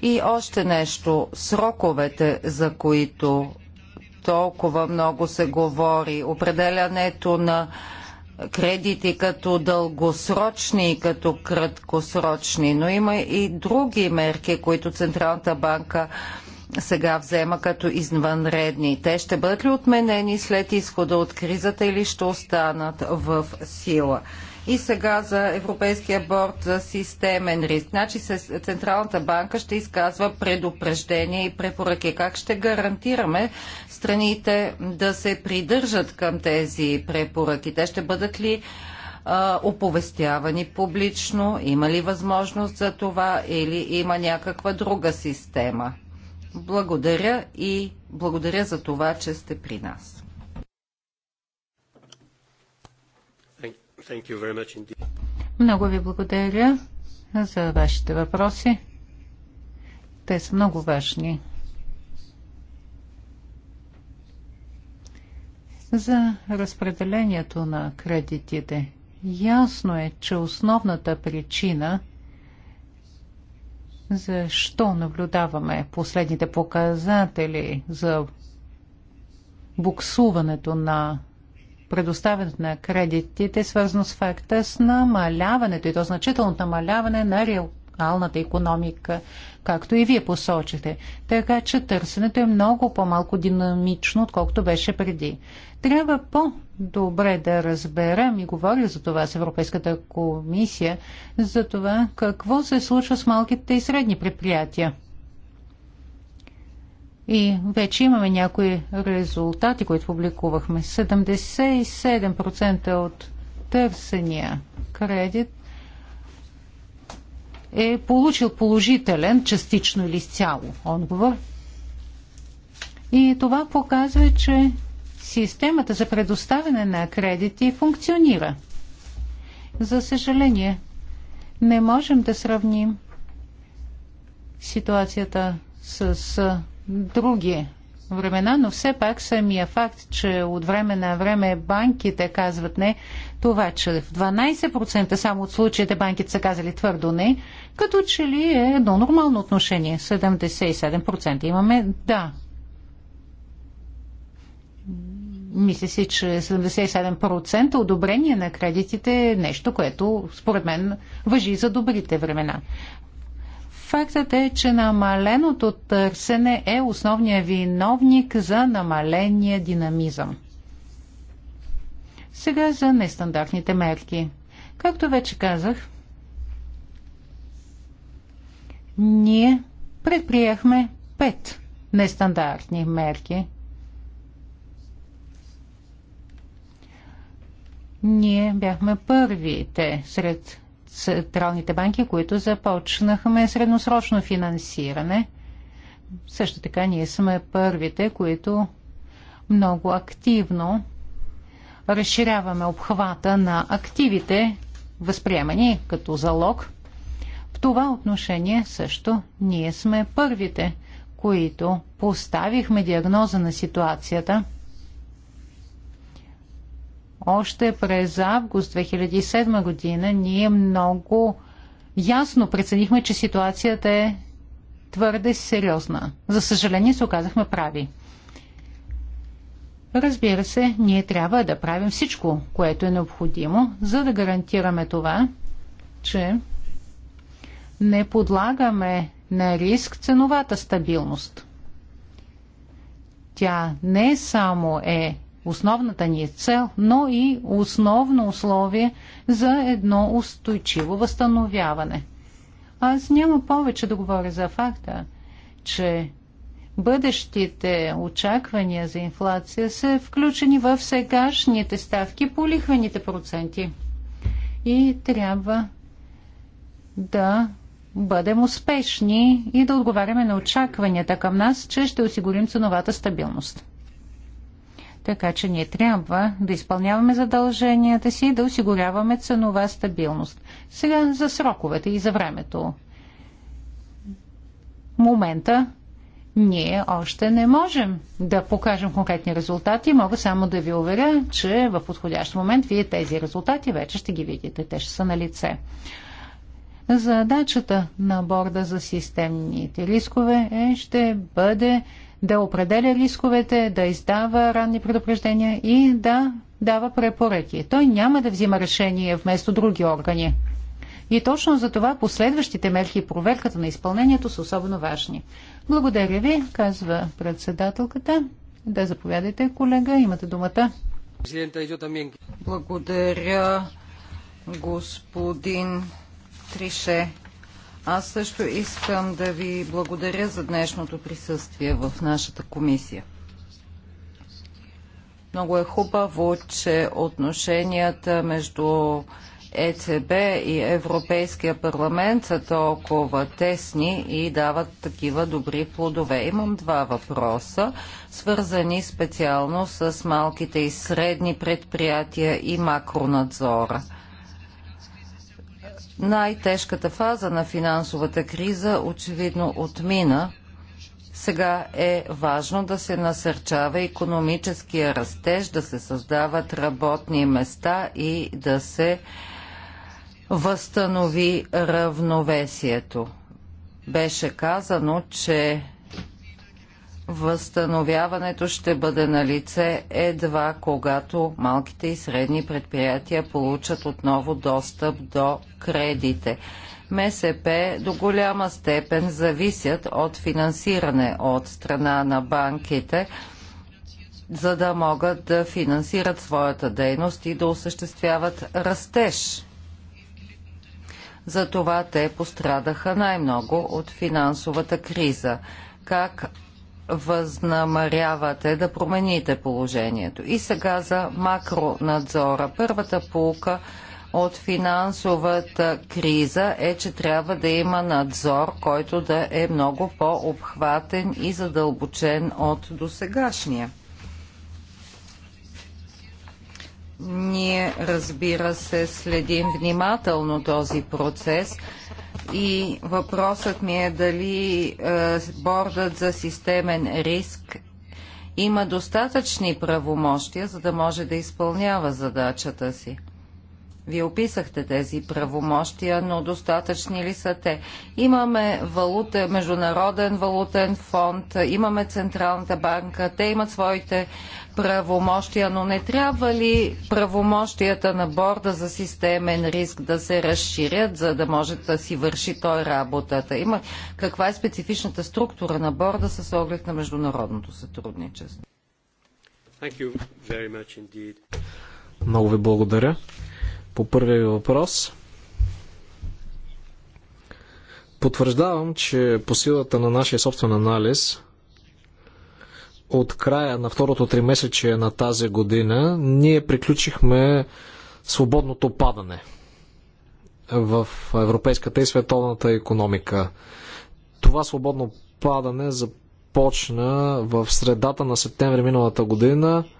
И още нещо, сроковете, за които толкова много се говори, определянето на кредити като дългосрочни и като краткосрочни, но има и други мерки, които Централната банка сега взема като извънредни. Те ще бъдат ли отменени след изхода от кризата или ще останат в сила? И сега за Европейския борт за системен риск. Значи Централната банка ще изказва предупреждения и препоръки. Как ще гарантираме страните да се придържат към тези препоръки? Те ще бъдат ли оповестявани публично? Има ли възможност за това или има някаква друга система? Благодаря и благодаря за това, че
сте при нас. Много ви благодаря за вашите въпроси. Те са много важни. За разпределението на кредитите. Ясно е, че основната причина защо наблюдаваме последните показатели за буксуването на предоставянето на кредитите е свързано с факта с намаляването и то значително намаляване на реалната економика, както и вие посочите. Така че търсенето е много по-малко динамично, отколкото беше преди. Трябва по-добре да разберем и говоря за това с Европейската комисия, за това какво се случва с малките и средни предприятия. И вече имаме някои резултати, които публикувахме. 77% от търсения кредит е получил положителен, частично или изцяло отговор. И това показва, че системата за предоставяне на кредити функционира. За съжаление, не можем да сравним ситуацията с други времена, но все пак самия факт, че от време на време банките казват не, това, че в 12% само от случаите банките са казали твърдо не, като че ли е едно нормално отношение. 77% имаме да. Мисля си, че 77% одобрение на кредитите е нещо, което според мен въжи за добрите времена. Фактът е, че намаленото търсене е основният виновник за намаления динамизъм. Сега за нестандартните мерки. Както вече казах, ние предприехме пет нестандартни мерки. Ние бяхме първите сред централните банки, които започнахме средносрочно финансиране. Също така ние сме първите, които много активно разширяваме обхвата на активите, възприемани като залог. В това отношение също ние сме първите, които поставихме диагноза на ситуацията – още през август 2007 година ние много ясно преценихме, че ситуацията е твърде сериозна. За съжаление се оказахме прави. Разбира се, ние трябва да правим всичко, което е необходимо, за да гарантираме това, че не подлагаме на риск ценовата стабилност. Тя не само е основната ни е цел, но и основно условие за едно устойчиво възстановяване. Аз няма повече да говоря за факта, че бъдещите очаквания за инфлация са включени в сегашните ставки по лихвените проценти. И трябва да бъдем успешни и да отговаряме на очакванията към нас, че ще осигурим ценовата стабилност. Така че ние трябва да изпълняваме задълженията си и да осигуряваме ценова стабилност. Сега за сроковете и за времето. Момента ние още не можем да покажем конкретни резултати. Мога само да ви уверя, че в подходящ момент вие тези резултати вече ще ги видите. Те ще са на лице. Задачата на борда за системните рискове е, ще бъде да определя рисковете, да издава ранни предупреждения и да дава препоръки. Той няма да взима решение вместо други органи. И точно за това последващите мерки и проверката на изпълнението са особено важни. Благодаря ви, казва председателката. Да заповядайте, колега, имате думата.
Благодаря, господин Трише. Аз също искам да ви благодаря за днешното присъствие в нашата комисия. Много е хубаво, че отношенията между ЕЦБ и Европейския парламент са толкова тесни и дават такива добри плодове. Имам два въпроса, свързани специално с малките и средни предприятия и макронадзора – най-тежката фаза на финансовата криза очевидно отмина. Сега е важно да се насърчава економическия растеж, да се създават работни места и да се възстанови равновесието. Беше казано, че Възстановяването ще бъде на лице едва когато малките и средни предприятия получат отново достъп до кредите. МСП до голяма степен зависят от финансиране от страна на банките, за да могат да финансират своята дейност и да осъществяват растеж. Затова те пострадаха най-много от финансовата криза. Как възнамарявате да промените положението. И сега за макронадзора. Първата полука от финансовата криза е, че трябва да има надзор, който да е много по-обхватен и задълбочен от досегашния. Ние, разбира се, следим внимателно този процес и въпросът ми е дали е, бордът за системен риск има достатъчни правомощия, за да може да изпълнява задачата си. Вие описахте тези правомощия, но достатъчни ли са те? Имаме валута, Международен валутен фонд, имаме Централната банка, те имат своите правомощия, но не трябва ли правомощията на борда за системен риск да се разширят, за да може да си върши той работата? Има, каква е специфичната структура на борда с оглед на международното сътрудничество?
Много ви благодаря. По първия въпрос потвърждавам, че по силата на нашия собствен анализ от края на второто три месече на тази година ние приключихме свободното падане в европейската и световната економика. Това свободно падане започна в средата на септември миналата година –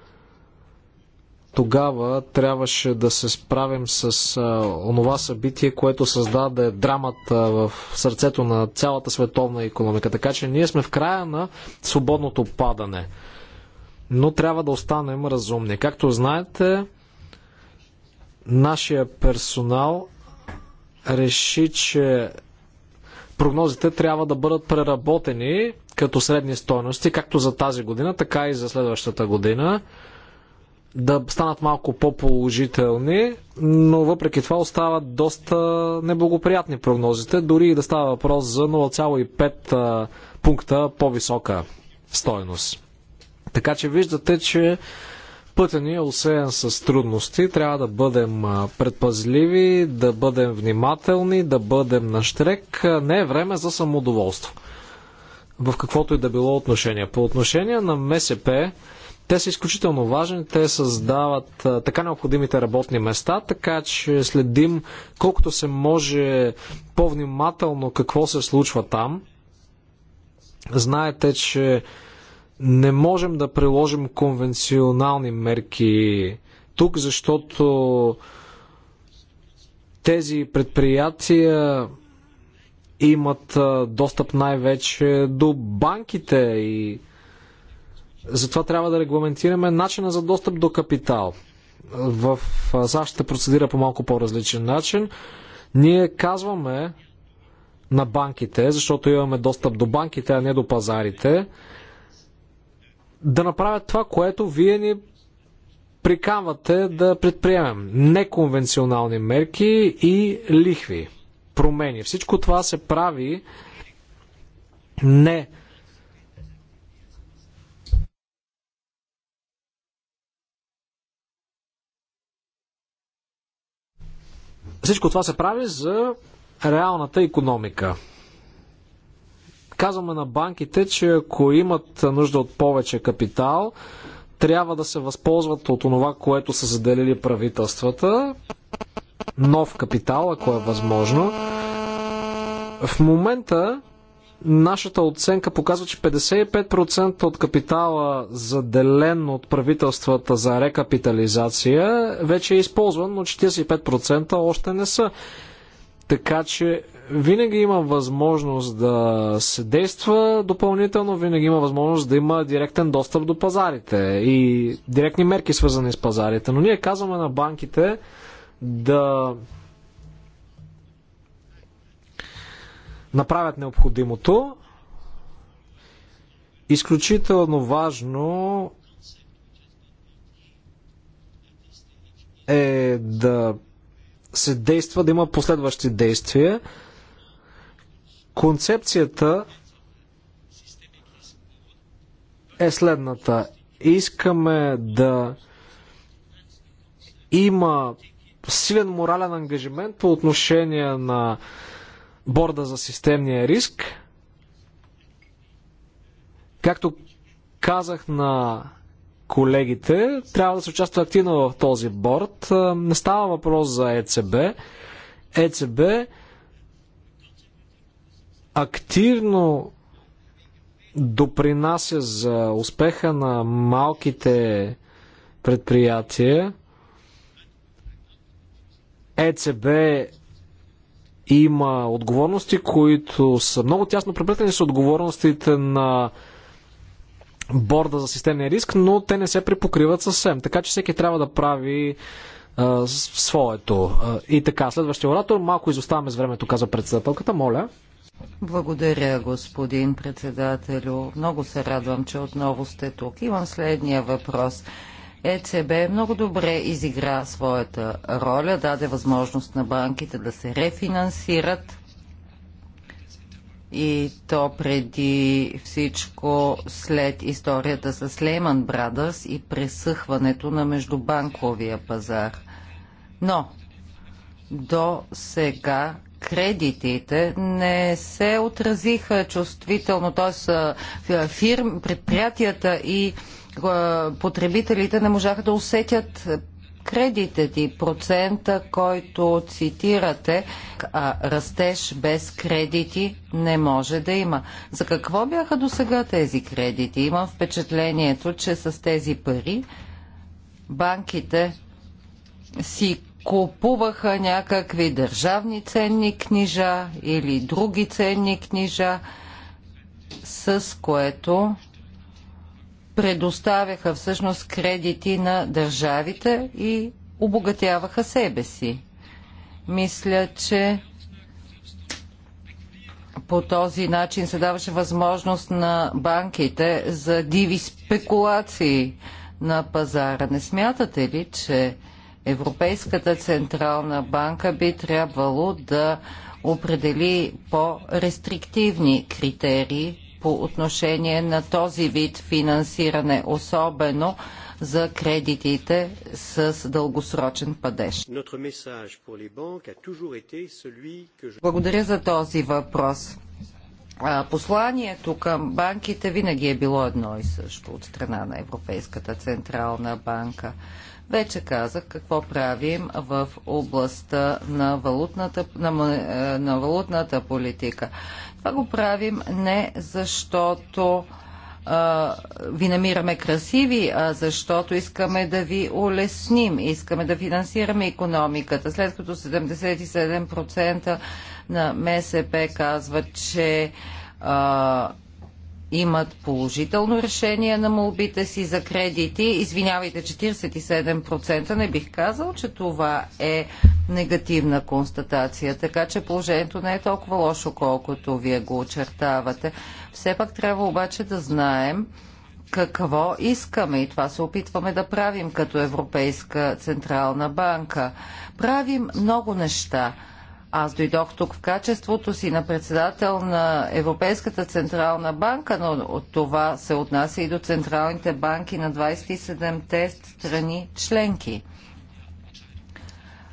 тогава трябваше да се справим с а, онова събитие, което създаде драмата в сърцето на цялата световна економика. Така че ние сме в края на свободното падане. Но трябва да останем разумни. Както знаете, нашия персонал реши, че прогнозите трябва да бъдат преработени като средни стойности, както за тази година, така и за следващата година да станат малко по-положителни, но въпреки това остават доста неблагоприятни прогнозите, дори и да става въпрос за 0,5 пункта по-висока стойност. Така че виждате, че пътя ни е усеян с трудности. Трябва да бъдем предпазливи, да бъдем внимателни, да бъдем на штрек. Не е време за самодоволство. В каквото и да било отношение. По отношение на МСП, те са изключително важни, те създават така необходимите работни места, така че следим колкото се може по-внимателно какво се случва там. Знаете, че не можем да приложим конвенционални мерки тук, защото тези предприятия имат достъп най-вече до банките и затова трябва да регламентираме начина за достъп до капитал. В САЩ ще процедира по малко по-различен начин. Ние казваме на банките, защото имаме достъп до банките, а не до пазарите, да направят това, което вие ни приканвате да предприемем. Неконвенционални мерки и лихви, промени. Всичко това се прави не Всичко това се прави за реалната економика. Казваме на банките, че ако имат нужда от повече капитал, трябва да се възползват от това, което са заделили правителствата, нов капитал, ако е възможно. В момента Нашата оценка показва, че 55% от капитала, заделен от правителствата за рекапитализация, вече е използван, но 45% още не са. Така че винаги има възможност да се действа допълнително, винаги има възможност да има директен достъп до пазарите и директни мерки свързани с пазарите. Но ние казваме на банките да направят необходимото. Изключително важно е да се действа, да има последващи действия. Концепцията е следната. Искаме да има силен морален ангажимент по отношение на борда за системния риск. Както казах на колегите, трябва да се участва активно в този борд. Не става въпрос за ЕЦБ. ЕЦБ активно допринася за успеха на малките предприятия. ЕЦБ има отговорности, които са много тясно преплетени с отговорностите на борда за системния риск, но те не се припокриват съвсем. Така че всеки трябва да прави а, своето. И така, следващия оратор, малко изоставаме с времето, каза председателката, моля.
Благодаря, господин председателю. Много се радвам, че отново сте тук. Имам следния въпрос. ЕЦБ много добре изигра своята роля, даде възможност на банките да се рефинансират и то преди всичко след историята с Лейман Брадърс и пресъхването на междубанковия пазар. Но до сега кредитите не се отразиха чувствително, т.е. предприятията и е, потребителите не можаха да усетят кредитът и процента, който цитирате, а растеж без кредити не може да има. За какво бяха до сега тези кредити? Имам впечатлението, че с тези пари банките си купуваха някакви държавни ценни книжа или други ценни книжа, с което предоставяха всъщност кредити на държавите и обогатяваха себе си. Мисля, че по този начин се даваше възможност на банките за диви спекулации на пазара. Не смятате ли, че Европейската централна банка би трябвало да определи по-рестриктивни критерии по отношение на този вид финансиране, особено за кредитите с дългосрочен падеж. Благодаря за този въпрос. Посланието към банките винаги е било едно и също от страна на Европейската централна банка. Вече казах какво правим в областта на валутната, на, е, на валутната политика. Това го правим не защото ви намираме красиви, а защото искаме да ви улесним, искаме да финансираме економиката. След като 77% на МСП казват, че а, имат положително решение на молбите си за кредити. Извинявайте, 47% не бих казал, че това е негативна констатация, така че положението не е толкова лошо, колкото вие го очертавате. Все пак трябва обаче да знаем какво искаме и това се опитваме да правим като Европейска Централна банка. Правим много неща аз дойдох тук в качеството си на председател на Европейската централна банка, но от това се отнася и до централните банки на 27-те страни членки.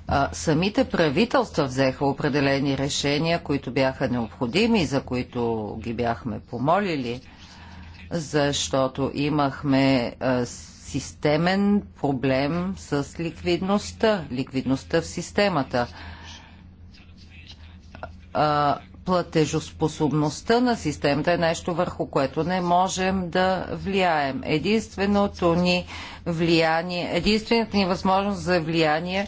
А, самите правителства взеха определени решения, които бяха необходими, за които ги бяхме помолили, защото имахме а, системен проблем с ликвидността, ликвидността в системата – а, платежоспособността на системата е нещо върху което не можем да влияем. Единственото ни влияние, единствената ни възможност за влияние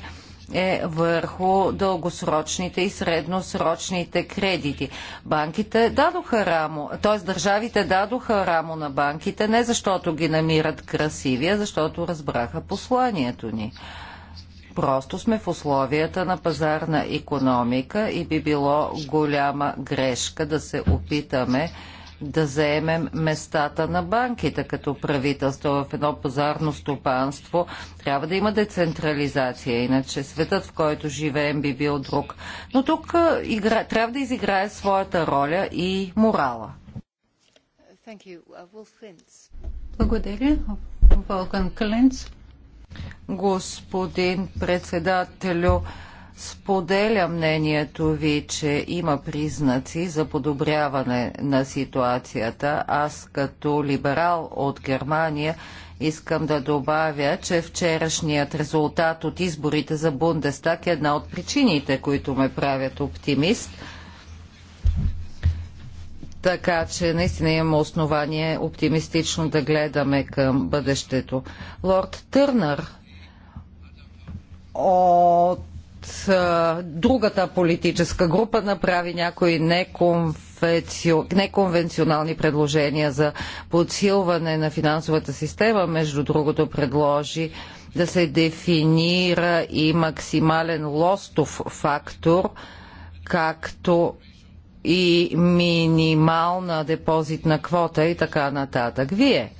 е върху дългосрочните и средносрочните кредити. Банките дадоха рамо, т.е. държавите дадоха рамо на банките не защото ги намират красиви, а защото разбраха посланието ни. Просто сме в условията на пазарна економика и би било голяма грешка да се опитаме да заемем местата на банките като правителство в едно пазарно стопанство. Трябва да има децентрализация, иначе светът, в който живеем, би бил друг. Но тук игра... трябва да изиграе своята роля и морала.
Uh,
Благодаря. Волкан Клинц. Господин председателю, споделя мнението ви, че има признаци за подобряване на ситуацията. Аз като либерал от Германия Искам да добавя, че вчерашният резултат от изборите за Бундестаг е една от причините, които ме правят оптимист – така че наистина има основание оптимистично да гледаме към бъдещето. Лорд Търнър от другата политическа група направи някои неконвенционални предложения за подсилване на финансовата система. Между другото предложи да се дефинира и максимален лостов фактор, както и минимална депозитна квота и така нататък. Вие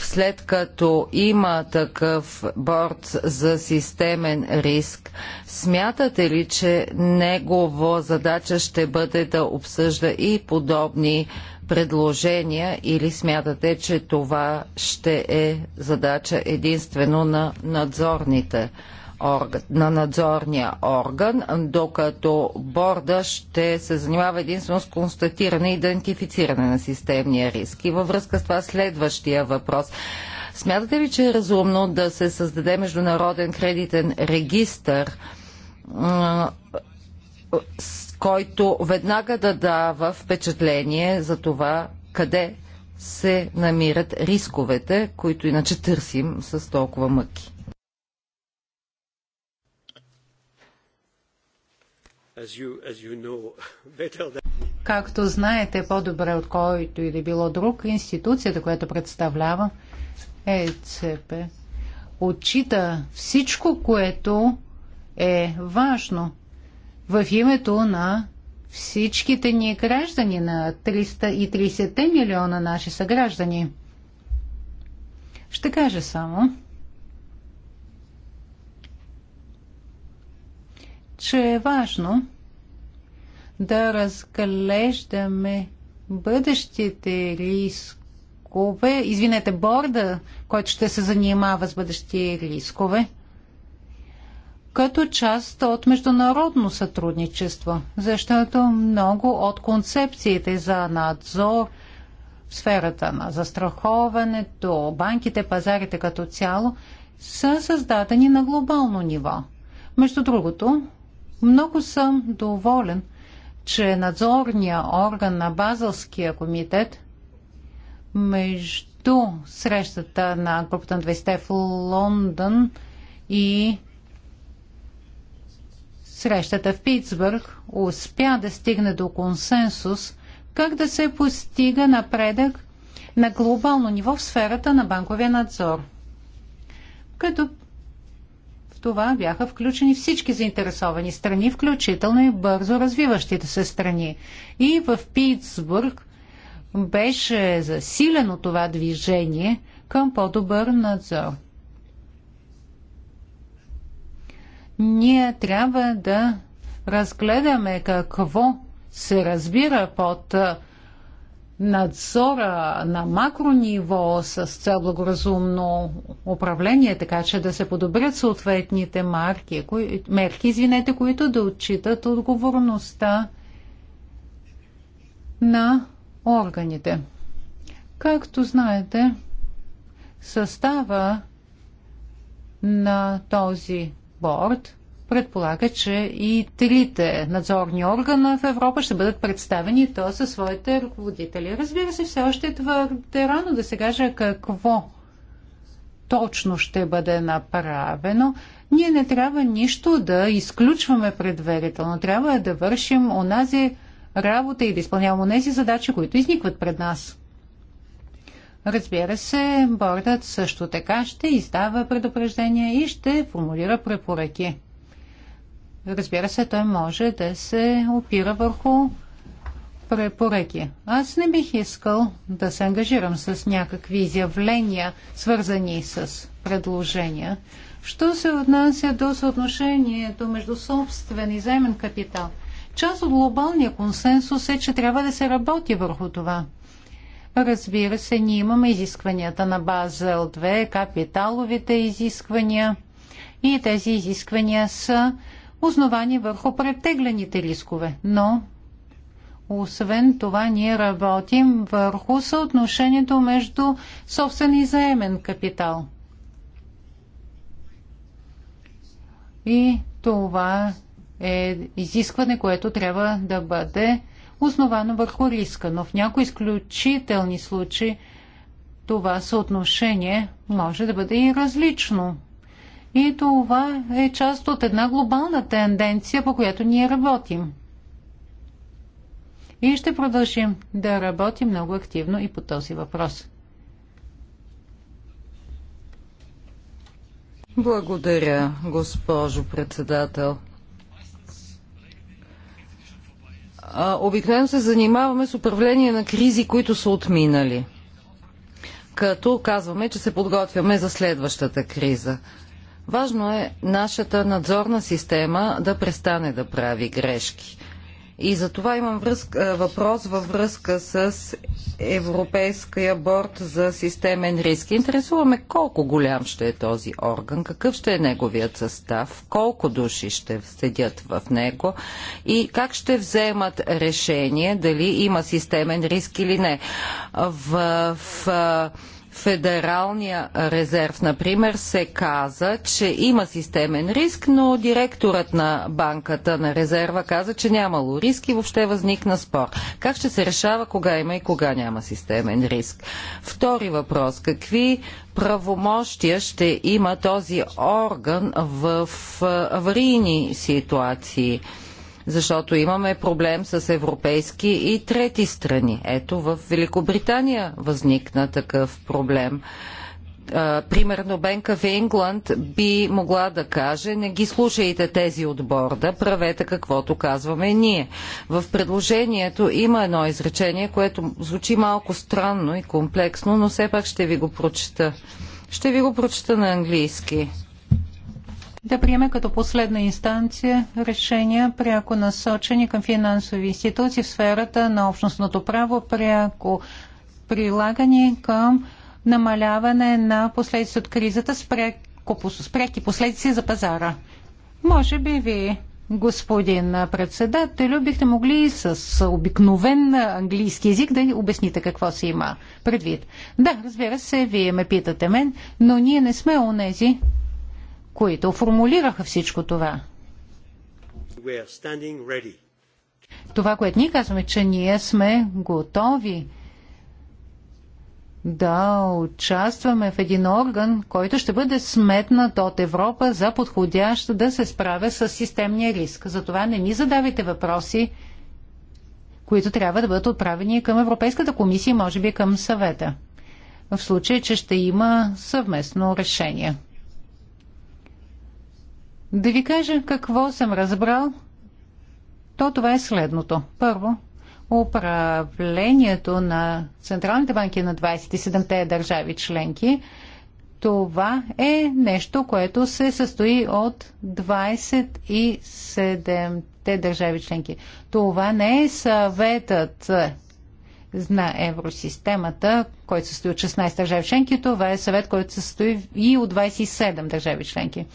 след като има такъв борт за системен риск, смятате ли, че негова задача ще бъде да обсъжда и подобни предложения или смятате, че това ще е задача единствено на надзорните орган, на надзорния орган, докато борда ще се занимава единствено с констатиране и идентифициране на системния риск. И във връзка с това следващия въпрос. Смятате ли, че е разумно да се създаде международен кредитен регистър, който веднага да дава впечатление за това къде се намират рисковете, които иначе търсим с толкова мъки?
Както знаете по-добре от който и да било друг, институцията, която представлява ЕЦП, отчита всичко, което е важно в името на всичките ни граждани, на 330 милиона наши съграждани. Ще кажа само, че е важно да разглеждаме бъдещите рискове, извинете, борда, който ще се занимава с бъдещи рискове, като част от международно сътрудничество, защото много от концепциите за надзор в сферата на застраховането, банките, пазарите като цяло са създадени на глобално ниво. Между другото, много съм доволен, че надзорния орган на Базълския комитет между срещата на групата на 20 в Лондон и срещата в Питсбърг успя да стигне до консенсус как да се постига напредък на глобално ниво в сферата на банковия надзор. Като това бяха включени всички заинтересовани страни, включително и бързо развиващите се страни. И в Питсбург беше засилено това движение към по-добър надзор. Ние трябва да разгледаме какво се разбира под надзора на макро ниво с цел благоразумно управление, така че да се подобрят съответните марки, кои, мерки, извинете, които да отчитат отговорността на органите. Както знаете, състава на този борт предполага, че и трите надзорни органа в Европа ще бъдат представени то със своите ръководители. Разбира се, все още е твърде рано да се каже какво точно ще бъде направено. Ние не трябва нищо да изключваме предварително. Трябва да вършим онази работа и да изпълняваме онези задачи, които изникват пред нас. Разбира се, бордът също така ще издава предупреждения и ще формулира препоръки разбира се, той може да се опира върху препоръки. Аз не бих искал да се ангажирам с някакви изявления, свързани с предложения. Що се отнася до съотношението между собствен и заемен капитал? Част от глобалния консенсус е, че трябва да се работи върху това. Разбира се, ние имаме изискванията на Базел 2, капиталовите изисквания и тези изисквания са основани върху претеглените рискове. Но, освен това, ние работим върху съотношението между собствен и заемен капитал. И това е изискване, което трябва да бъде основано върху риска, но в някои изключителни случаи това съотношение може да бъде и различно. И това е част от една глобална тенденция, по която ние работим. И ще продължим да работим много активно и по този въпрос.
Благодаря, госпожо председател. Обикновено се занимаваме с управление на кризи, които са отминали. Като казваме, че се подготвяме за следващата криза. Важно е нашата надзорна система да престане да прави грешки. И за това имам връзка, е, въпрос във връзка с Европейския борт за системен риск. Интересуваме колко голям ще е този орган, какъв ще е неговият състав, колко души ще седят в него и как ще вземат решение дали има системен риск или не. В, в Федералния резерв, например, се каза, че има системен риск, но директорът на банката на резерва каза, че нямало риск и въобще възникна спор. Как ще се решава кога има и кога няма системен риск? Втори въпрос. Какви правомощия ще има този орган в аварийни ситуации? защото имаме проблем с европейски и трети страни. Ето в Великобритания възникна такъв проблем примерно Бенка в Ингланд би могла да каже не ги слушайте тези от борда, правете каквото казваме ние. В предложението има едно изречение, което звучи малко странно и комплексно, но все пак ще ви го прочета. Ще ви го прочета на английски
да приеме като последна инстанция решения, пряко насочени към финансови институции в сферата на общностното право, пряко прилагани към намаляване на последици от кризата с преки последици за пазара. Може би ви, господин председател, бихте могли с обикновен английски язик да обясните какво се има предвид. Да, разбира се, вие ме питате мен, но ние не сме онези, които формулираха всичко това. Това, което ние казваме, че ние сме готови да участваме в един орган, който ще бъде сметнат от Европа за подходящ да се справя с системния риск. Затова не ни задавайте въпроси, които трябва да бъдат отправени към Европейската комисия и може би към съвета. В случай, че ще има съвместно решение да ви кажа какво съм разбрал, то това е следното. Първо, управлението на централните банки на 27-те държави членки, това е нещо, което се състои от 27-те държави членки. Това не е съветът на евросистемата, който се състои от 16 държави членки, това е съвет, който се състои и от 27 държави членки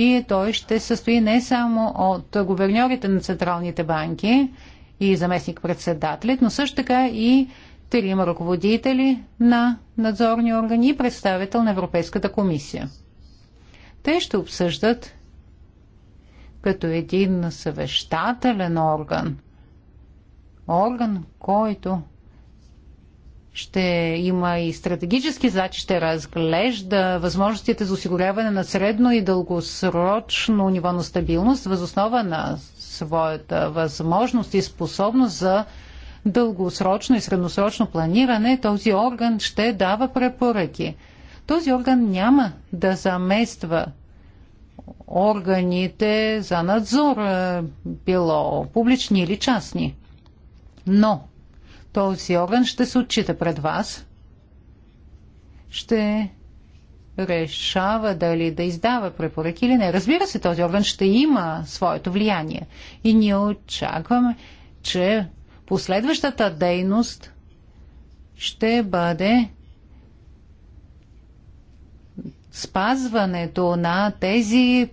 и той ще състои не само от губерньорите на централните банки и заместник-председателят, но също така и трима ръководители на надзорни органи и представител на Европейската комисия. Те ще обсъждат като един съвещателен орган, орган, който ще има и стратегически задачи, ще разглежда възможностите за осигуряване на средно и дългосрочно ниво на стабилност възоснова на своята възможност и способност за дългосрочно и средносрочно планиране, този орган ще дава препоръки. Този орган няма да замества органите за надзор, е, било публични или частни. Но този огън ще се отчита пред вас, ще решава дали да издава препоръки или не. Разбира се, този орган ще има своето влияние. И ние очакваме, че последващата дейност ще бъде спазването на тези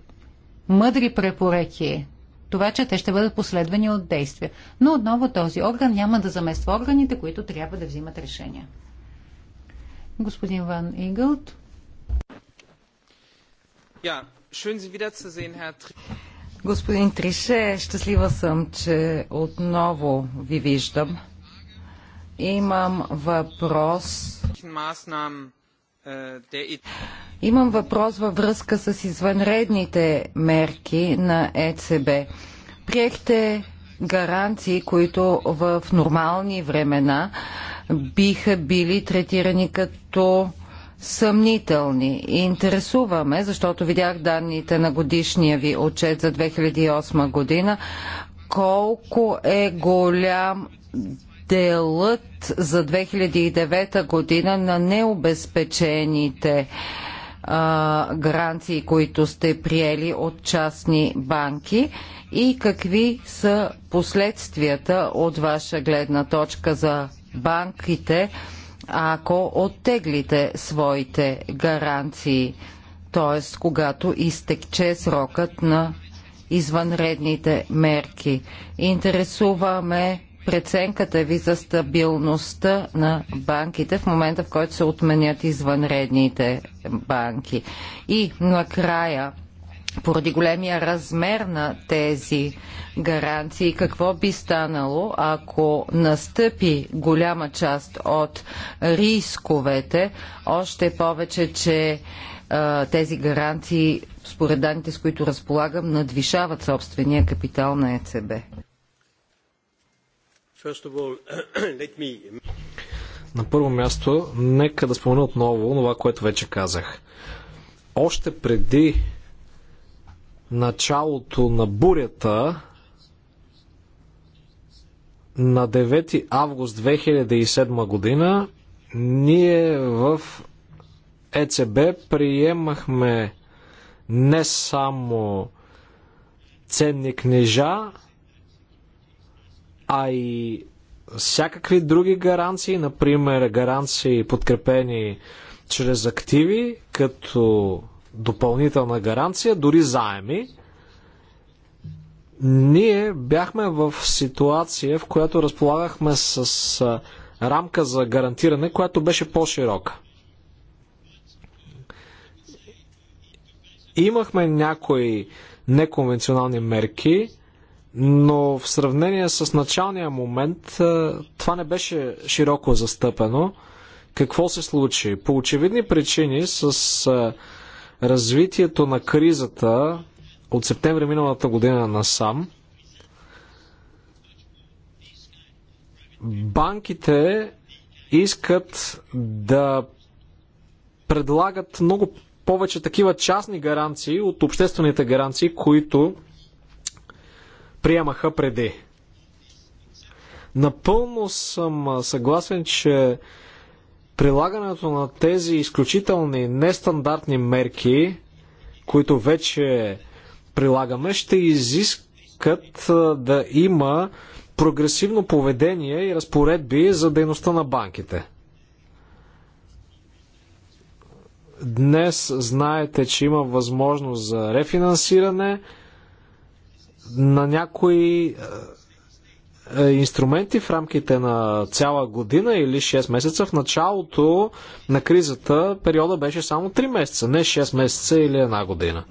мъдри препоръки това, че те ще бъдат последвани от действия. Но отново този орган няма да замества органите, които трябва да взимат решения. Господин Ван Игълт. Господин
Трише, щастлива съм, че отново ви виждам. Имам въпрос.
Е,
Имам въпрос във връзка с извънредните мерки на ЕЦБ. Приехте гаранции, които в нормални времена биха били третирани като съмнителни. И интересуваме, защото видях данните на годишния ви отчет за 2008 година, колко е голям делът за 2009 година на необезпечените а, гаранции, които сте приели от частни банки и какви са последствията от ваша гледна точка за банките, ако оттеглите своите гаранции, т.е. когато изтече срокът на извънредните мерки. Интересуваме преценката ви за стабилността на банките в момента, в който се отменят извънредните банки? И накрая, поради големия размер на тези гаранции, какво би станало, ако настъпи голяма част от рисковете, още повече, че а, тези гаранции, според данните, с които разполагам, надвишават собствения капитал на ЕЦБ.
На първо място, нека да спомена отново това, което вече казах. Още преди началото на бурята, на 9 август 2007 година, ние в ЕЦБ приемахме не само ценни книжа, а и всякакви други гаранции, например гаранции подкрепени чрез активи, като допълнителна гаранция, дори заеми, ние бяхме в ситуация, в която разполагахме с рамка за гарантиране, която беше по-широка. Имахме някои неконвенционални мерки, но в сравнение с началния момент е, това не беше широко застъпено. Какво се случи? По очевидни причини с е, развитието на кризата от септември миналата година насам, банките искат да предлагат много повече такива частни гаранции от обществените гаранции, които приемаха преди. Напълно съм съгласен, че прилагането на тези изключителни нестандартни мерки, които вече прилагаме, ще изискат да има прогресивно поведение и разпоредби за дейността на банките. Днес знаете, че има възможност за рефинансиране, на някои е, е, инструменти в рамките на цяла година или 6 месеца. В началото на кризата периода беше само 3 месеца, не 6 месеца или една година.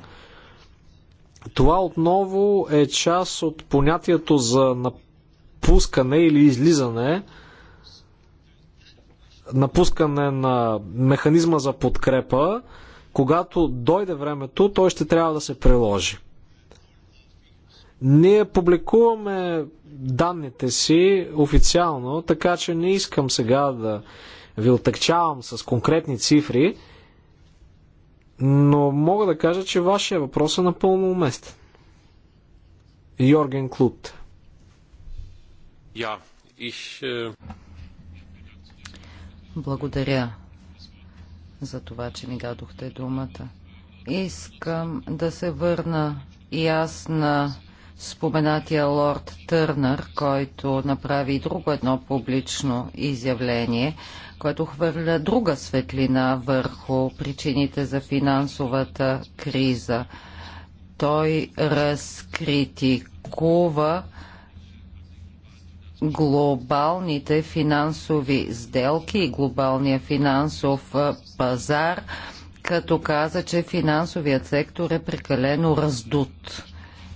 Това отново е част от понятието за напускане или излизане, напускане на механизма за подкрепа. Когато дойде времето, той ще трябва да се приложи. Ние публикуваме данните си официално, така че не искам сега да ви отъкчавам с конкретни цифри, но мога да кажа, че вашия въпрос е напълно уместен. Йорген Клут. Yeah, ich... Е,
Благодаря за това, че ми дадохте думата. Искам да се върна и аз на споменатия лорд Търнър, който направи и друго едно публично изявление, което хвърля друга светлина върху причините за финансовата криза. Той разкритикува глобалните финансови сделки и глобалния финансов пазар, като каза, че финансовият сектор е прекалено раздут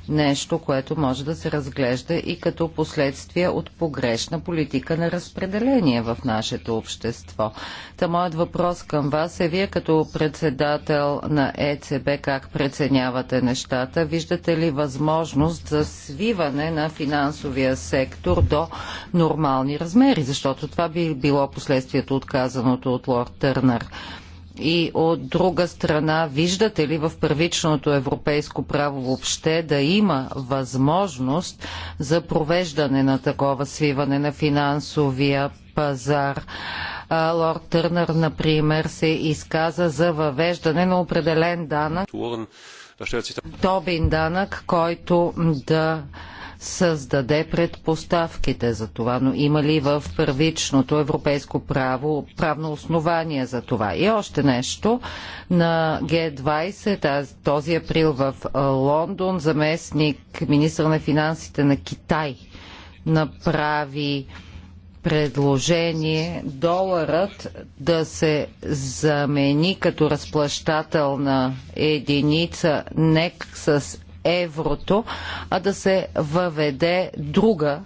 нещо, което може да се разглежда и като последствие от погрешна политика на разпределение в нашето общество. Та моят въпрос към вас е вие като председател на ЕЦБ как преценявате нещата? Виждате ли възможност за свиване на финансовия сектор до нормални размери? Защото това би било последствието от казаното от лорд Търнър. И от друга страна, виждате ли в първичното европейско право въобще да има възможност за провеждане на такова свиване на финансовия пазар? Лорд Търнър, например, се изказа за въвеждане на определен данък, Тобин данък, който да създаде предпоставките за това, но има ли в първичното европейско право правно основание за това? И още нещо. На Г20 този април в Лондон заместник министър на финансите на Китай направи предложение доларът да се замени като разплащателна единица не с еврото, а да се въведе друга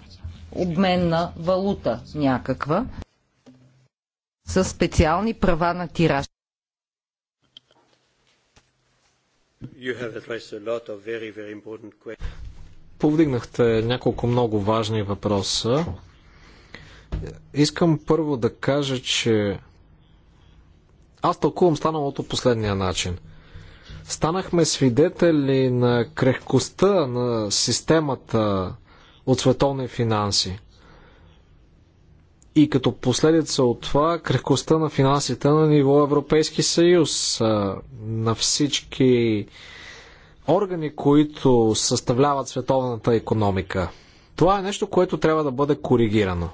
обменна валута някаква с специални права на тираж.
Повдигнахте няколко много важни въпроса. Искам първо да кажа, че аз тълкувам станалото последния начин – Станахме свидетели на крехкостта на системата от световни финанси. И като последица от това, крехкостта на финансите на ниво Европейски съюз, на всички органи, които съставляват световната економика. Това е нещо, което трябва да бъде коригирано.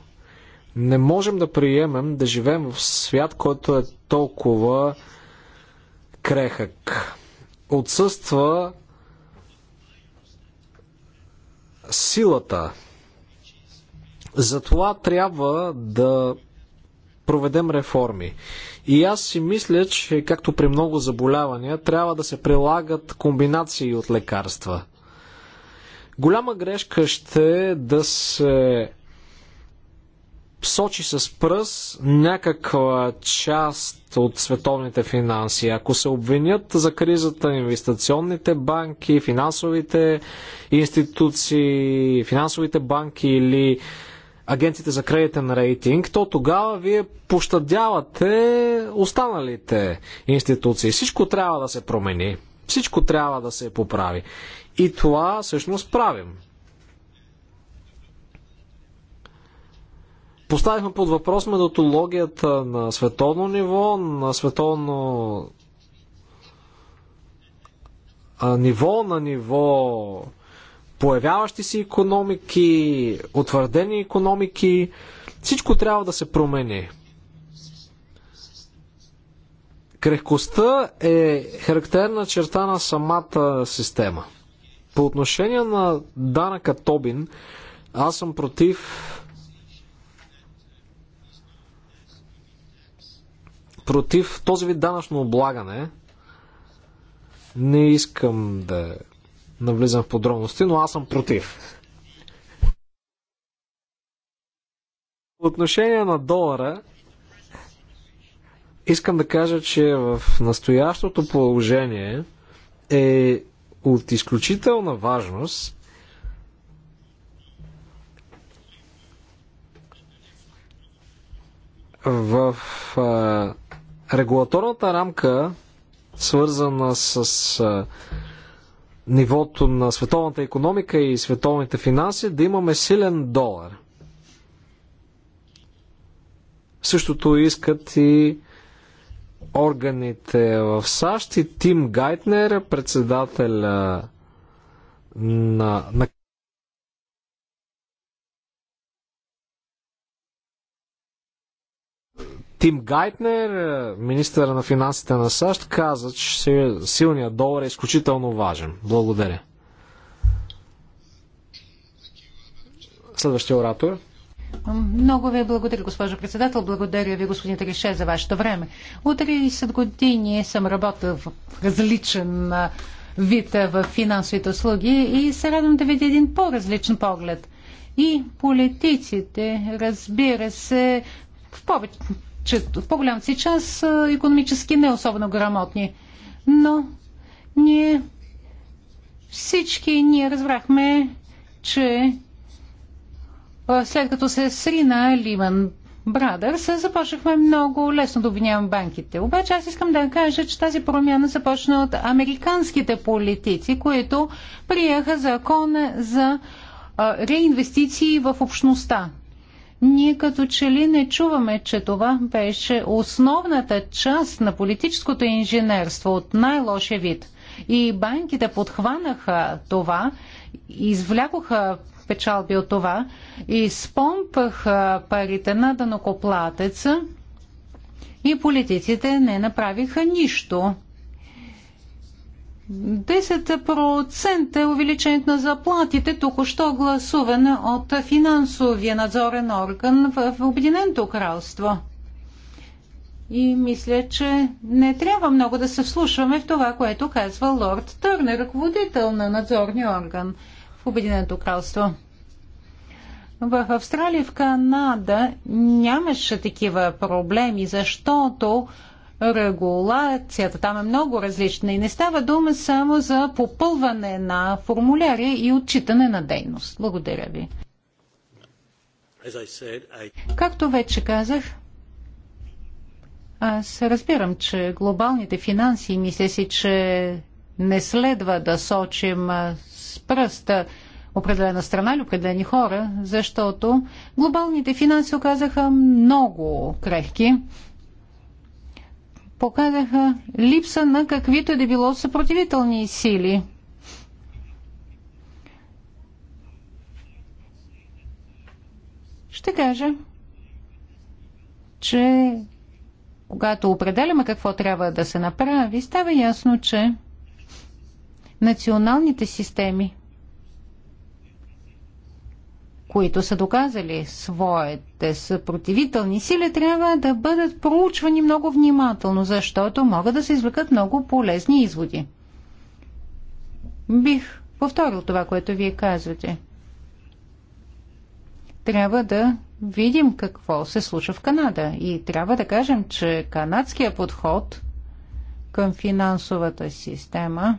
Не можем да приемем да живеем в свят, който е толкова крехък отсъства силата. Затова трябва да проведем реформи. И аз си мисля, че както при много заболявания, трябва да се прилагат комбинации от лекарства. Голяма грешка ще е да се сочи с пръст някаква част от световните финанси. Ако се обвинят за кризата инвестиционните банки, финансовите институции, финансовите банки или агенците за кредитен рейтинг, то тогава вие пощадявате останалите институции. Всичко трябва да се промени. Всичко трябва да се поправи. И това всъщност правим. Поставихме под въпрос методологията на световно ниво, на световно а, ниво, на ниво появяващи се економики, утвърдени економики. Всичко трябва да се промени. Крехкостта е характерна черта на самата система. По отношение на данъка Тобин, аз съм против против този вид данъчно облагане. Не искам да навлизам в подробности, но аз съм против. По отношение на долара, искам да кажа, че в настоящото положение е от изключителна важност в а, Регулаторната рамка, свързана с нивото на световната економика и световните финанси, да имаме силен долар. Същото искат и органите в САЩ и Тим Гайтнер, председател на, на Тим Гайтнер, е, министър на финансите на САЩ, каза, че силният долар е изключително важен. Благодаря. Следващия оратор.
Много ви благодаря, госпожо председател. Благодаря ви, господин Трише, за вашето време. От 30 години съм работил в различен вид в финансовите услуги и се радвам да видя един по-различен поглед. И политиците, разбира се, в повече, че в по-голямата си част са економически не особено грамотни. Но ние всички ние разбрахме, че след като се срина Лиман Брадърс, започнахме много лесно да обвиняваме банките. Обаче аз искам да кажа, че тази промяна започна от американските политици, които приеха закон за реинвестиции в общността ние като че ли не чуваме, че това беше основната част на политическото инженерство от най-лошия вид. И банките подхванаха това, извлякоха печалби от това, изпомпаха парите на данокоплатеца и политиците не направиха нищо 10% е увеличението на заплатите, току-що гласуване от финансовия надзорен орган в Обединеното кралство. И мисля, че не трябва много да се вслушваме в това, което казва лорд Търнер, ръководител на надзорния орган в Обединеното кралство. В Австралия и в Канада нямаше такива проблеми, защото регулацията там е много различна и не става дума само за попълване на формуляри и отчитане на дейност. Благодаря ви. Както вече казах, аз разбирам, че глобалните финанси, мисля си, че не следва да сочим с пръста определена страна или определени хора, защото глобалните финанси оказаха много крехки показаха липса на каквито да било съпротивителни сили. Ще кажа, че когато определяме какво трябва да се направи, става ясно, че националните системи които са доказали своите съпротивителни сили, трябва да бъдат проучвани много внимателно, защото могат да се извлекат много полезни изводи. Бих повторил това, което вие казвате. Трябва да видим какво се случва в Канада и трябва да кажем, че канадският подход към финансовата система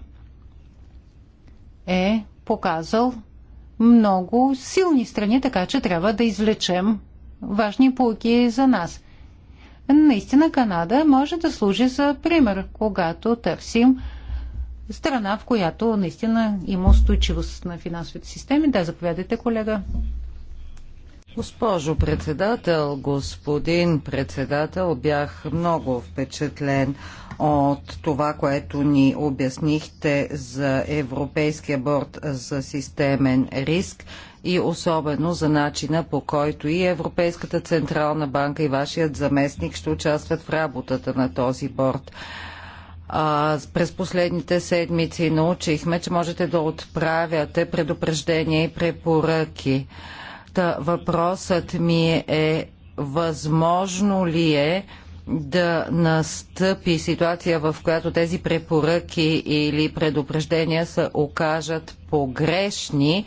е показал много силни страни, така че трябва да извлечем важни полки за нас. Наистина Канада може да служи за пример, когато търсим страна, в която наистина има устойчивост на финансовите системи. Да, заповядайте, колега.
Госпожо председател, господин председател, бях много впечатлен от това, което ни обяснихте за Европейския борт за системен риск и особено за начина по който и Европейската Централна банка и вашият заместник ще участват в работата на този борт. А, през последните седмици научихме, че можете да отправяте предупреждения и препоръки. Та въпросът ми е възможно ли е да настъпи ситуация, в която тези препоръки или предупреждения се окажат погрешни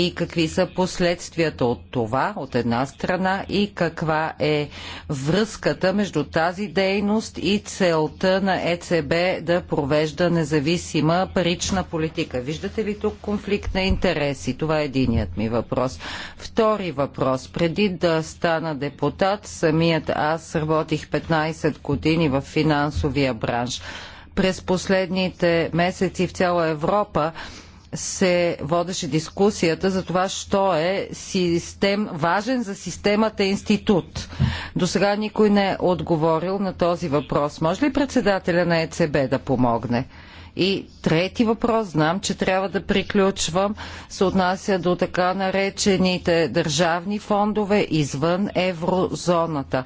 и какви са последствията от това от една страна и каква е връзката между тази дейност и целта на ЕЦБ да провежда независима парична политика. Виждате ли тук конфликт на интереси? Това е единият ми въпрос. Втори въпрос. Преди да стана депутат, самият аз работих 15 години в финансовия бранш. През последните месеци в цяла Европа се водеше дискусията за това, що е систем, важен за системата институт. До сега никой не е отговорил на този въпрос. Може ли председателя на ЕЦБ да помогне? И трети въпрос, знам, че трябва да приключвам, се отнася до така наречените държавни фондове извън еврозоната.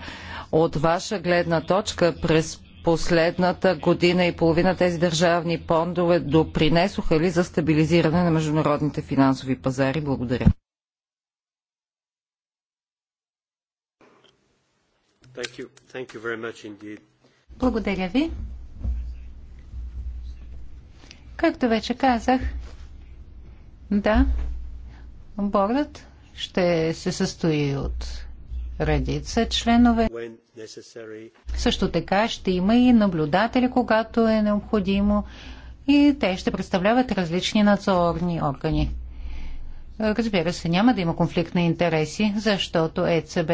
От ваша гледна точка през последната година и половина тези държавни фондове допринесоха ли за стабилизиране на международните финансови пазари?
Благодаря.
Thank you. Thank you
Благодаря ви. Както вече казах, да, бордът ще се състои от редица членове. When също така ще има и наблюдатели, когато е необходимо и те ще представляват различни надзорни органи. Разбира се, няма да има конфликт на интереси, защото ЕЦБ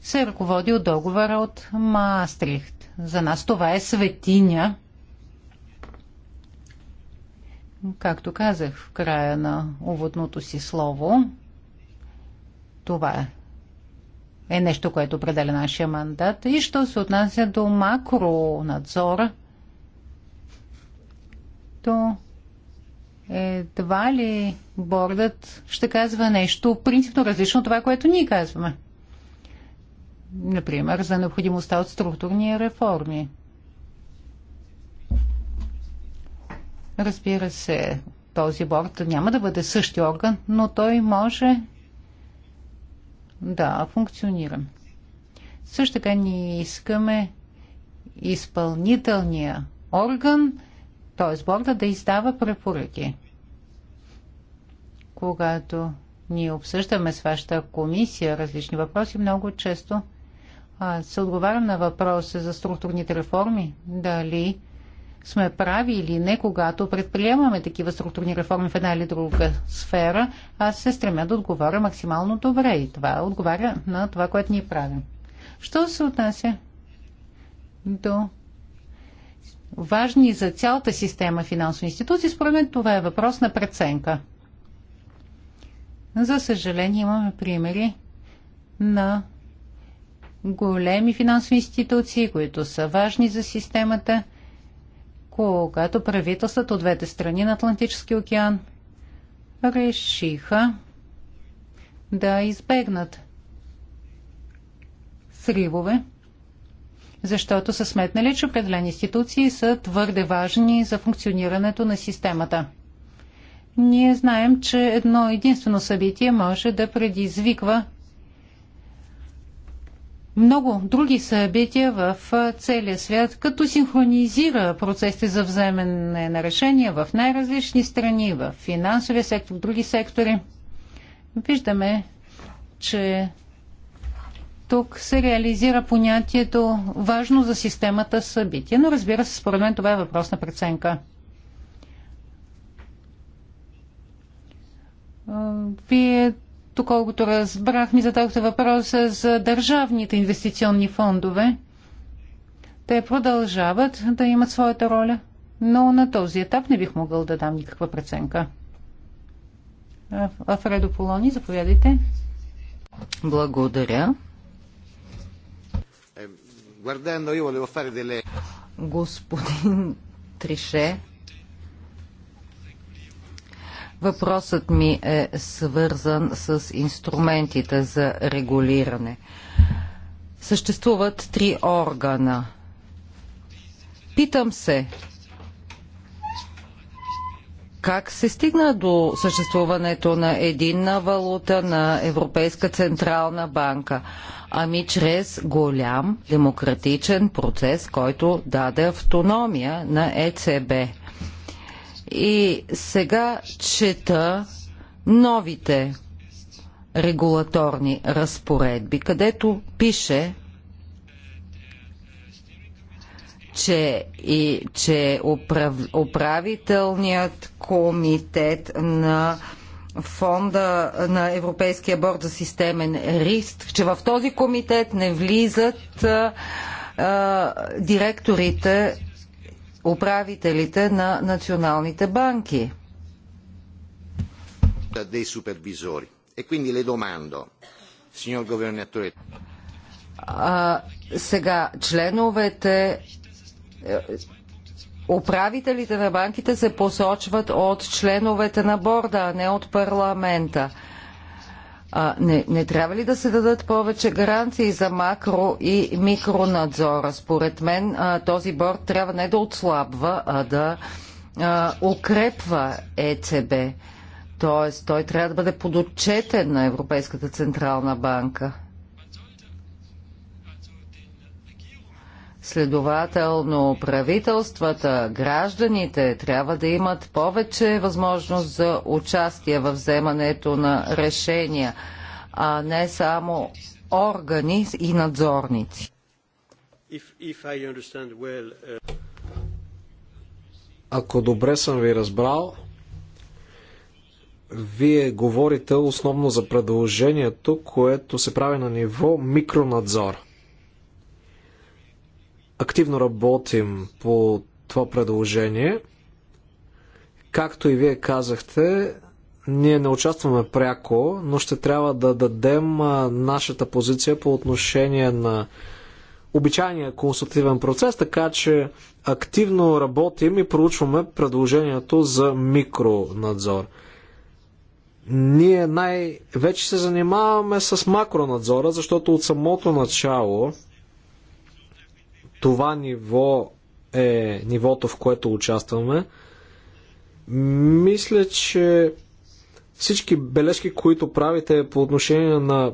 се ръководи от договора от Маастрихт. За нас това е светиня. Както казах в края на уводното си слово, това е е нещо, което определя нашия мандат. И що се отнася до макронадзора, то едва ли бордът ще казва нещо принципно различно от това, което ние казваме. Например, за необходимостта от структурни реформи. Разбира се, този борт няма да бъде същия орган, но той може да, функционира. Също така ние искаме изпълнителния орган, т.е. борда, да издава препоръки. Когато ние обсъждаме с вашата комисия различни въпроси, много често а, се отговарям на въпроса за структурните реформи, дали сме прави или не, когато предприемаме такива структурни реформи в една или друга сфера, аз се стремя да отговоря максимално добре и това отговаря на това, което ние правим. Що се отнася до важни за цялата система финансови институции, според мен това е въпрос на преценка. За съжаление имаме примери на големи финансови институции, които са важни за системата – когато правителствата от двете страни на Атлантически океан решиха да избегнат сривове, защото са сметнали, че определени институции са твърде важни за функционирането на системата. Ние знаем, че едно единствено събитие може да предизвиква много други събития в целия свят, като синхронизира процесите за вземане на решения в най-различни страни, в финансовия сектор, в други сектори. Виждаме, че тук се реализира понятието важно за системата събитие, но разбира се, според мен това е въпрос на преценка. Вие доколкото разбрах, ми зададохте въпроса за държавните инвестиционни фондове. Те продължават да имат своята роля, но на този етап не бих могъл да дам никаква преценка. Афредо Полони, заповядайте. Благодаря. Е, Господин
Трише, Въпросът ми е свързан с инструментите за регулиране. Съществуват три органа. Питам се, как се стигна до съществуването на единна валута на Европейска централна банка? Ами чрез голям демократичен процес, който даде автономия на ЕЦБ. И сега чета новите регулаторни разпоредби, където пише, че, и, че управ, управителният комитет на фонда на Европейския борд за системен риск, че в този комитет не влизат а, а, директорите управителите на националните банки.
Dei supervisori. E quindi le domando, signor governatore.
А, сега, членовете е, управителите на банките се посочват от членовете на борда, а не от парламента. А, не, не трябва ли да се дадат повече гаранции за макро и микронадзора? Според мен а, този борт трябва не да отслабва, а да а, укрепва ЕЦБ. Тоест, той трябва да бъде подотчетен на Европейската централна банка. Следователно, правителствата, гражданите трябва да имат повече възможност за участие в вземането на решения, а не само органи и надзорници.
Uh,
Ако добре съм ви разбрал, вие говорите основно за предложението, което се прави на ниво микронадзор – активно работим по това предложение. Както и вие казахте, ние не участваме пряко, но ще трябва да дадем нашата позиция по отношение на обичайния консултативен процес, така че активно работим и проучваме предложението за микронадзор. Ние най-вече се занимаваме с макронадзора, защото от самото начало това ниво е нивото, в което участваме. Мисля, че всички бележки, които правите по отношение на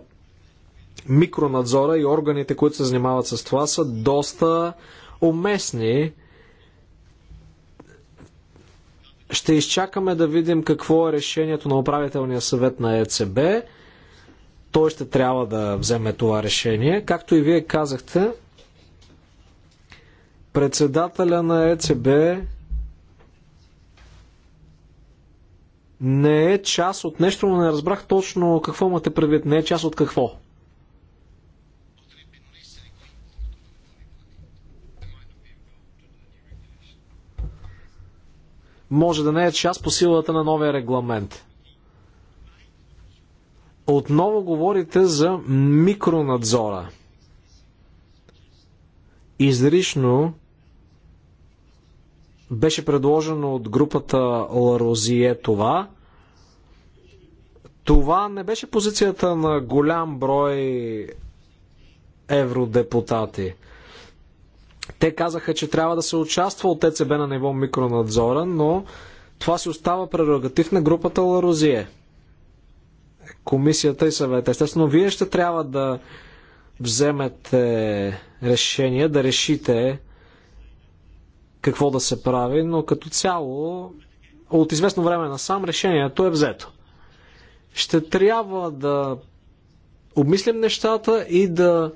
микронадзора и органите, които се занимават с това, са доста уместни. Ще изчакаме да видим какво е решението на управителния съвет на ЕЦБ. Той ще трябва да вземе това решение. Както и вие казахте, Председателя на ЕЦБ не е част от нещо, но не разбрах точно какво имате предвид. Не е част от какво. Може да не е част по силата на новия регламент. Отново говорите за микронадзора. Изрично беше предложено от групата Ларозие това. Това не беше позицията на голям брой евродепутати. Те казаха, че трябва да се участва от ЕЦБ на ниво микронадзора, но това си остава прерогатив на групата Ларозие. Комисията и съвета. Естествено, вие ще трябва да вземете решение, да решите какво да се прави, но като цяло от известно време насам решението е взето. Ще трябва да обмислим нещата и да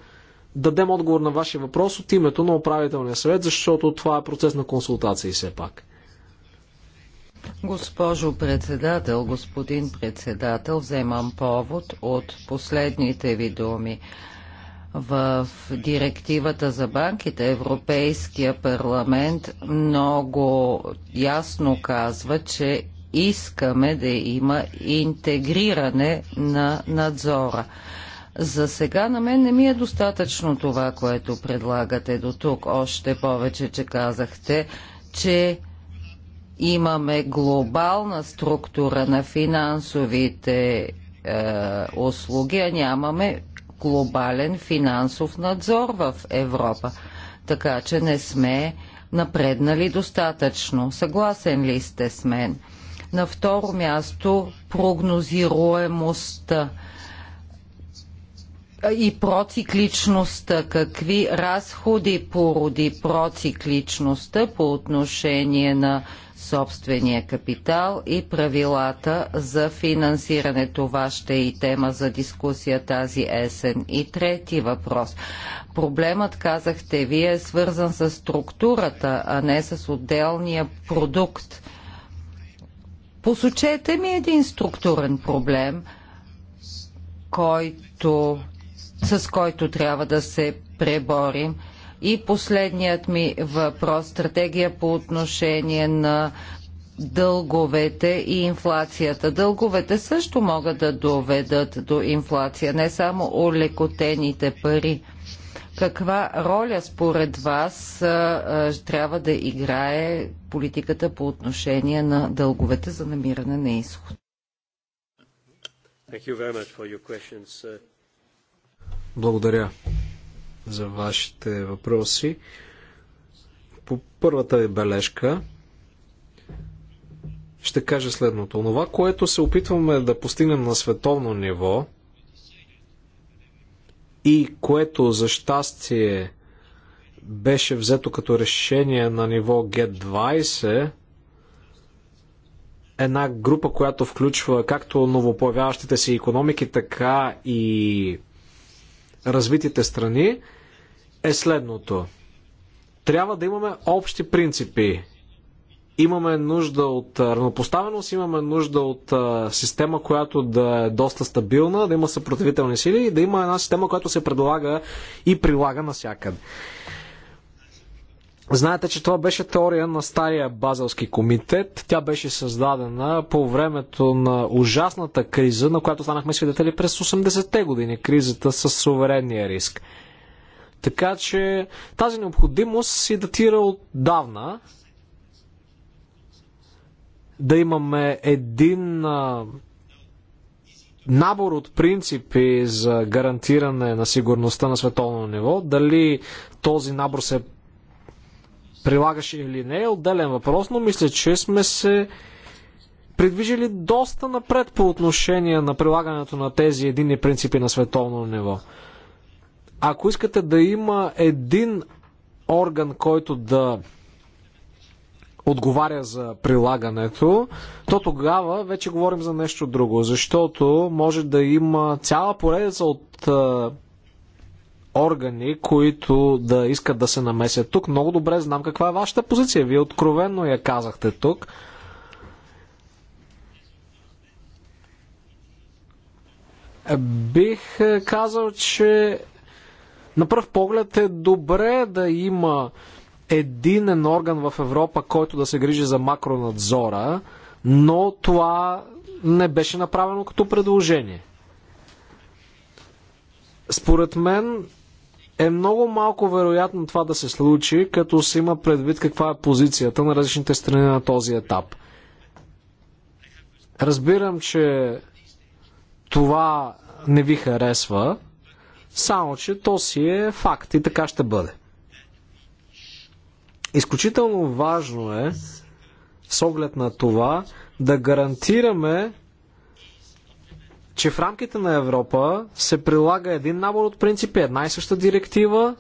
дадем отговор на вашия въпрос от името на управителния съвет, защото това е процес на консултации все пак.
Госпожо председател, господин председател, вземам повод от последните ви думи в директивата за банките Европейския парламент много ясно казва, че искаме да има интегриране на надзора. За сега на мен не ми е достатъчно това, което предлагате до тук. Още повече, че казахте, че имаме глобална структура на финансовите е, услуги, а нямаме глобален финансов надзор в Европа. Така че не сме напреднали достатъчно. Съгласен ли сте с мен? На второ място прогнозируемостта и процикличността. Какви разходи породи процикличността по отношение на собствения капитал и правилата за финансиране. Това ще е и тема за дискусия тази есен. И трети въпрос. Проблемът, казахте вие, е свързан с структурата, а не с отделния продукт. Посочете ми един структурен проблем, който, с който трябва да се преборим – и последният ми въпрос стратегия по отношение на дълговете и инфлацията. Дълговете също могат да доведат до инфлация, не само олекотените пари. Каква роля според вас трябва да играе политиката по отношение на дълговете за намиране на изход?
Благодаря за вашите въпроси. По първата ви бележка ще кажа следното. Онова, което се опитваме да постигнем на световно ниво и което за щастие беше взето като решение на ниво G20, една група, която включва както новопоявяващите се економики, така и развитите страни, е следното. Трябва да имаме общи принципи. Имаме нужда от равнопоставеност, имаме нужда от система, която да е доста стабилна, да има съпротивителни сили и да има една система, която се предлага и прилага навсякъде. Знаете, че това беше теория на стария базелски комитет. Тя беше създадена по времето на ужасната криза, на която станахме свидетели през 80-те години. Кризата с суверенния риск. Така че тази необходимост си датира отдавна. Да имаме един набор от принципи за гарантиране на сигурността на световно ниво. Дали този набор се прилагаше или не е отделен въпрос, но мисля, че сме се придвижили доста напред по отношение на прилагането на тези едини принципи на световно ниво. Ако искате да има един орган, който да отговаря за прилагането, то тогава вече говорим за нещо друго, защото може да има цяла поредица от а, органи, които да искат да се намесят тук. Много добре знам каква е вашата позиция. Вие откровенно я казахте тук. Бих казал, че на пръв поглед е добре да има единен орган в Европа, който да се грижи за макронадзора, но това не беше направено като предложение. Според мен е много малко вероятно това да се случи, като се има предвид каква е позицията на различните страни на този етап. Разбирам, че това не ви харесва, само, че то си е факт и така ще бъде. Изключително важно е, с оглед на това, да гарантираме, че в рамките на Европа се прилага един набор от принципи, една и съща директива,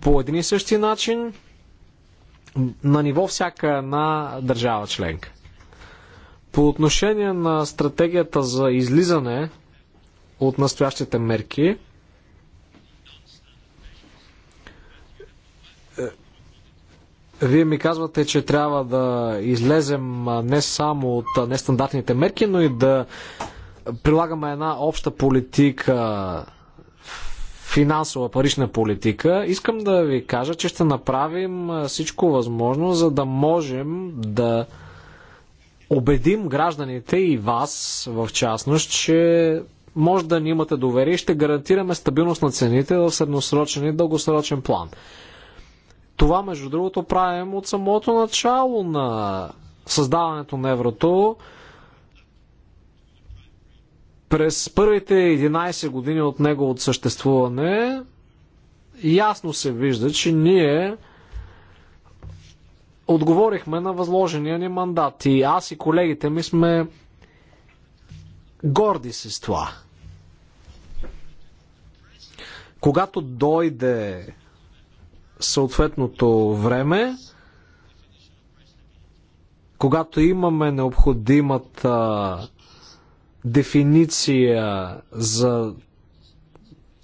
по един и същи начин, на ниво всяка една държава членка. По отношение на стратегията за излизане от настоящите мерки. Е, вие ми казвате, че трябва да излезем не само от нестандартните мерки, но и да прилагаме една обща политика, финансова парична политика. Искам да ви кажа, че ще направим всичко възможно, за да можем да убедим гражданите и вас в частност, че може да ни имате доверие и ще гарантираме стабилност на цените в средносрочен и дългосрочен план. Това, между другото, правим от самото начало на създаването на еврото. През първите 11 години от неговото съществуване ясно се вижда, че ние отговорихме на възложения ни мандат. И аз и колегите ми сме Горди се с това. Когато дойде съответното време, когато имаме необходимата дефиниция за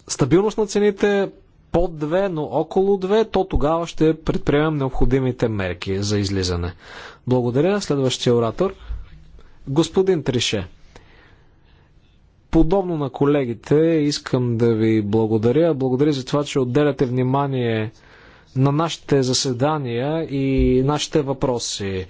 стабилност на цените под 2, но около 2, то тогава ще предприемем необходимите мерки за излизане. Благодаря. Следващия оратор. Господин Трише. Подобно на колегите, искам да ви благодаря. Благодаря за това, че отделяте внимание на нашите заседания и нашите въпроси.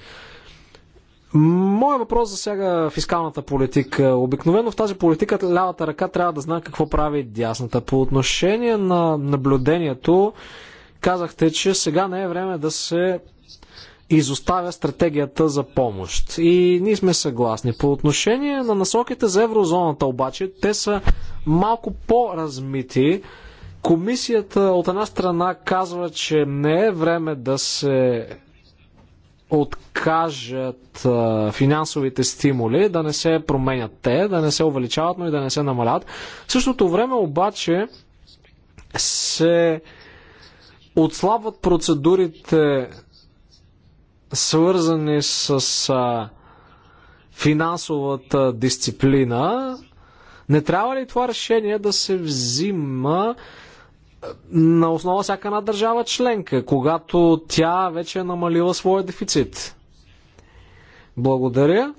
Моя въпрос засяга фискалната политика. Обикновено в тази политика лявата ръка трябва да знае какво прави дясната. По отношение на наблюдението, казахте, че сега не е време да се изоставя стратегията за помощ. И ние сме съгласни. По отношение на насоките за еврозоната обаче, те са малко по-размити. Комисията от една страна казва, че не е време да се откажат а, финансовите стимули, да не се променят те, да не се увеличават, но и да не се намалят. В същото време обаче се отслабват процедурите свързани с а, финансовата дисциплина, не трябва ли това решение да се взима на основа всяка една държава членка, когато тя вече е намалила своя дефицит? Благодаря.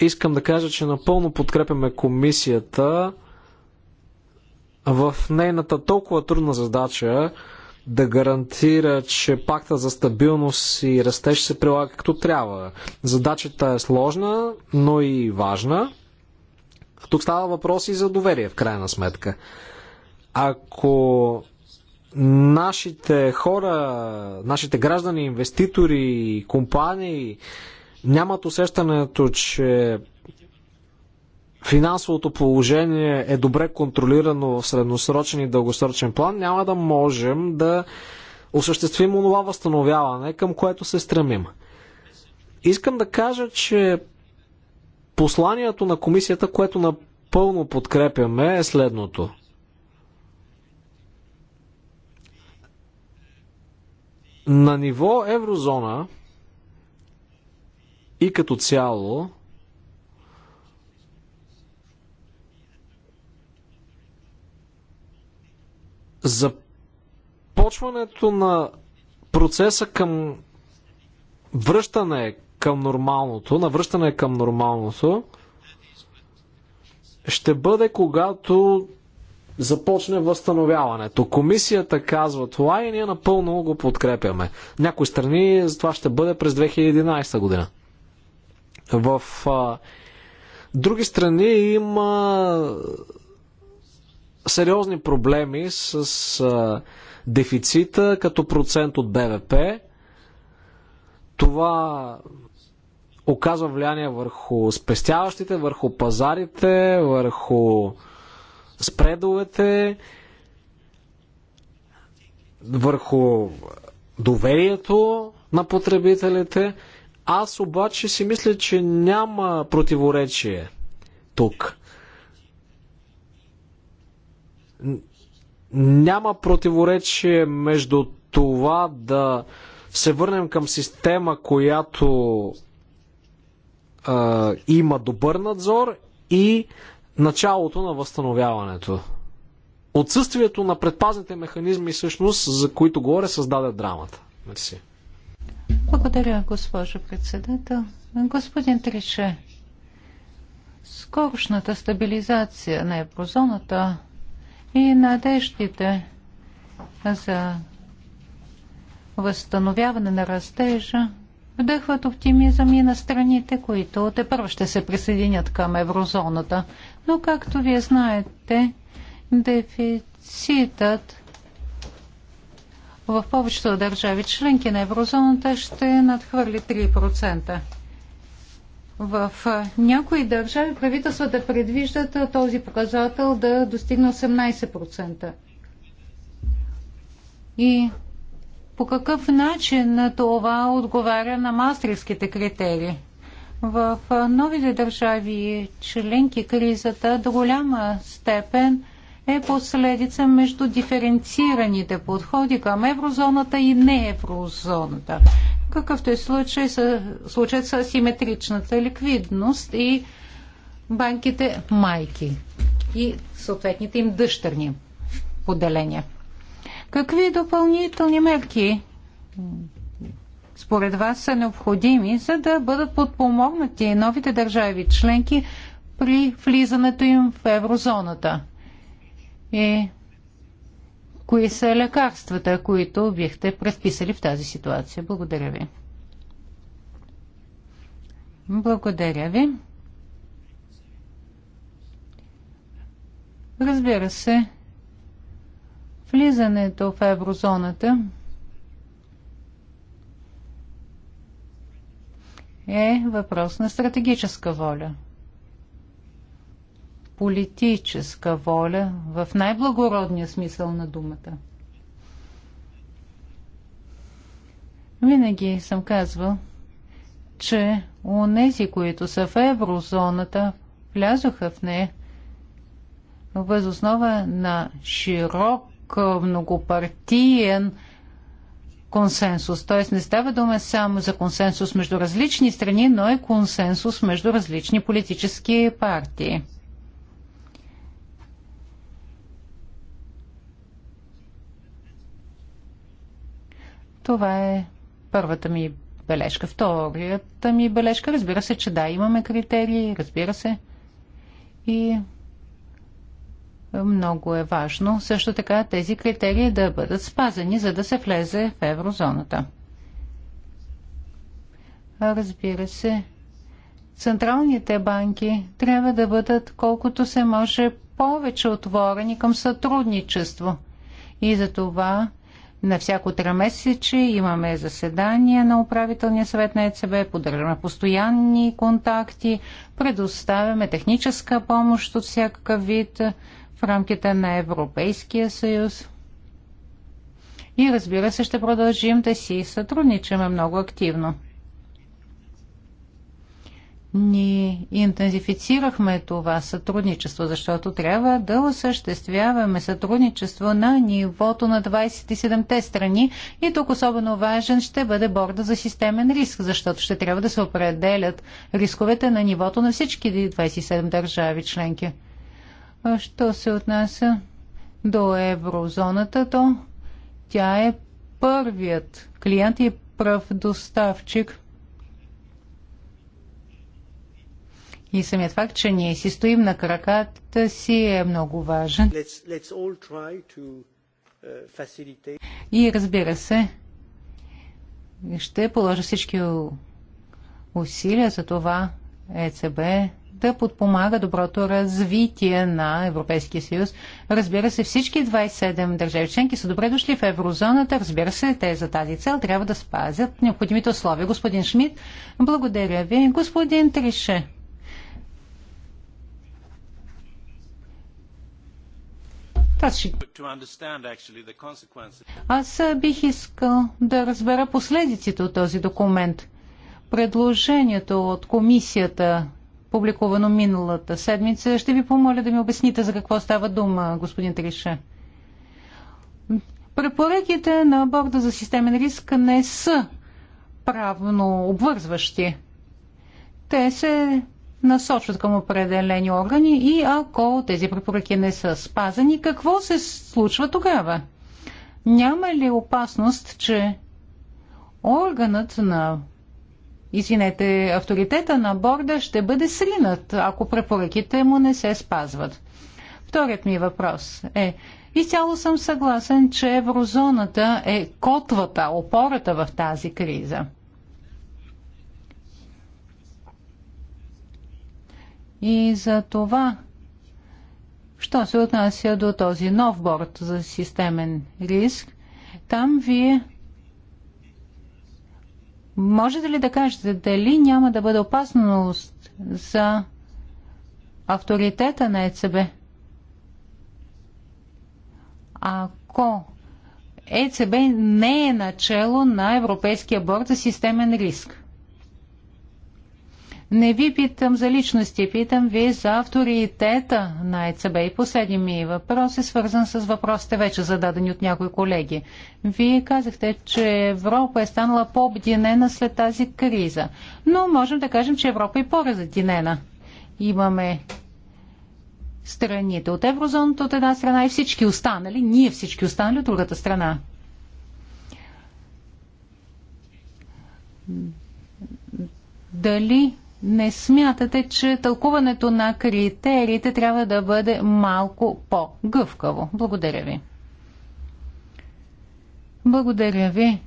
Искам да кажа, че напълно подкрепяме комисията в нейната толкова трудна задача да гарантира, че пакта за стабилност и растеж се прилага както трябва. Задачата е сложна, но и важна. Тук става въпрос и за доверие, в крайна сметка. Ако нашите хора, нашите граждани, инвеститори, компании нямат усещането, че финансовото положение е добре контролирано в средносрочен и дългосрочен план, няма да можем да осъществим онова възстановяване, към което се стремим. Искам да кажа, че посланието на комисията, което напълно подкрепяме, е следното. На ниво еврозона и като цяло започването на процеса към връщане към нормалното, на връщане към нормалното, ще бъде когато започне възстановяването. Комисията казва това и ние напълно го подкрепяме. Някои страни за това ще бъде през 2011 година. В а, други страни има сериозни проблеми с а, дефицита като процент от БВП. Това оказва влияние върху спестяващите, върху пазарите, върху спредовете, върху доверието на потребителите. Аз обаче си мисля, че няма противоречие тук. Няма противоречие между това да се върнем към система, която а, има добър надзор и началото на възстановяването. Отсъствието на предпазните механизми, всъщност, за които говоря, създаде драмата. Мерси.
Благодаря, госпожо председател. Господин Трише, скорошната стабилизация на еврозоната и надеждите за възстановяване на растежа вдъхват оптимизъм и на страните, които те първо ще се присъединят към еврозоната. Но, както вие знаете, дефицитът в повечето държави членки на еврозоната ще надхвърли 3%. В някои държави правителствата предвиждат този показател да достигне 18%. И по какъв начин това отговаря на мастерските критерии? В новите държави членки кризата до голяма степен е последица между диференцираните подходи към еврозоната и не еврозоната какъвто е случай с, случай с асиметричната ликвидност и банките майки и съответните им дъщерни поделения. Какви допълнителни мерки според вас са необходими, за да бъдат подпомогнати новите държави членки при влизането им в еврозоната? И кои са лекарствата, които бихте предписали в тази ситуация. Благодаря ви. Благодаря ви. Разбира се, влизането в еврозоната е въпрос на стратегическа воля политическа воля в най-благородния смисъл на думата. Винаги съм казвал, че онези, които са в еврозоната, влязоха в нея възоснова на широк многопартиен консенсус. Т.е. не става дума само за консенсус между различни страни, но и е консенсус между различни политически партии. Това е първата ми бележка. втората ми бележка, разбира се, че да, имаме критерии, разбира се. И много е важно също така тези критерии да бъдат спазени, за да се влезе в еврозоната. Разбира се, централните банки трябва да бъдат колкото се може повече отворени към сътрудничество. И за това на всяко тримесечие имаме заседания на управителния съвет на ЕЦБ, поддържаме постоянни контакти, предоставяме техническа помощ от всякакъв вид в рамките на Европейския съюз. И разбира се, ще продължим да си сътрудничаме много активно ние интензифицирахме това сътрудничество, защото трябва да осъществяваме сътрудничество на нивото на 27-те страни и тук особено важен ще бъде борда за системен риск, защото ще трябва да се определят рисковете на нивото на всички 27 държави членки. Що се отнася до еврозоната, то тя е първият клиент и прав доставчик И самият факт, че ние си стоим на краката си е много важен. Let's,
let's to, uh,
И разбира се, ще положа всички усилия за това ЕЦБ да подпомага доброто развитие на Европейския съюз. Разбира се, всички 27 държави членки са добре дошли в еврозоната. Разбира се, те за тази цел трябва да спазят необходимите условия. Господин Шмидт, благодаря ви. Господин Трише. Аз, Аз бих искал да разбера последиците от този документ. Предложението от комисията, публикувано миналата седмица, ще ви помоля да ми обясните за какво става дума, господин Трише. Препоръките на борда за системен риск не са правно обвързващи. Те се насочват към определени органи и ако тези препоръки не са спазени, какво се случва тогава? Няма ли опасност, че органът на извинете, авторитета на борда ще бъде сринат, ако препоръките му не се спазват? Вторият ми въпрос е, изцяло съм съгласен, че еврозоната е котвата, опората в тази криза – И за това, що се отнася до този нов борт за системен риск, там вие можете ли да кажете дали няма да бъде опасност за авторитета на ЕЦБ? Ако ЕЦБ не е начало на Европейския борт за системен риск. Не ви питам за личности, питам ви за авторитета на ЕЦБ. И последния ми въпрос е свързан с въпросите вече зададени от някои колеги. Вие казахте, че Европа е станала по-обединена след тази криза. Но можем да кажем, че Европа е по-разединена. Имаме страните от еврозоната от една страна и всички останали, ние всички останали от другата страна. Дали не смятате, че тълкуването на критериите трябва да бъде малко по-гъвкаво? Благодаря ви. Благодаря ви.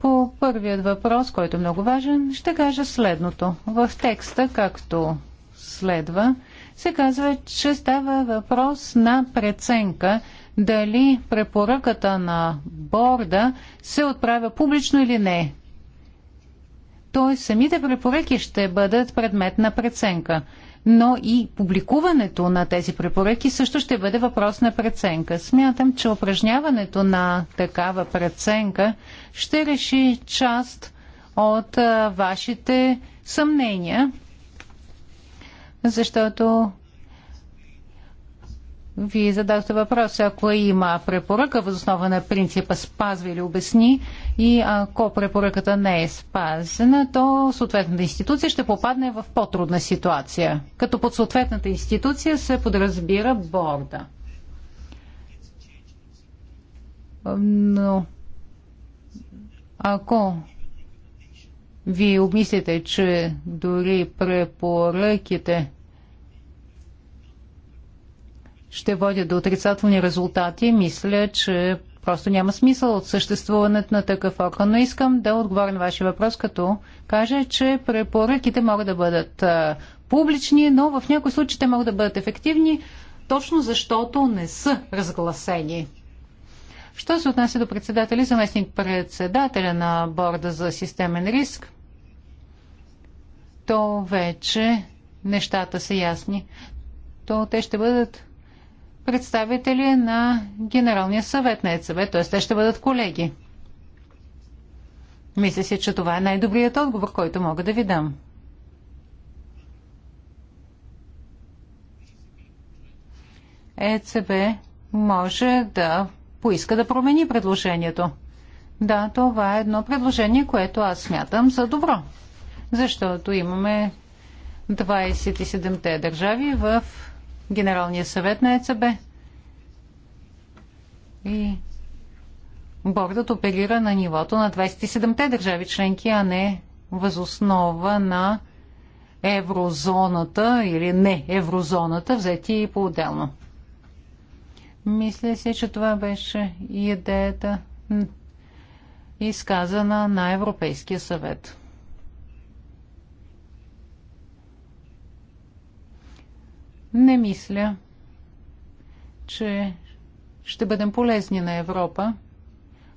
По първият въпрос, който е много важен, ще кажа следното. В текста, както следва, се казва, че става въпрос на преценка дали препоръката на борда се отправя публично или не т.е. самите препоръки ще бъдат предмет на преценка. Но и публикуването на тези препоръки също ще бъде въпрос на преценка. Смятам, че упражняването на такава преценка ще реши част от вашите съмнения, защото вие задахте въпрос, ако има препоръка в основа на принципа спазва или обясни и ако препоръката не е спазена, то съответната институция ще попадне в по-трудна ситуация. Като под съответната институция се подразбира борда. Но ако вие обмислите, че дори препоръките ще водят до отрицателни резултати, мисля, че просто няма смисъл от съществуването на такъв орган. Но искам да отговоря на вашия въпрос, като кажа, че препоръките могат да бъдат публични, но в някои случаи те могат да бъдат ефективни, точно защото не са разгласени. Що се отнася до председателя и заместник председателя на борда за системен риск, то вече нещата са ясни. То те ще бъдат представители на Генералния съвет на ЕЦБ, т.е. те ще бъдат колеги. Мисля си, че това е най-добрият отговор, който мога да ви дам. ЕЦБ може да поиска да промени предложението. Да, това е едно предложение, което аз смятам за добро, защото имаме 27-те държави в Генералния съвет на ЕЦБ. И бордът оперира на нивото на 27-те държави членки, а не възоснова на еврозоната или не еврозоната, взети и по-отделно. Мисля си, че това беше идеята изказана на Европейския съвет. Не мисля, че ще бъдем полезни на Европа,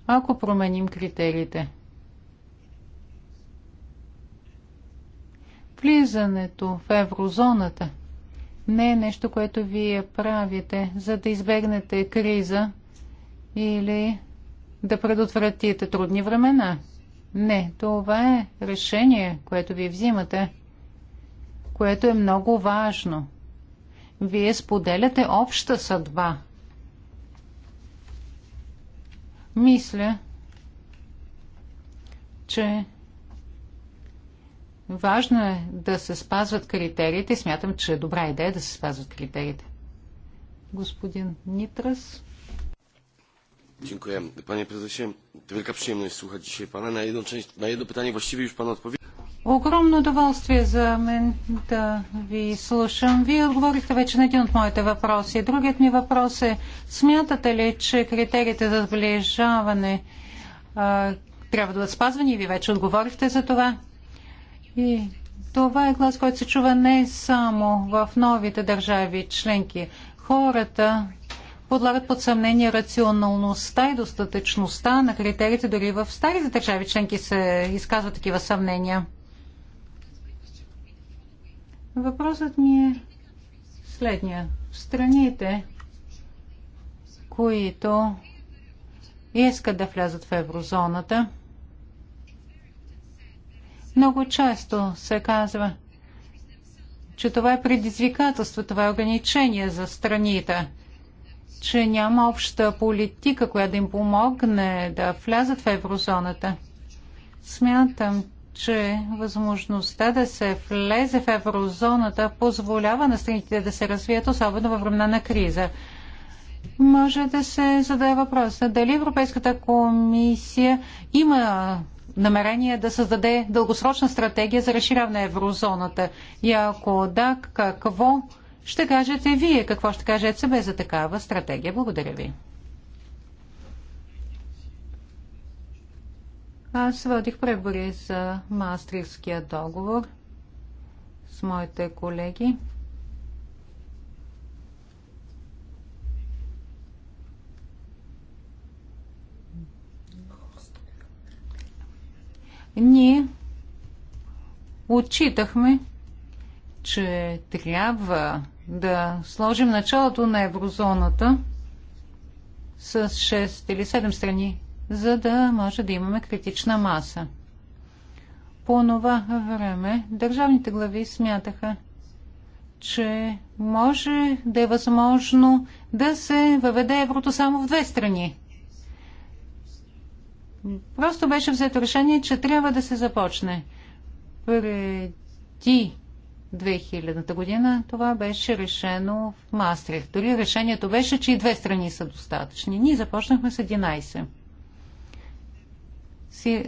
ако променим критериите. Влизането в еврозоната не е нещо, което вие правите, за да избегнете криза или да предотвратите трудни времена. Не, това е решение, което вие взимате, което е много важно – вие споделяте обща съдба. Мисля, че важно е да се спазват критериите. Смятам, че е добра идея да се спазват критериите. Господин Нитрас.
Dziękuję. Panie prezesie, to wielka przyjemność słuchać dzisiaj pana. Na jedno, część, na jedno pytanie właściwie
już pan odpowiedział.
Огромно удоволствие за мен да ви слушам. Вие отговорихте вече на един от моите въпроси. Другият ми въпрос е, смятате ли, че критериите за сближаване а, трябва да бъдат спазвани и ви вече отговорихте за това? И това е глас, който се чува не само в новите държави членки. Хората подлагат под съмнение рационалността и достатъчността на критериите. Дори в старите държави членки се изказват такива съмнения. Въпросът ми е следния. В страните, които искат да влязат в еврозоната, много често се казва, че това е предизвикателство, това е ограничение за страните, че няма обща политика, която да им помогне да влязат в еврозоната. Смятам, че възможността да се влезе в еврозоната позволява на страните да се развият, особено във времена на криза. Може да се зададе въпроса дали Европейската комисия има намерение да създаде дългосрочна стратегия за разширяване на еврозоната. И ако да, какво ще кажете вие? Какво ще каже ЕЦБ за такава стратегия? Благодаря ви. Аз водих преговори за Мастрихския договор с моите колеги. Ние отчитахме, че трябва да сложим началото на еврозоната с 6 или 7 страни за да може да имаме критична маса. По това време държавните глави смятаха, че може да е възможно да се въведе еврото само в две страни. Просто беше взето решение, че трябва да се започне. Преди 2000-та година това беше решено в Мастрих. Дори решението беше, че и две страни са достатъчни. Ние започнахме с 11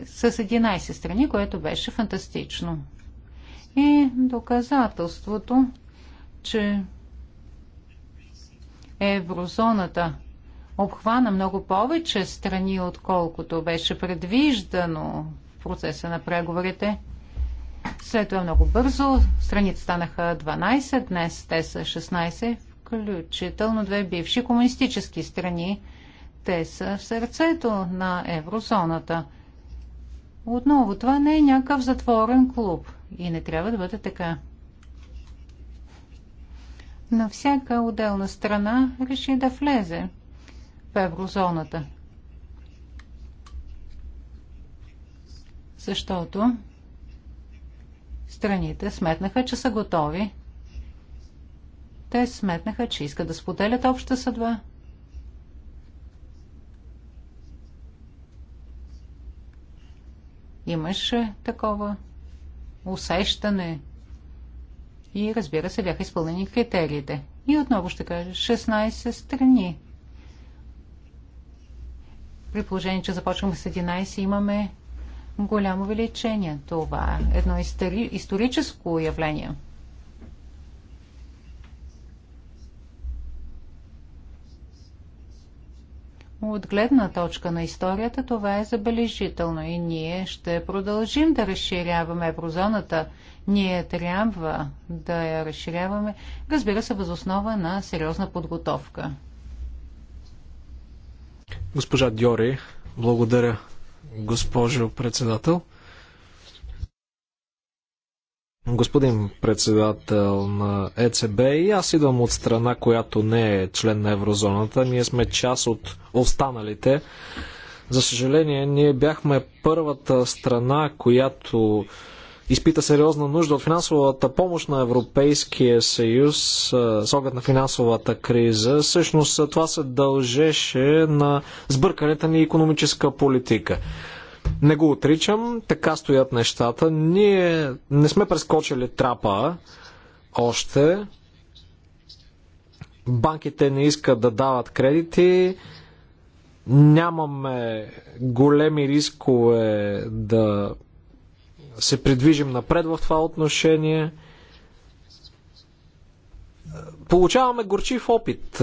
с 11 страни, което беше фантастично. И доказателството, че еврозоната обхвана много повече страни, отколкото беше предвиждано в процеса на преговорите. След това много бързо страните станаха 12, днес те са 16, включително две бивши комунистически страни. Те са в сърцето на еврозоната – отново, това не е някакъв затворен клуб и не трябва да бъде така. На всяка отделна страна реши да влезе в еврозоната. Защото страните сметнаха, че са готови. Те сметнаха, че искат да споделят обща съдба. Имаш такова усещане. И разбира се, бяха изпълнени критериите. И отново ще кажа, 16 страни. При положение, че започваме с 11, имаме голямо увеличение. Това е едно истори... историческо явление. От гледна точка на историята това е забележително и ние ще продължим да разширяваме еврозоната. Ние трябва да я разширяваме, разбира се, възоснова на сериозна подготовка.
Госпожа Дьори, благодаря, госпожо председател господин председател на ЕЦБ и аз идвам от страна, която не е член на еврозоната. Ние сме част от останалите. За съжаление, ние бяхме първата страна, която изпита сериозна нужда от финансовата помощ на Европейския съюз с оглед на финансовата криза. Всъщност това се дължеше на сбърканата ни економическа политика. Не го отричам, така стоят нещата. Ние не сме прескочили трапа още. Банките не искат да дават кредити. Нямаме големи рискове да се придвижим напред в това отношение. Получаваме горчив опит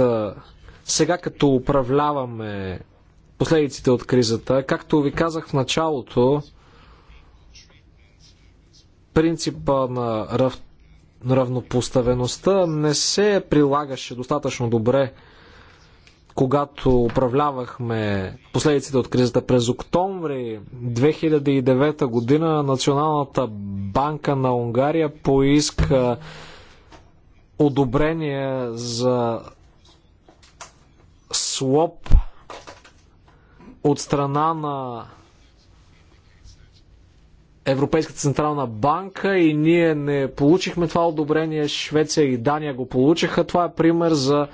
сега като управляваме последиците от кризата. Както ви казах в началото, принципа на рав... равнопоставеността не се прилагаше достатъчно добре, когато управлявахме последиците от кризата. През октомври 2009 година Националната банка на Унгария поиска одобрение за слоп от страна на Европейската централна банка и ние не получихме това одобрение. Швеция и Дания го получиха. Това е пример за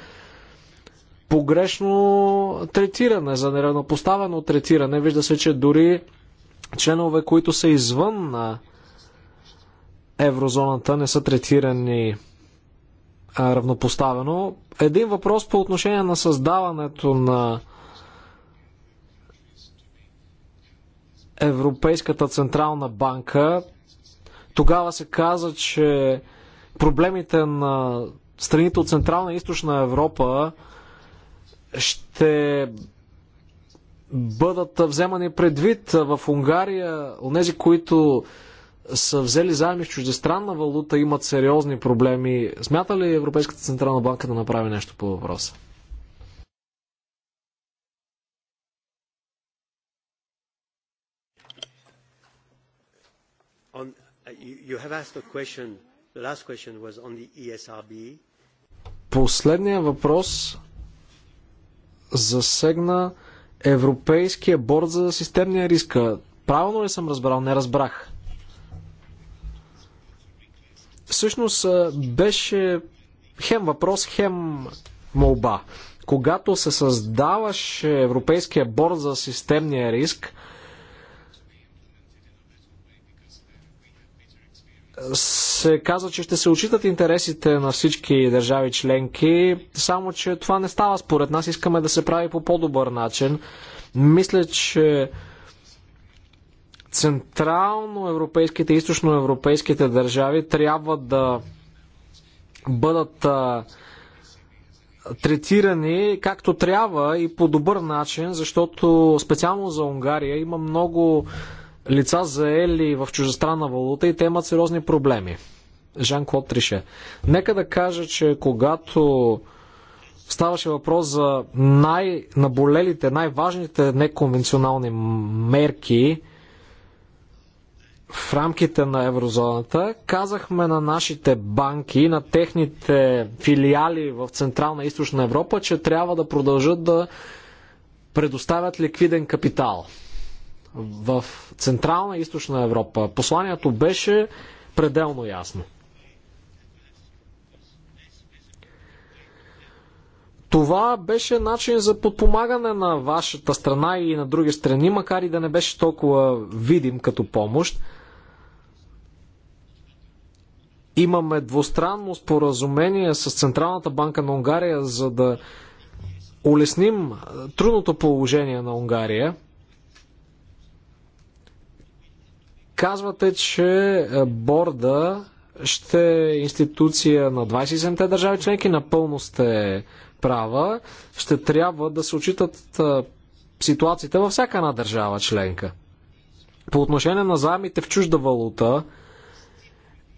погрешно третиране, за неравнопоставено третиране. Вижда се, че дори членове, които са извън на еврозоната, не са третирани равнопоставено. Един въпрос по отношение на създаването на Европейската централна банка. Тогава се каза, че проблемите на страните от Централна и Източна Европа ще бъдат вземани предвид в Унгария. Онези, които са взели заеми в чуждестранна валута, имат сериозни проблеми. Смята ли Европейската Централна банка да направи нещо по въпроса?
you have asked a question. The last question was on the ESRB.
Последният въпрос засегна Европейския борд за системния риск. Правилно ли съм разбрал? Не разбрах. Всъщност беше хем въпрос, хем молба. Когато се създаваше Европейския борд за системния риск, се казва, че ще се очитат интересите на всички държави членки, само че това не става според нас. Искаме да се прави по по-добър начин. Мисля, че централно европейските и източно европейските държави трябва да бъдат а, третирани както трябва и по добър начин, защото специално за Унгария има много лица заели в чужестранна валута и те имат сериозни проблеми. Жан-Клод Трише. Нека да кажа, че когато ставаше въпрос за най-наболелите, най-важните неконвенционални мерки в рамките на еврозоната, казахме на нашите банки, на техните филиали в Централна и Източна Европа, че трябва да продължат да предоставят ликвиден капитал – в Централна и Източна Европа. Посланието беше пределно ясно. Това беше начин за подпомагане на вашата страна и на други страни, макар и да не беше толкова видим като помощ. Имаме двустранно споразумение с Централната банка на Унгария, за да улесним трудното положение на Унгария – Казвате, че е, борда ще е институция на 27-те държави членки, напълно сте права, ще трябва да се очитат е, ситуацията във всяка една държава членка. По отношение на заемите в чужда валута,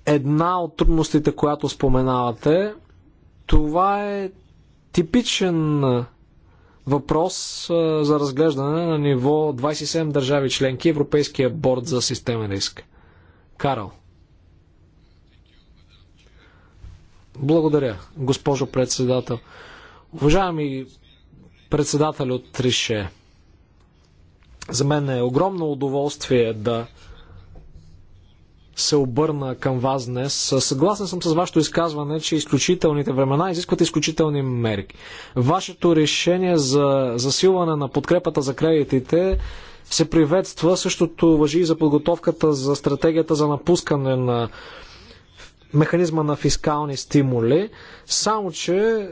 една от трудностите, която споменавате, това е типичен е, въпрос за разглеждане на ниво 27 държави членки Европейския борд за системен риск. Карл. Благодаря, госпожо председател. Уважаеми председател от Трише, за мен е огромно удоволствие да се обърна към вас днес. Съгласен съм с вашето изказване, че изключителните времена изискват изключителни мерки. Вашето решение за засилване на подкрепата за кредитите се приветства. Същото въжи и за подготовката за стратегията за напускане на механизма на фискални стимули. Само, че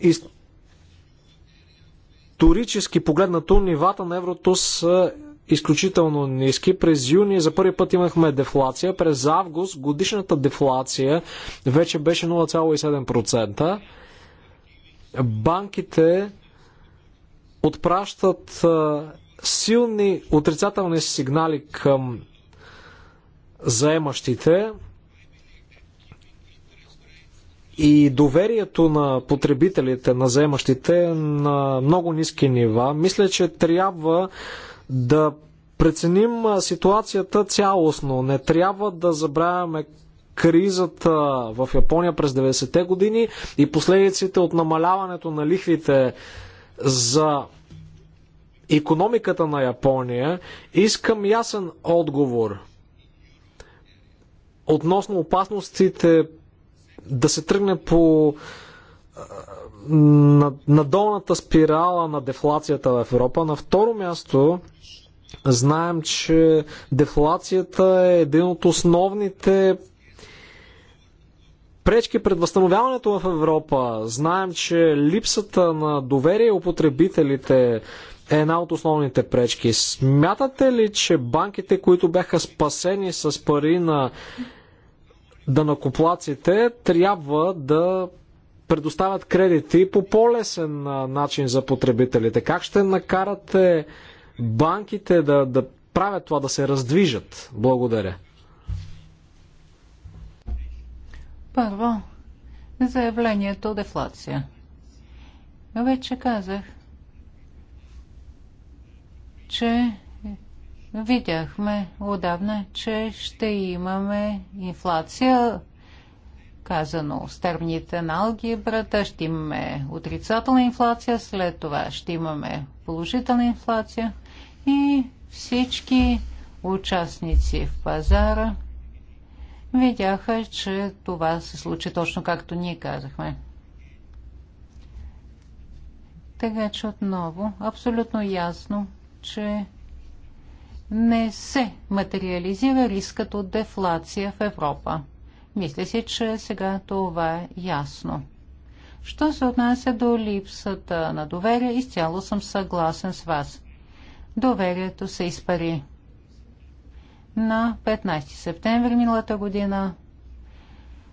исторически погледнато нивата на еврото са изключително ниски. През юни за първи път имахме дефлация. През август годишната дефлация вече беше 0,7%. Банките отпращат силни отрицателни сигнали към заемащите и доверието на потребителите, на заемащите е на много ниски нива. Мисля, че трябва да преценим ситуацията цялостно. Не трябва да забравяме кризата в Япония през 90-те години и последиците от намаляването на лихвите за економиката на Япония, искам ясен отговор относно опасностите да се тръгне по на, на долната спирала на дефлацията в Европа. На второ място знаем, че дефлацията е един от основните пречки пред възстановяването в Европа. Знаем, че липсата на доверие у потребителите е една от основните пречки. Смятате ли, че банките, които бяха спасени с пари на данакоплаците, трябва да предоставят кредити по по-лесен начин за потребителите? Как ще накарате банките да, да правят това, да се раздвижат? Благодаря.
Първо, заявлението дефлация. Вече казах, че видяхме отдавна, че ще имаме инфлация Казано с термините на алгебрата ще имаме отрицателна инфлация, след това ще имаме положителна инфлация и всички участници в пазара видяха, че това се случи точно както ние казахме. Така че отново абсолютно ясно, че не се материализира рискът от дефлация в Европа. Мисля си, че сега това е ясно. Що се отнася до липсата на доверие, изцяло съм съгласен с вас. Доверието се изпари. На 15 септември миналата година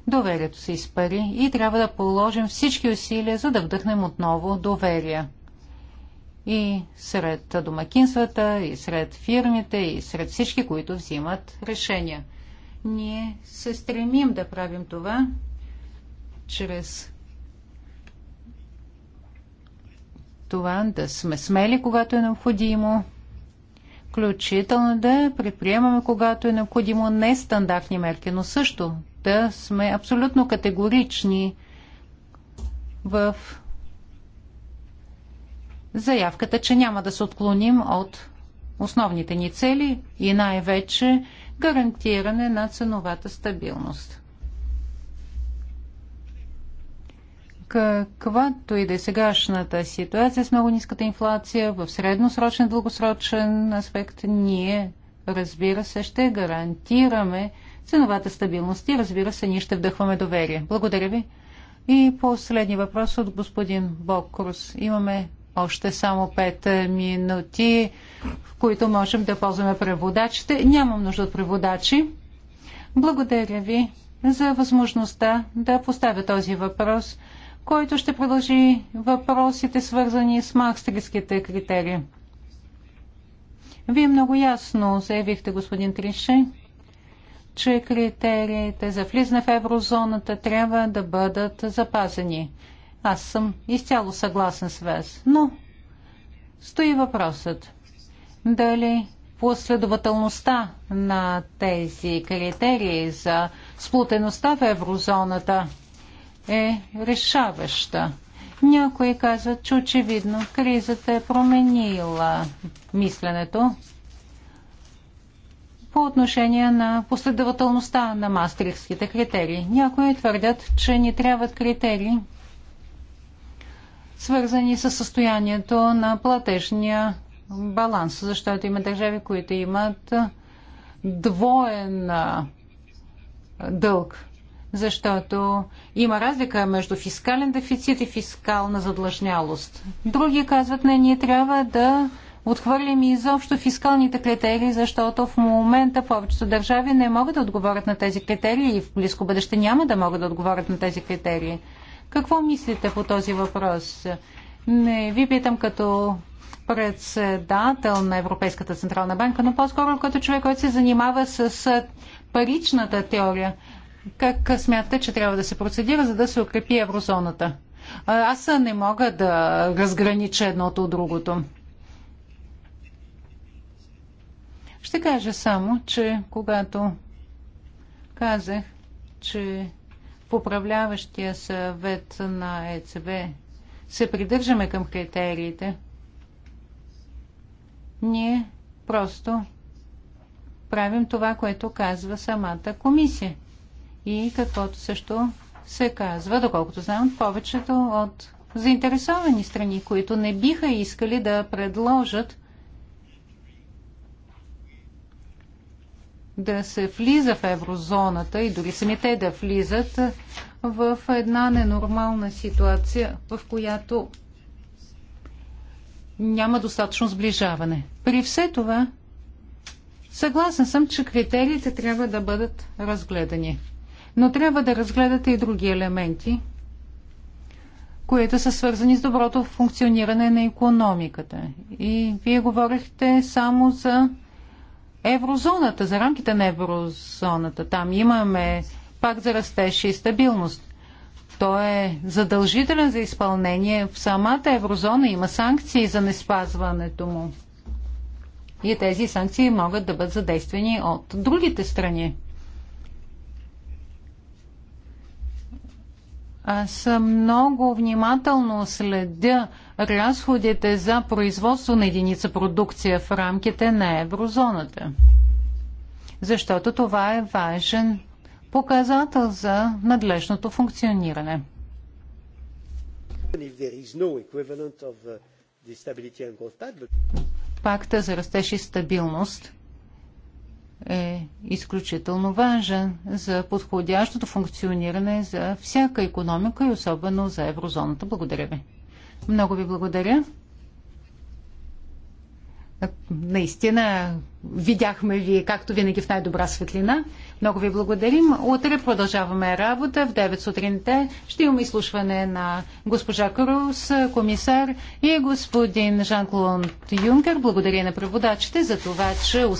доверието се изпари и трябва да положим всички усилия, за да вдъхнем отново доверие. И сред домакинствата, и сред фирмите, и сред всички, които взимат решения – ние се стремим да правим това чрез това да сме смели, когато е необходимо, включително да предприемаме, когато е необходимо, нестандартни мерки, но също да сме абсолютно категорични в заявката, че няма да се отклоним от основните ни цели и най-вече гарантиране на ценовата стабилност. каквато и да е сегашната ситуация с много ниската инфлация, в средносрочен, дългосрочен аспект, ние, разбира се, ще гарантираме ценовата стабилност и, разбира се, ние ще вдъхваме доверие. Благодаря ви. И последния въпрос от господин Бокрус. Имаме още само 5 е, минути, в които можем да ползваме преводачите. Нямам нужда от преводачи. Благодаря ви за възможността да поставя този въпрос, който ще продължи въпросите, свързани с макстриските критерии. Вие много ясно заявихте, господин Трише, че критериите за влизане в еврозоната трябва да бъдат запазени. Аз съм изцяло съгласен с вас, но стои въпросът. Дали последователността на тези критерии за сплутеността в еврозоната е решаваща. Някои казват, че очевидно кризата е променила мисленето по отношение на последователността на мастрихските критерии. Някои твърдят, че ни трябват критерии, свързани с състоянието на платежния баланс, защото има държави, които имат двоен дълг, защото има разлика между фискален дефицит и фискална задлъжнялост. Други казват, не, ние трябва да отхвърлим изобщо фискалните критерии, защото в момента повечето държави не могат да отговорят на тези критерии и в близко бъдеще няма да могат да отговорят на тези критерии. Какво мислите по този въпрос? Не ви питам като председател на Европейската Централна банка, но по-скоро като човек, който се занимава с паричната теория. Как смятате, че трябва да се процедира, за да се укрепи еврозоната? Аз не мога да разгранича едното от другото. Ще кажа само, че когато казах, че в управляващия съвет на ЕЦБ се придържаме към критериите, ние просто правим това, което казва самата комисия. И каквото също се казва, доколкото знам, повечето от заинтересовани страни, които не биха искали да предложат да се влиза в еврозоната и дори самите да влизат в една ненормална ситуация, в която няма достатъчно сближаване. При все това, съгласен съм, че критериите трябва да бъдат разгледани. Но трябва да разгледате и други елементи, които са свързани с доброто функциониране на економиката. И вие говорихте само за еврозоната, за рамките на еврозоната. Там имаме пакт за растеж и стабилност. Той е задължителен за изпълнение. В самата еврозона има санкции за неспазването му. И тези санкции могат да бъдат задействани от другите страни. Аз много внимателно следя разходите за производство на единица продукция в рамките на еврозоната. Защото това е важен показател за надлежното функциониране. Пакта за растеж и стабилност – е изключително важен за подходящото функциониране за всяка економика и особено за еврозоната. Благодаря ви. Много ви благодаря. Наистина видяхме ви, както винаги, в най-добра светлина. Много ви благодарим. Утре продължаваме работа в 9 сутринта. Ще имаме изслушване на госпожа Крус, комисар и господин Жан-Клод Юнкер. Благодаря на преводачите за това, че